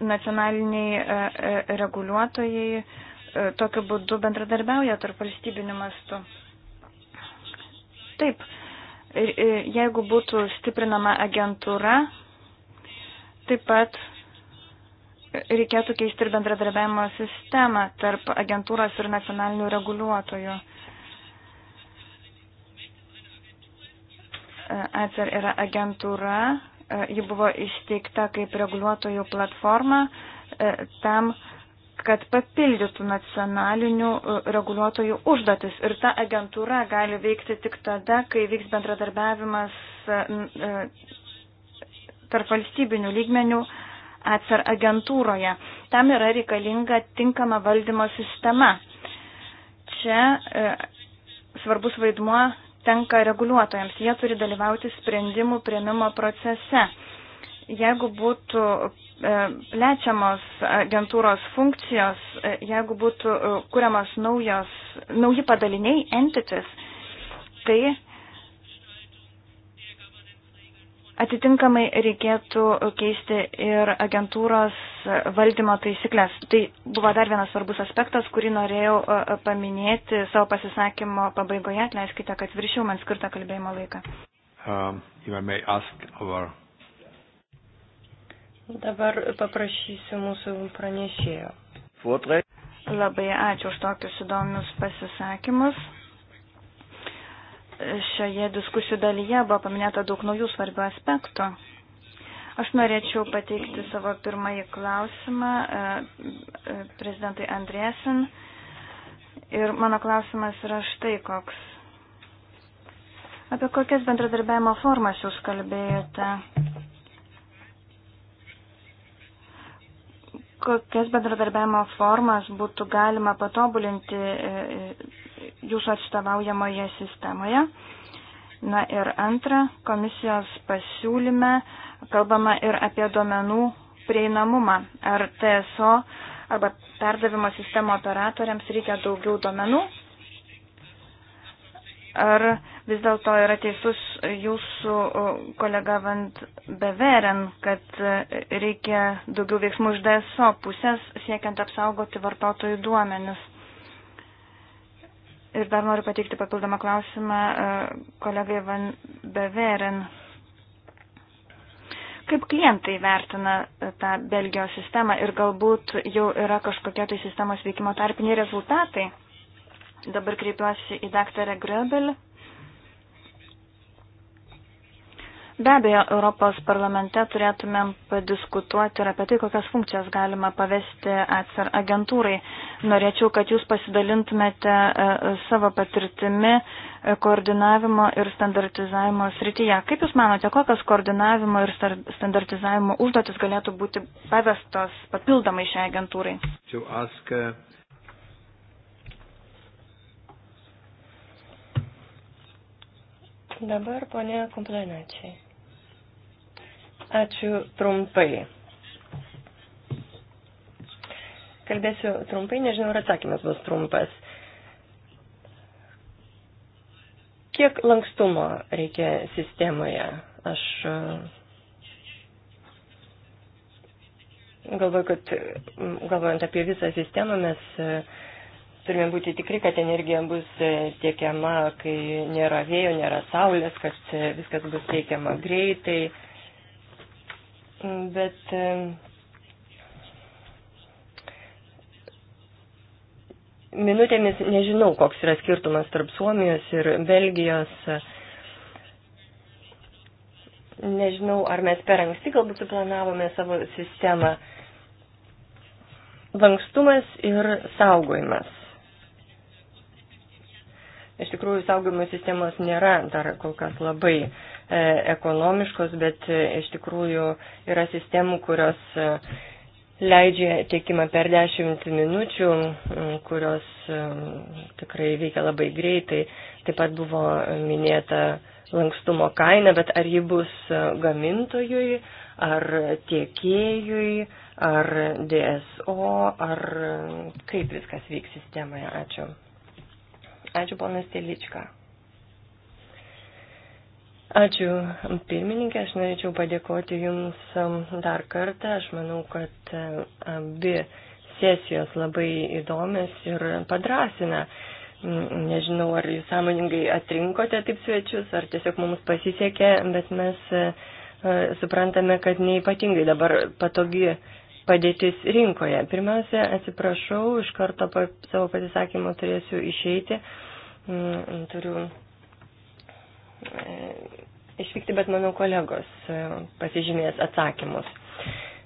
Nacionaliniai e, e, reguliuotojai tokiu būdu bendradarbiauja tarp valstybinių mastų. Taip, jeigu būtų stiprinama agentūra, taip pat reikėtų keisti ir bendradarbiavimo sistemą tarp agentūros ir nacionalinių reguliuotojų. E, ACER yra agentūra, e, ji buvo įsteigta kaip reguliuotojų platforma e, tam, kad papildytų nacionalinių reguliuotojų užduotis. Ir ta agentūra gali veikti tik tada, kai vyks bendradarbiavimas tarp valstybinių lygmenių ACER agentūroje. Tam yra reikalinga tinkama valdymo sistema. Čia e, svarbus vaidmuo tenka reguliuotojams. Jie turi dalyvauti sprendimų prieimimo procese. Jeigu būtų e, plečiamos agentūros funkcijos, e, jeigu būtų e, kuriamas naujos, nauji padaliniai, entities, tai Atitinkamai reikėtų keisti ir agentūros valdymo taisyklės. Tai buvo dar vienas svarbus aspektas, kurį norėjau paminėti savo pasisakymo pabaigoje. Atleiskite, kad viršiau man skirtą kalbėjimo laiką. Um, our... Dabar paprašysiu mūsų pranešėjo. Labai ačiū už tokius įdomius pasisakymus šioje diskusijų dalyje buvo paminėta daug naujų svarbių aspektų. Aš norėčiau pateikti savo pirmąjį klausimą e, e, prezidentui Andriesin. Ir mano klausimas yra štai koks. Apie kokias bendradarbiavimo formas jūs kalbėjote? kokias bendradarbiavimo formas būtų galima patobulinti e, e, jūsų atstovaujamoje sistemoje. Na ir antra, komisijos pasiūlyme kalbama ir apie duomenų prieinamumą. Ar TSO arba perdavimo sistemo operatoriams reikia daugiau duomenų, ar vis dėlto yra teisus jūsų kolega Vant Beveren, kad e, reikia daugiau veiksmų iš DSO pusės, siekiant apsaugoti vartotojų duomenis. Ir dar noriu pateikti papildomą klausimą e, kolegai Van Beveren. Kaip klientai vertina e, tą Belgijos sistemą ir galbūt jau yra kažkokie tai sistemos veikimo tarpiniai rezultatai? Dabar kreipiuosi į daktarę Grebelį. Be abejo, Europos parlamente turėtumėm padiskutuoti ir apie tai, kokias funkcijas galima pavesti atsar agentūrai. Norėčiau, kad jūs pasidalintumėte e, savo patirtimi e, koordinavimo ir standartizavimo srityje. Kaip Jūs manote, kokias koordinavimo ir standartizavimo užduotis galėtų būti pavestos papildomai šiai agentūrai? Ask, uh, Dabar ponė Kumplanačiai. Ačiū trumpai. Kalbėsiu trumpai, nežinau, ar atsakymas bus trumpas. Kiek lankstumo reikia sistemoje? Aš galvoju, kad galvojant apie visą sistemą mes Turime būti tikri, kad energija bus e, tiekiama, kai nėra vėjo, nėra saulės, kad e, viskas bus tiekiama greitai. Bet e, minutėmis nežinau, koks yra skirtumas tarp Suomijos ir Belgijos. Nežinau, ar mes per anksti galbūt suplanavome savo sistemą. Lankstumas ir saugojimas. Iš tikrųjų, saugojimo sistemos nėra dar kol kas labai e, ekonomiškos, bet e, iš tikrųjų yra sistemų, kurios e, leidžia tiekimą per 10 minučių, kurios e, tikrai veikia labai greitai. Taip pat buvo minėta lankstumo kaina, bet ar ji bus e, gamintojui, ar tiekėjui, ar DSO, ar e, kaip viskas vyks sistemoje. Ačiū. Ačiū, ponas Telička. Ačiū, pirmininkė. Aš norėčiau padėkoti Jums um, dar kartą. Aš manau, kad uh, abi sesijos labai įdomios ir padrasina. Mm, nežinau, ar Jūs sąmoningai atrinkote taip svečius, ar tiesiog mums pasisekė, bet mes uh, suprantame, kad neipatingai dabar patogi padėtis rinkoje. Pirmiausia, atsiprašau, iš karto po savo pasisakymo turėsiu išeiti. Mm, turiu e, išvykti, bet manau kolegos e, pasižymės atsakymus.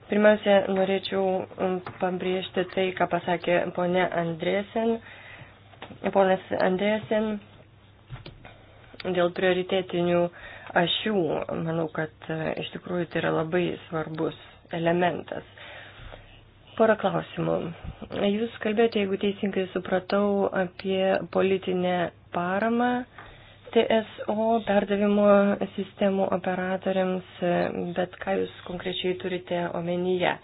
Pirmiausia, norėčiau pabrėžti tai, ką pasakė ponė Andrėsen, ponas Andrėsen dėl prioritetinių ašių. Manau, kad e, iš tikrųjų tai yra labai svarbus elementas. Porą klausimų. Jūs kalbėjote, jeigu teisingai supratau, apie politinę paramą TSO perdavimo sistemų operatoriams, bet ką jūs konkrečiai turite omenyje?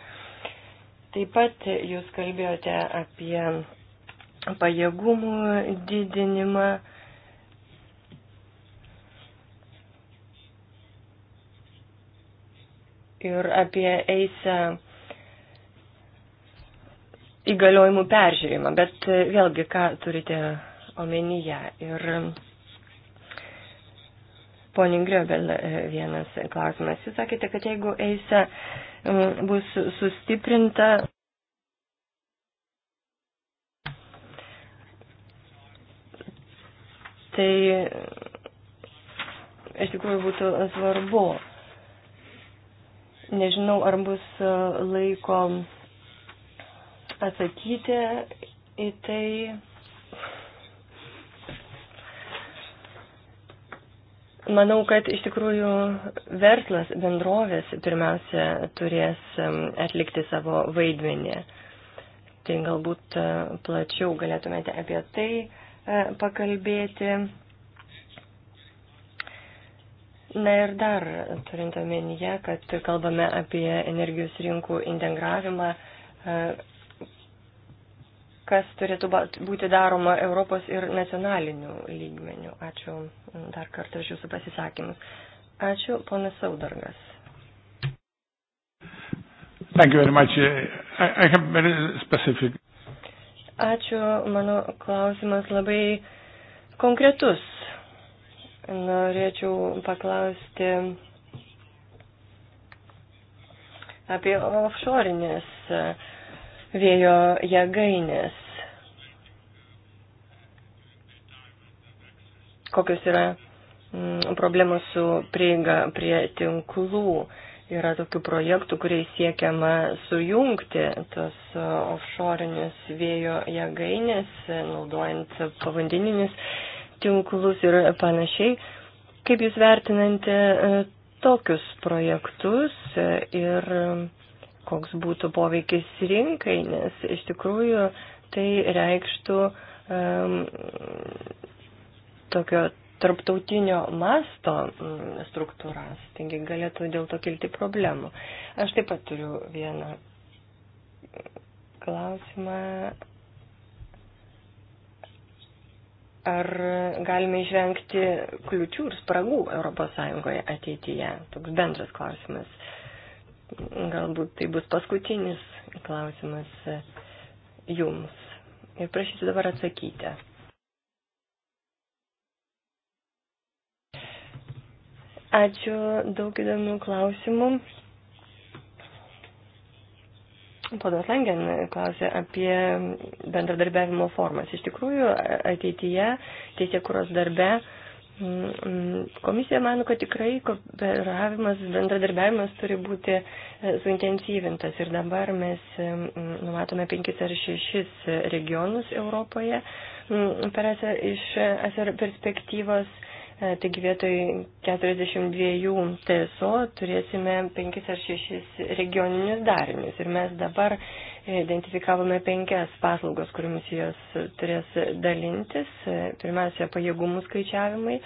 Taip pat jūs kalbėjote apie pajėgumų didinimą. Ir apie eisę įgaliojimų peržiūrimą, bet e, vėlgi, ką turite omenyje. Ir ponė Griobel e, vienas klausimas. Jūs sakėte, kad jeigu eisa bus sustiprinta. Tai iš tikrųjų būtų svarbu. Nežinau, ar bus e, laiko atsakyti į tai. Manau, kad iš tikrųjų verslas, bendrovės pirmiausia turės atlikti savo vaidmenį. Tai galbūt e, plačiau galėtumėte apie tai e, pakalbėti. Na ir dar turint omenyje, kad kalbame apie energijos rinkų integravimą, e, kas turėtų būti daroma Europos ir nacionalinių lygmenių. Ačiū dar kartą už Jūsų pasisakymus. Ačiū, ponas Saudargas. Ačiū, mano klausimas labai konkretus. Norėčiau paklausti apie offshore'inės uh, vėjo jėgainės. Kokios yra mm, problemos su prieiga prie tinklų. Yra tokių projektų, kuriais siekiama sujungti tos offshore'inius vėjo jėgainės, naudojant pavandeninius tinklus ir panašiai. Kaip Jūs vertinate e, tokius projektus e, ir koks būtų poveikis rinkai, nes iš tikrųjų tai reikštų um, tokio tarptautinio masto struktūras, taigi galėtų dėl to kilti problemų. Aš taip pat turiu vieną klausimą. Ar galime išvengti kliučių ir spragų ES ateityje? Toks bendras klausimas. Uh, Galbūt tai bus paskutinis klausimas e, jums. Ir prašysiu dabar atsakyti. Ačiū daug įdomių klausimų. Ponas Langen klausė apie bendradarbiavimo formas. Iš tikrųjų, ateityje teisėkuros darbe Komisija mano, kad tikrai kooperavimas, bendradarbiavimas turi būti e, suintensyvintas ir dabar mes e, numatome penkis ar šešis regionus Europoje per, iš ASR perspektyvos E, taigi vietoj 42 TSO turėsime 5 ar 6 regioninius darinius. Ir mes dabar identifikavome 5 paslaugas, kuriamis jos turės dalintis. E, pirmiausia, pajėgumų skaičiavimai.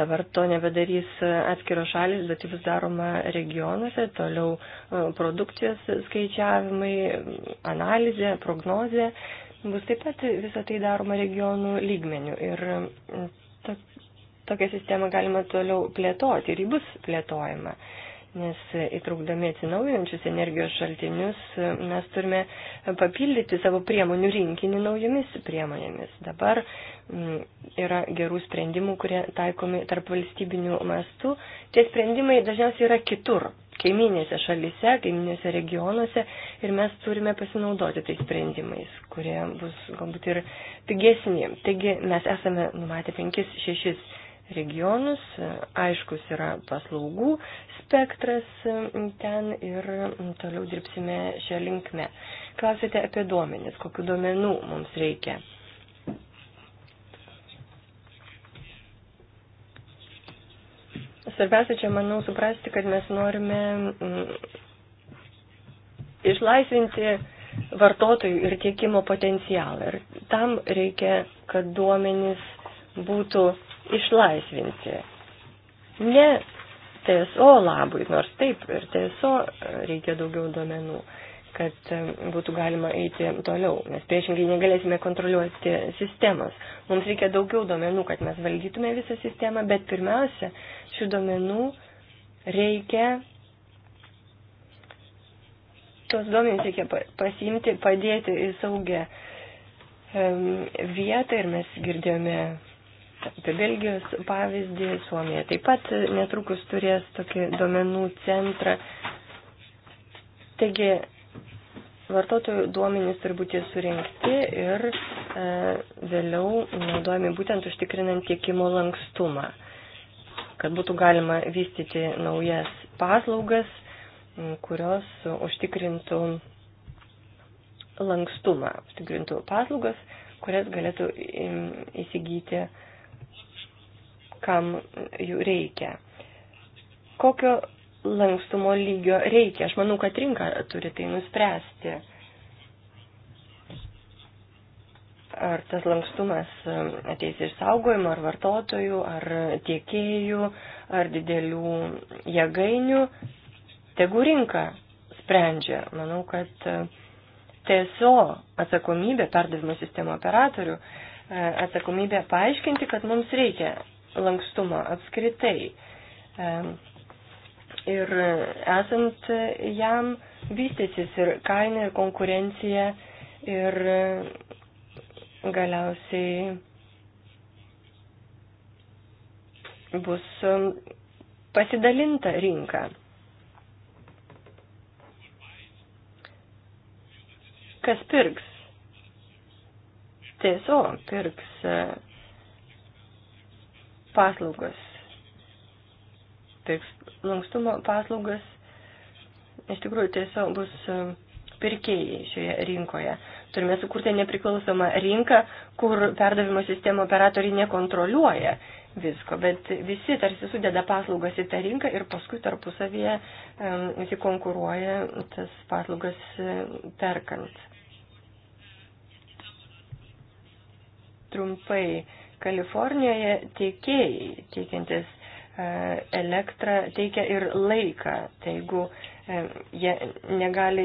Dabar to nebedarys atskiros šalis, bet tai bus daroma regionuose, toliau e, produkcijos skaičiavimai, analizė, prognozė. Bus taip pat visą tai daroma regionų lygmenių. Ir tokią sistemą galima toliau plėtoti ir ji bus plėtojama. Nes įtraukdami atsinaujinančius energijos šaltinius e, mes turime papildyti savo priemonių rinkinį naujomis priemonėmis. Dabar yra gerų sprendimų, kurie taikomi tarp valstybinių mastų. Tie sprendimai dažniausiai yra kitur, kaiminėse šalise, kaiminėse regionuose ir mes turime pasinaudoti tais sprendimais, kurie bus galbūt ir pigesni. Taigi mes esame numatę 5-6 regionus. Aiškus yra paslaugų spektras ten ir toliau dirbsime šią linkmę. Klausėte apie duomenis, kokiu duomenų mums reikia. Svarbiausia čia, manau, suprasti, kad mes norime mm, išlaisvinti vartotojų ir tiekimo potencialą. Ir tam reikia, kad duomenys būtų išlaisvinti. Ne TSO labui, nors taip ir TSO reikia daugiau duomenų, kad būtų galima eiti toliau, nes priešingai negalėsime kontroliuoti sistemos. Mums reikia daugiau duomenų, kad mes valdytume visą sistemą, bet pirmiausia, šių duomenų reikia tuos duomenys reikia pasiimti, padėti į saugę vietą ir mes girdėjome apie Belgijos pavyzdį. Suomija taip pat netrukus turės tokį duomenų centrą. Taigi, vartotojų duomenys turi būti surinkti ir e, vėliau naudojami būtent užtikrinant tiekimo lankstumą, kad būtų galima vystyti naujas paslaugas, kurios užtikrintų lankstumą, užtikrintų paslaugas, kurias galėtų įsigyti e, kam jų reikia. Kokio lankstumo lygio reikia? Aš manau, kad rinka turi tai nuspręsti. Ar tas lankstumas ateis iš saugojimo, ar vartotojų, ar tiekėjų, ar didelių jėgainių, tegu rinka sprendžia. Manau, kad TSO atsakomybė, perdavimo sistemo operatorių atsakomybė paaiškinti, kad mums reikia lankstumo apskritai. Ir esant jam vystytis ir kaina, ir konkurencija, ir galiausiai bus pasidalinta rinka. Kas pirks? Tiesiog pirks paslaugas. Tiks, lankstumo paslaugas iš tikrųjų tiesiog bus e, pirkėjai šioje rinkoje. Turime sukurti nepriklausomą rinką, kur perdavimo sistemo operatoriai nekontroliuoja visko, bet visi tarsi sudeda paslaugas į tą rinką ir paskui tarpusavėje e, visi konkuruoja tas paslaugas e, perkant. Trumpai Kalifornijoje tiekėjai, teikiantis e, elektrą, teikia ir laiką. Tai jeigu e, jie negali.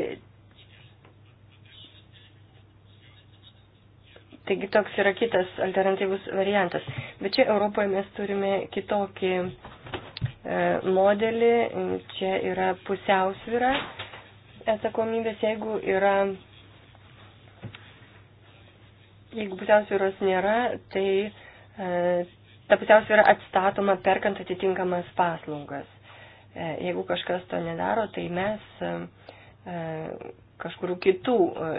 Taigi toks yra kitas alternatyvus variantas. Bet čia Europoje mes turime kitokį e, modelį, čia yra pusiausvyra atsakomybės, jeigu yra jeigu pusiausvyros nėra, tai E, ta pusiausvyrą atstatoma perkant atitinkamas paslaugas. E, jeigu kažkas to nedaro, tai mes e, kažkurių kitų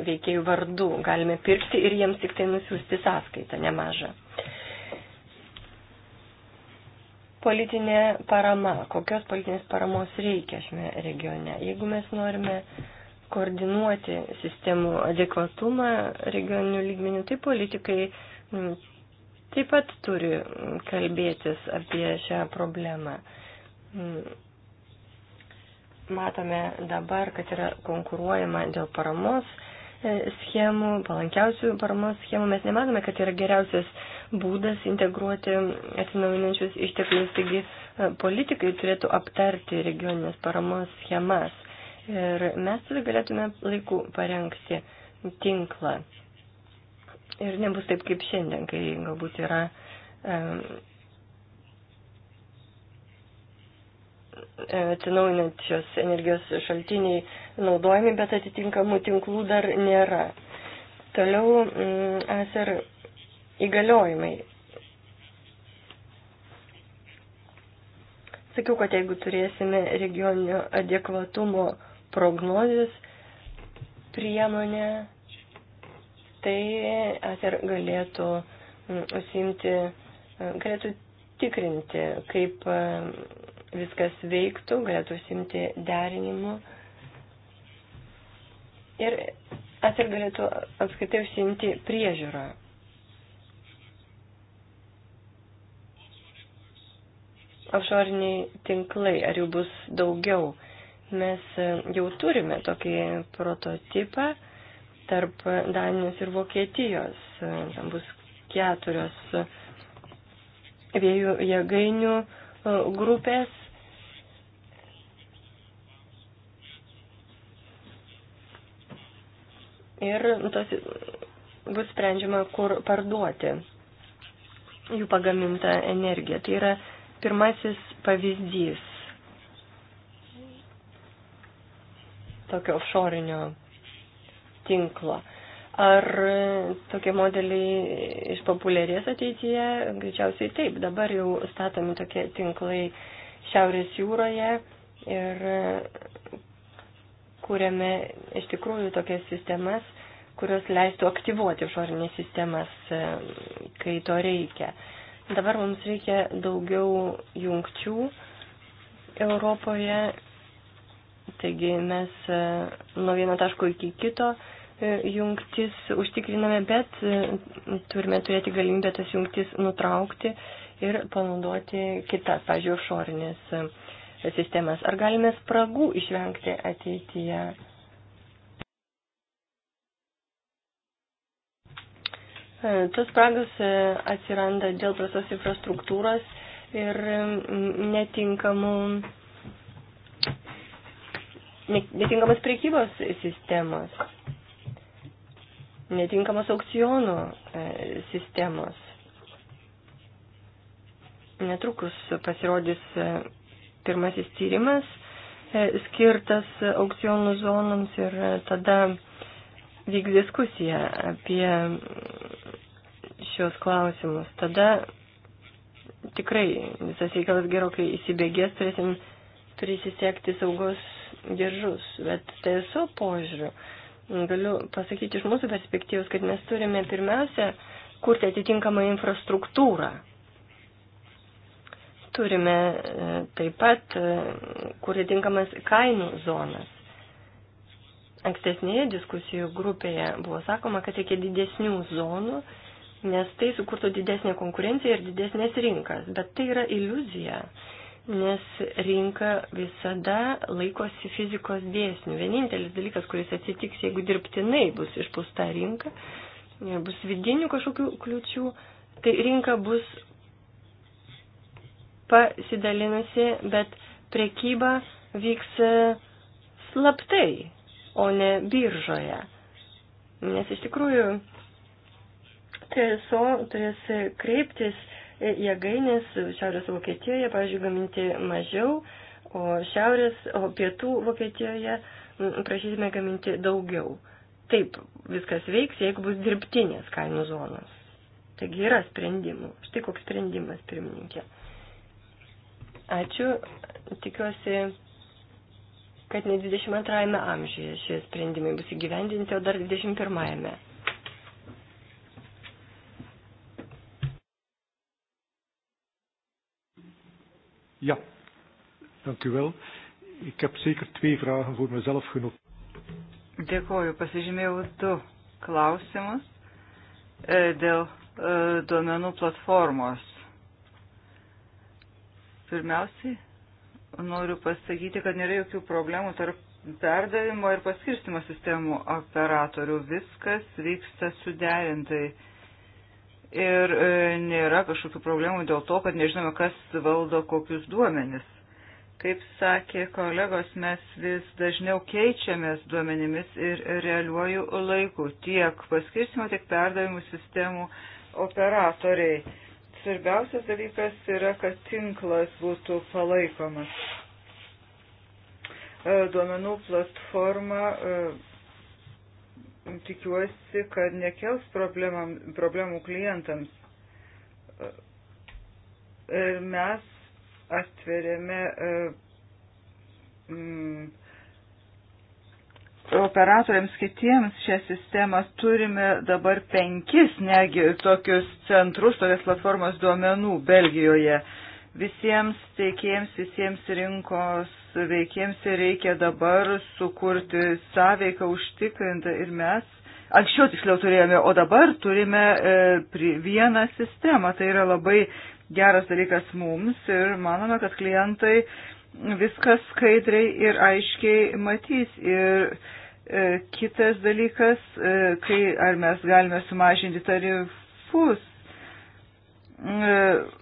veikėjų vardų galime pirkti ir jiems tik tai nusiųsti sąskaitą nemažą. Politinė parama. Kokios politinės paramos reikia šiame regione? Jeigu mes norime koordinuoti sistemų adekvatumą regioninių lygmenių, tai politikai taip pat turi mm, kalbėtis apie šią problemą. Mm. Matome dabar, kad yra konkuruojama dėl paramos e, schemų, palankiausių paramos schemų. Mes nematome, kad yra geriausias būdas integruoti atsinaujinančius išteklius, taigi e, politikai turėtų aptarti regioninės paramos schemas. Ir mes tada galėtume laiku parengti tinklą Ir nebus taip kaip šiandien, kai galbūt yra atsinaujinančios energijos šaltiniai naudojami, bet atitinkamų tinklų dar nėra. Toliau mm, ASER įgaliojimai. Sakiau, kad jeigu turėsime regioninio adekvatumo prognozės priemonę, tai ATER galėtų mm, užsimti, e, galėtų tikrinti, kaip e, viskas veiktų, galėtų užsimti derinimu. Ir ATER galėtų apskritai užsimti priežiūrą. Offshoriniai tinklai, ar jų bus daugiau? Mes e, jau turime tokį prototipą tarp Danijos ir Vokietijos. Ten bus keturios vėjų jėgainių e, grupės. Ir tos bus sprendžiama, kur parduoti jų pagamintą energiją. Tai yra pirmasis pavyzdys tokio offshore'inio tinklo. Ar tokie modeliai išpopuliarės ateityje? Greičiausiai taip. Dabar jau statomi tokie tinklai Šiaurės jūroje ir kūrėme iš tikrųjų tokias sistemas, kurios leistų aktyvuoti išorinės sistemas, kai to reikia. Dabar mums reikia daugiau jungčių Europoje Taigi mes e, nuo vieno taško iki kito e, jungtis užtikriname, bet e, turime turėti galimybę tas jungtis nutraukti ir panaudoti kitas, pažiūrėjau, išorinės sistemas. Ar galime spragų išvengti ateityje? Tas spragas atsiranda dėl prastos infrastruktūros ir netinkamų netinkamos priekybos sistemos, netinkamos aukcionų e, sistemos. Netrukus pasirodys e, pirmasis tyrimas e, skirtas aukcionų zonoms ir tada vyks diskusija apie šios klausimus. Tada tikrai visas reikalas gerokai įsibėgės, turėsim prisisekti saugos diržus, bet TSO požiūriu galiu pasakyti iš mūsų perspektyvos, kad mes turime pirmiausia kurti atitinkamą infrastruktūrą. Turime e, taip pat e, kurti tinkamas kainų zonas. Ankstesnėje diskusijų grupėje buvo sakoma, kad reikia didesnių zonų, nes tai sukurtų didesnę konkurenciją ir didesnės rinkas. Bet tai yra iliuzija nes rinka visada laikosi fizikos dėsnių. Vienintelis dalykas, kuris atsitiks, jeigu dirbtinai bus išpūsta rinka, bus vidinių kažkokių kliučių, tai rinka bus pasidalinusi, bet prekyba vyks slaptai, o ne biržoje. Nes iš tikrųjų TSO turės kreiptis jėgainės Šiaurės Vokietijoje, pavyzdžiui, gaminti mažiau, o, šiaurės, o pietų Vokietijoje prašysime gaminti daugiau. Taip, viskas veiks, jeigu bus dirbtinės kainų zonos. Taigi yra sprendimų. Štai koks sprendimas, pirmininkė. Ačiū. Tikiuosi, kad ne 22 amžiuje šie sprendimai bus įgyvendinti, o dar 21. -ame. Ja, dank u wel. Ik heb zeker twee vragen voor mezelf genomen. Dėkoju, pasižymėjau du klausimus e, dėl e, duomenų platformos. Pirmiausiai, noriu pasakyti, kad nėra jokių problemų tarp perdavimo ir paskirstimo sistemų operatorių. Viskas vyksta suderintai ir e, nėra kažkokių problemų dėl to, kad nežinome, kas valdo kokius duomenis. Kaip sakė kolegos, mes vis dažniau keičiamės duomenimis ir realiuoju laiku tiek paskirstimo, tiek perdavimų sistemų operatoriai. Svarbiausias dalykas yra, kad tinklas būtų palaikomas. E, duomenų platforma e, tikiuosi, kad nekels problemam, problemų klientams. Ir e, mes atveriame e, mm, operatoriams kitiems šią sistemą turime dabar penkis negi tokius centrus, tokias platformas duomenų Belgijoje. Visiems teikėjams, visiems rinkos veikiems reikia dabar sukurti sąveiką užtikrintą ir mes, anksčiau tiksliau turėjome, o dabar turime e, vieną sistemą. Tai yra labai geras dalykas mums ir manome, kad klientai viską skaidriai ir aiškiai matys. Ir e, kitas dalykas, e, kai ar mes galime sumažinti tarifus. E,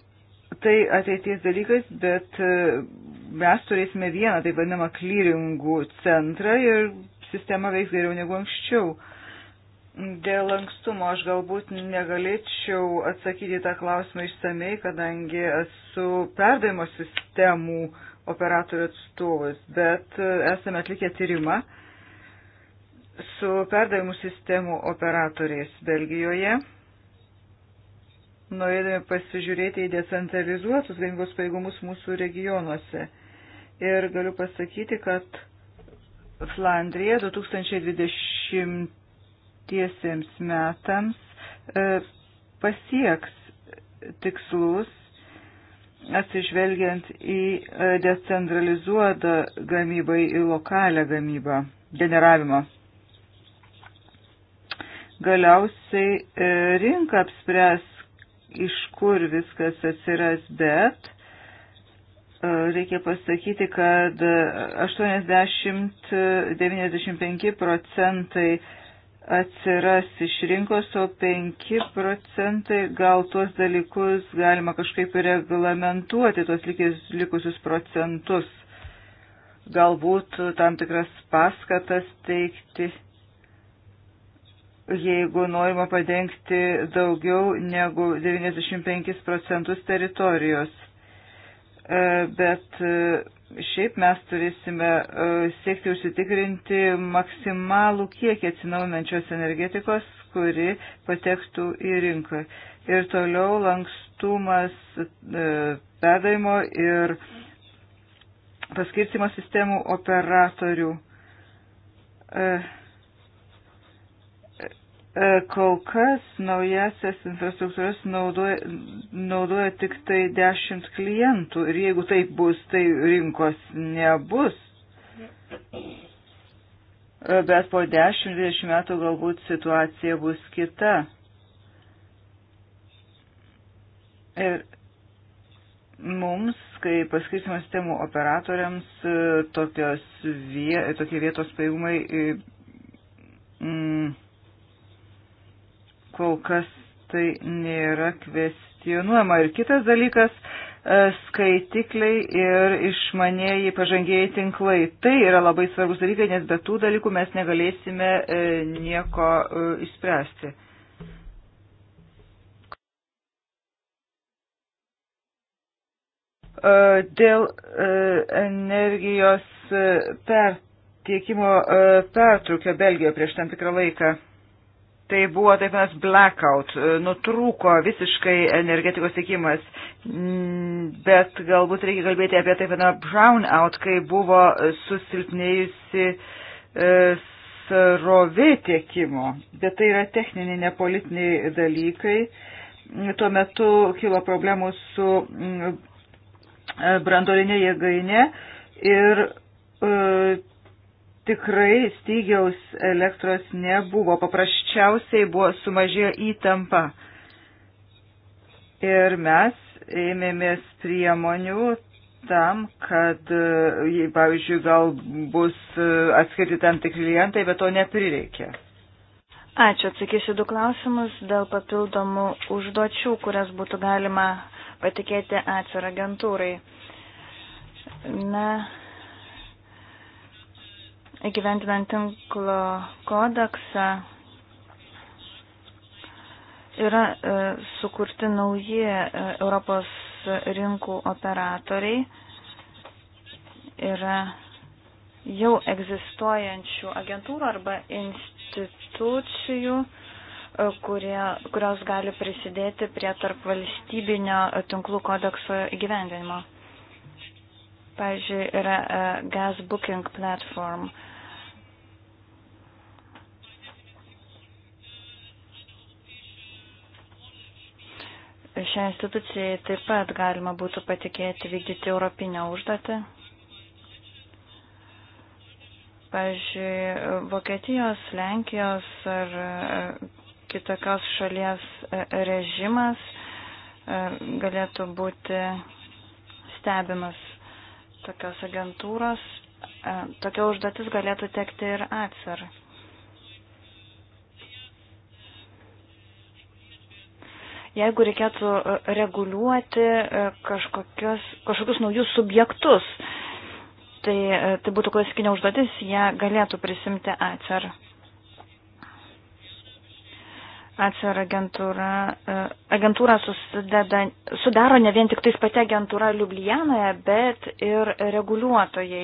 Tai ateities dalykas, bet e, mes turėsime vieną, taip vadinamą, klyringų centrą ir sistema veiks geriau negu anksčiau. Dėl lankstumo aš galbūt negalėčiau atsakyti tą klausimą išsamei, kadangi esu perdavimo sistemų operatorių atstovas, bet esame atlikę tyrimą su perdavimų sistemų operatoriais Belgijoje, norėdami pasižiūrėti į decentralizuotus gamybos paėgumus mūsų regionuose ir galiu pasakyti, kad Flandrija 2020 metams e, pasieks tikslus atsižvelgiant į e, decentralizuotą gamybą, į lokalią gamybą, generavimą. Galiausiai e, rinka apspręs, iš kur viskas atsiras, bet E, reikia pasakyti, kad 80-95 e, e, procentai atsiras iš rinkos, o 5 procentai gal tuos dalykus galima kažkaip reglamentuoti, tuos likusius procentus. Galbūt tam tikras paskatas teikti, jeigu norima padengti daugiau negu 95 procentus teritorijos bet e, šiaip mes turėsime e, siekti užsitikrinti maksimalų kiekį atsinaujinančios energetikos, kuri patektų į rinką. Ir toliau lankstumas e, perdavimo ir paskirstimo sistemų operatorių. E, kol kas naujasias infrastruktūras naudoja, naudoja tik tai 10 klientų ir jeigu taip bus, tai rinkos nebus. E, bet po 10-20 metų galbūt situacija bus kita. Ir mums, kai paskirtimo sistemų operatoriams, e, tokios vie, tokie vietos pajėgumai. Mm, kol kas tai nėra kvestionuojama. Ir kitas dalykas e, - skaitikliai ir išmanėjai pažangėjai tinklai. Tai yra labai svarbus dalykai, nes be tų dalykų mes negalėsime e, nieko e, išspręsti. Dėl energijos pertiekimo pertraukio Belgijoje prieš tam tikrą laiką Tai buvo taip vienas blackout, e, nutrūko visiškai energetikos tiekimas, mm, bet galbūt reikia kalbėti apie taip vieną brownout, kai buvo susilpnėjusi e, srovė tiekimo. Bet tai yra techniniai, ne politiniai dalykai. Tuo metu kilo problemų su mm, brandolinė jėgainė ir e, tikrai stygiaus elektros nebuvo, paprasčiausiai buvo sumažėjo įtampa. Ir mes ėmėmės priemonių tam, kad, e, pavyzdžiui, gal bus e, atskirti tam tikri klientai, bet to neprireikė. Ačiū, atsakysiu du klausimus dėl papildomų užduočių, kurias būtų galima patikėti atsir agentūrai. Na, įgyvendinant tinklo kodeksą yra e, sukurti nauji e, Europos rinkų operatoriai, yra jau egzistuojančių agentūrų arba institucijų, e, kurie, kurios gali prisidėti prie tarp valstybinio tinklų kodekso įgyvendinimo. Pavyzdžiui, yra e, Gas Booking Platform. E, Šią instituciją taip pat galima būtų patikėti vykdyti europinę užduotį. Pavyzdžiui, Vokietijos, Lenkijos ar e, kitokios šalies e, režimas e, galėtų būti stebimas tokios agentūros. Tokia užduotis galėtų tekti ir atsar. jeigu reikėtų e, reguliuoti e, kažkokios, kažkokius naujus subjektus, tai, e, tai būtų klasikinė užduotis, jie galėtų prisimti ACER. ACER agentūra, agentūra susideda, sudaro ne vien tik tais pati agentūra Liublianoje, bet ir reguliuotojai.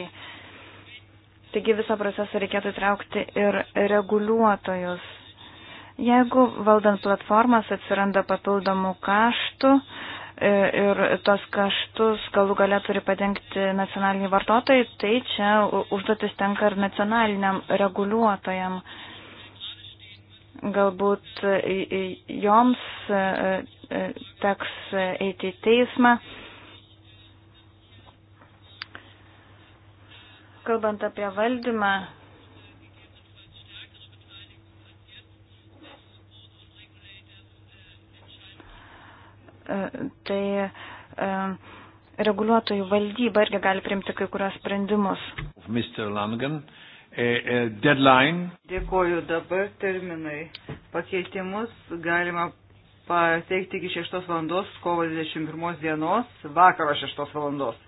Taigi visą procesą reikėtų įtraukti ir reguliuotojus. Jeigu valdant platformas atsiranda papildomų kaštų e, ir tos kaštus galų gale turi padengti nacionaliniai vartotojai, tai čia užduotis tenka ir nacionaliniam reguliuotojam. Galbūt joms e, e, teks eiti į teismą. Kalbant apie valdymą, E, tai e, reguliuotojų valdyba irgi gali priimti kai kurios sprendimus. Mr. Langen, e, deadline. Dėkoju dabar terminai. Pakeitimus galima pateikti iki 6 valandos, kovo 21 dienos, vakaro 6 valandos.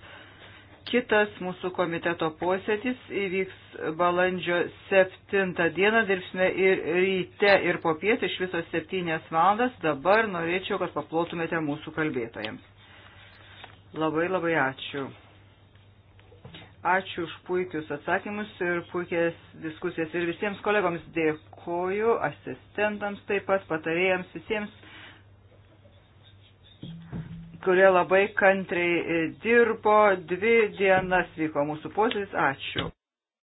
Kitas mūsų komiteto posėdis įvyks balandžio 7 dieną, dirbsime ir ryte, ir po pietų iš viso 7 valandas. Dabar norėčiau, kad paplotumėte mūsų kalbėtojams. Labai labai ačiū. Ačiū už puikius atsakymus ir puikias diskusijas. Ir visiems kolegoms dėkoju, asistentams taip pat, patarėjams, visiems kurie labai kantriai e, dirbo. Dvi dienas vyko mūsų posėdis. Ačiū.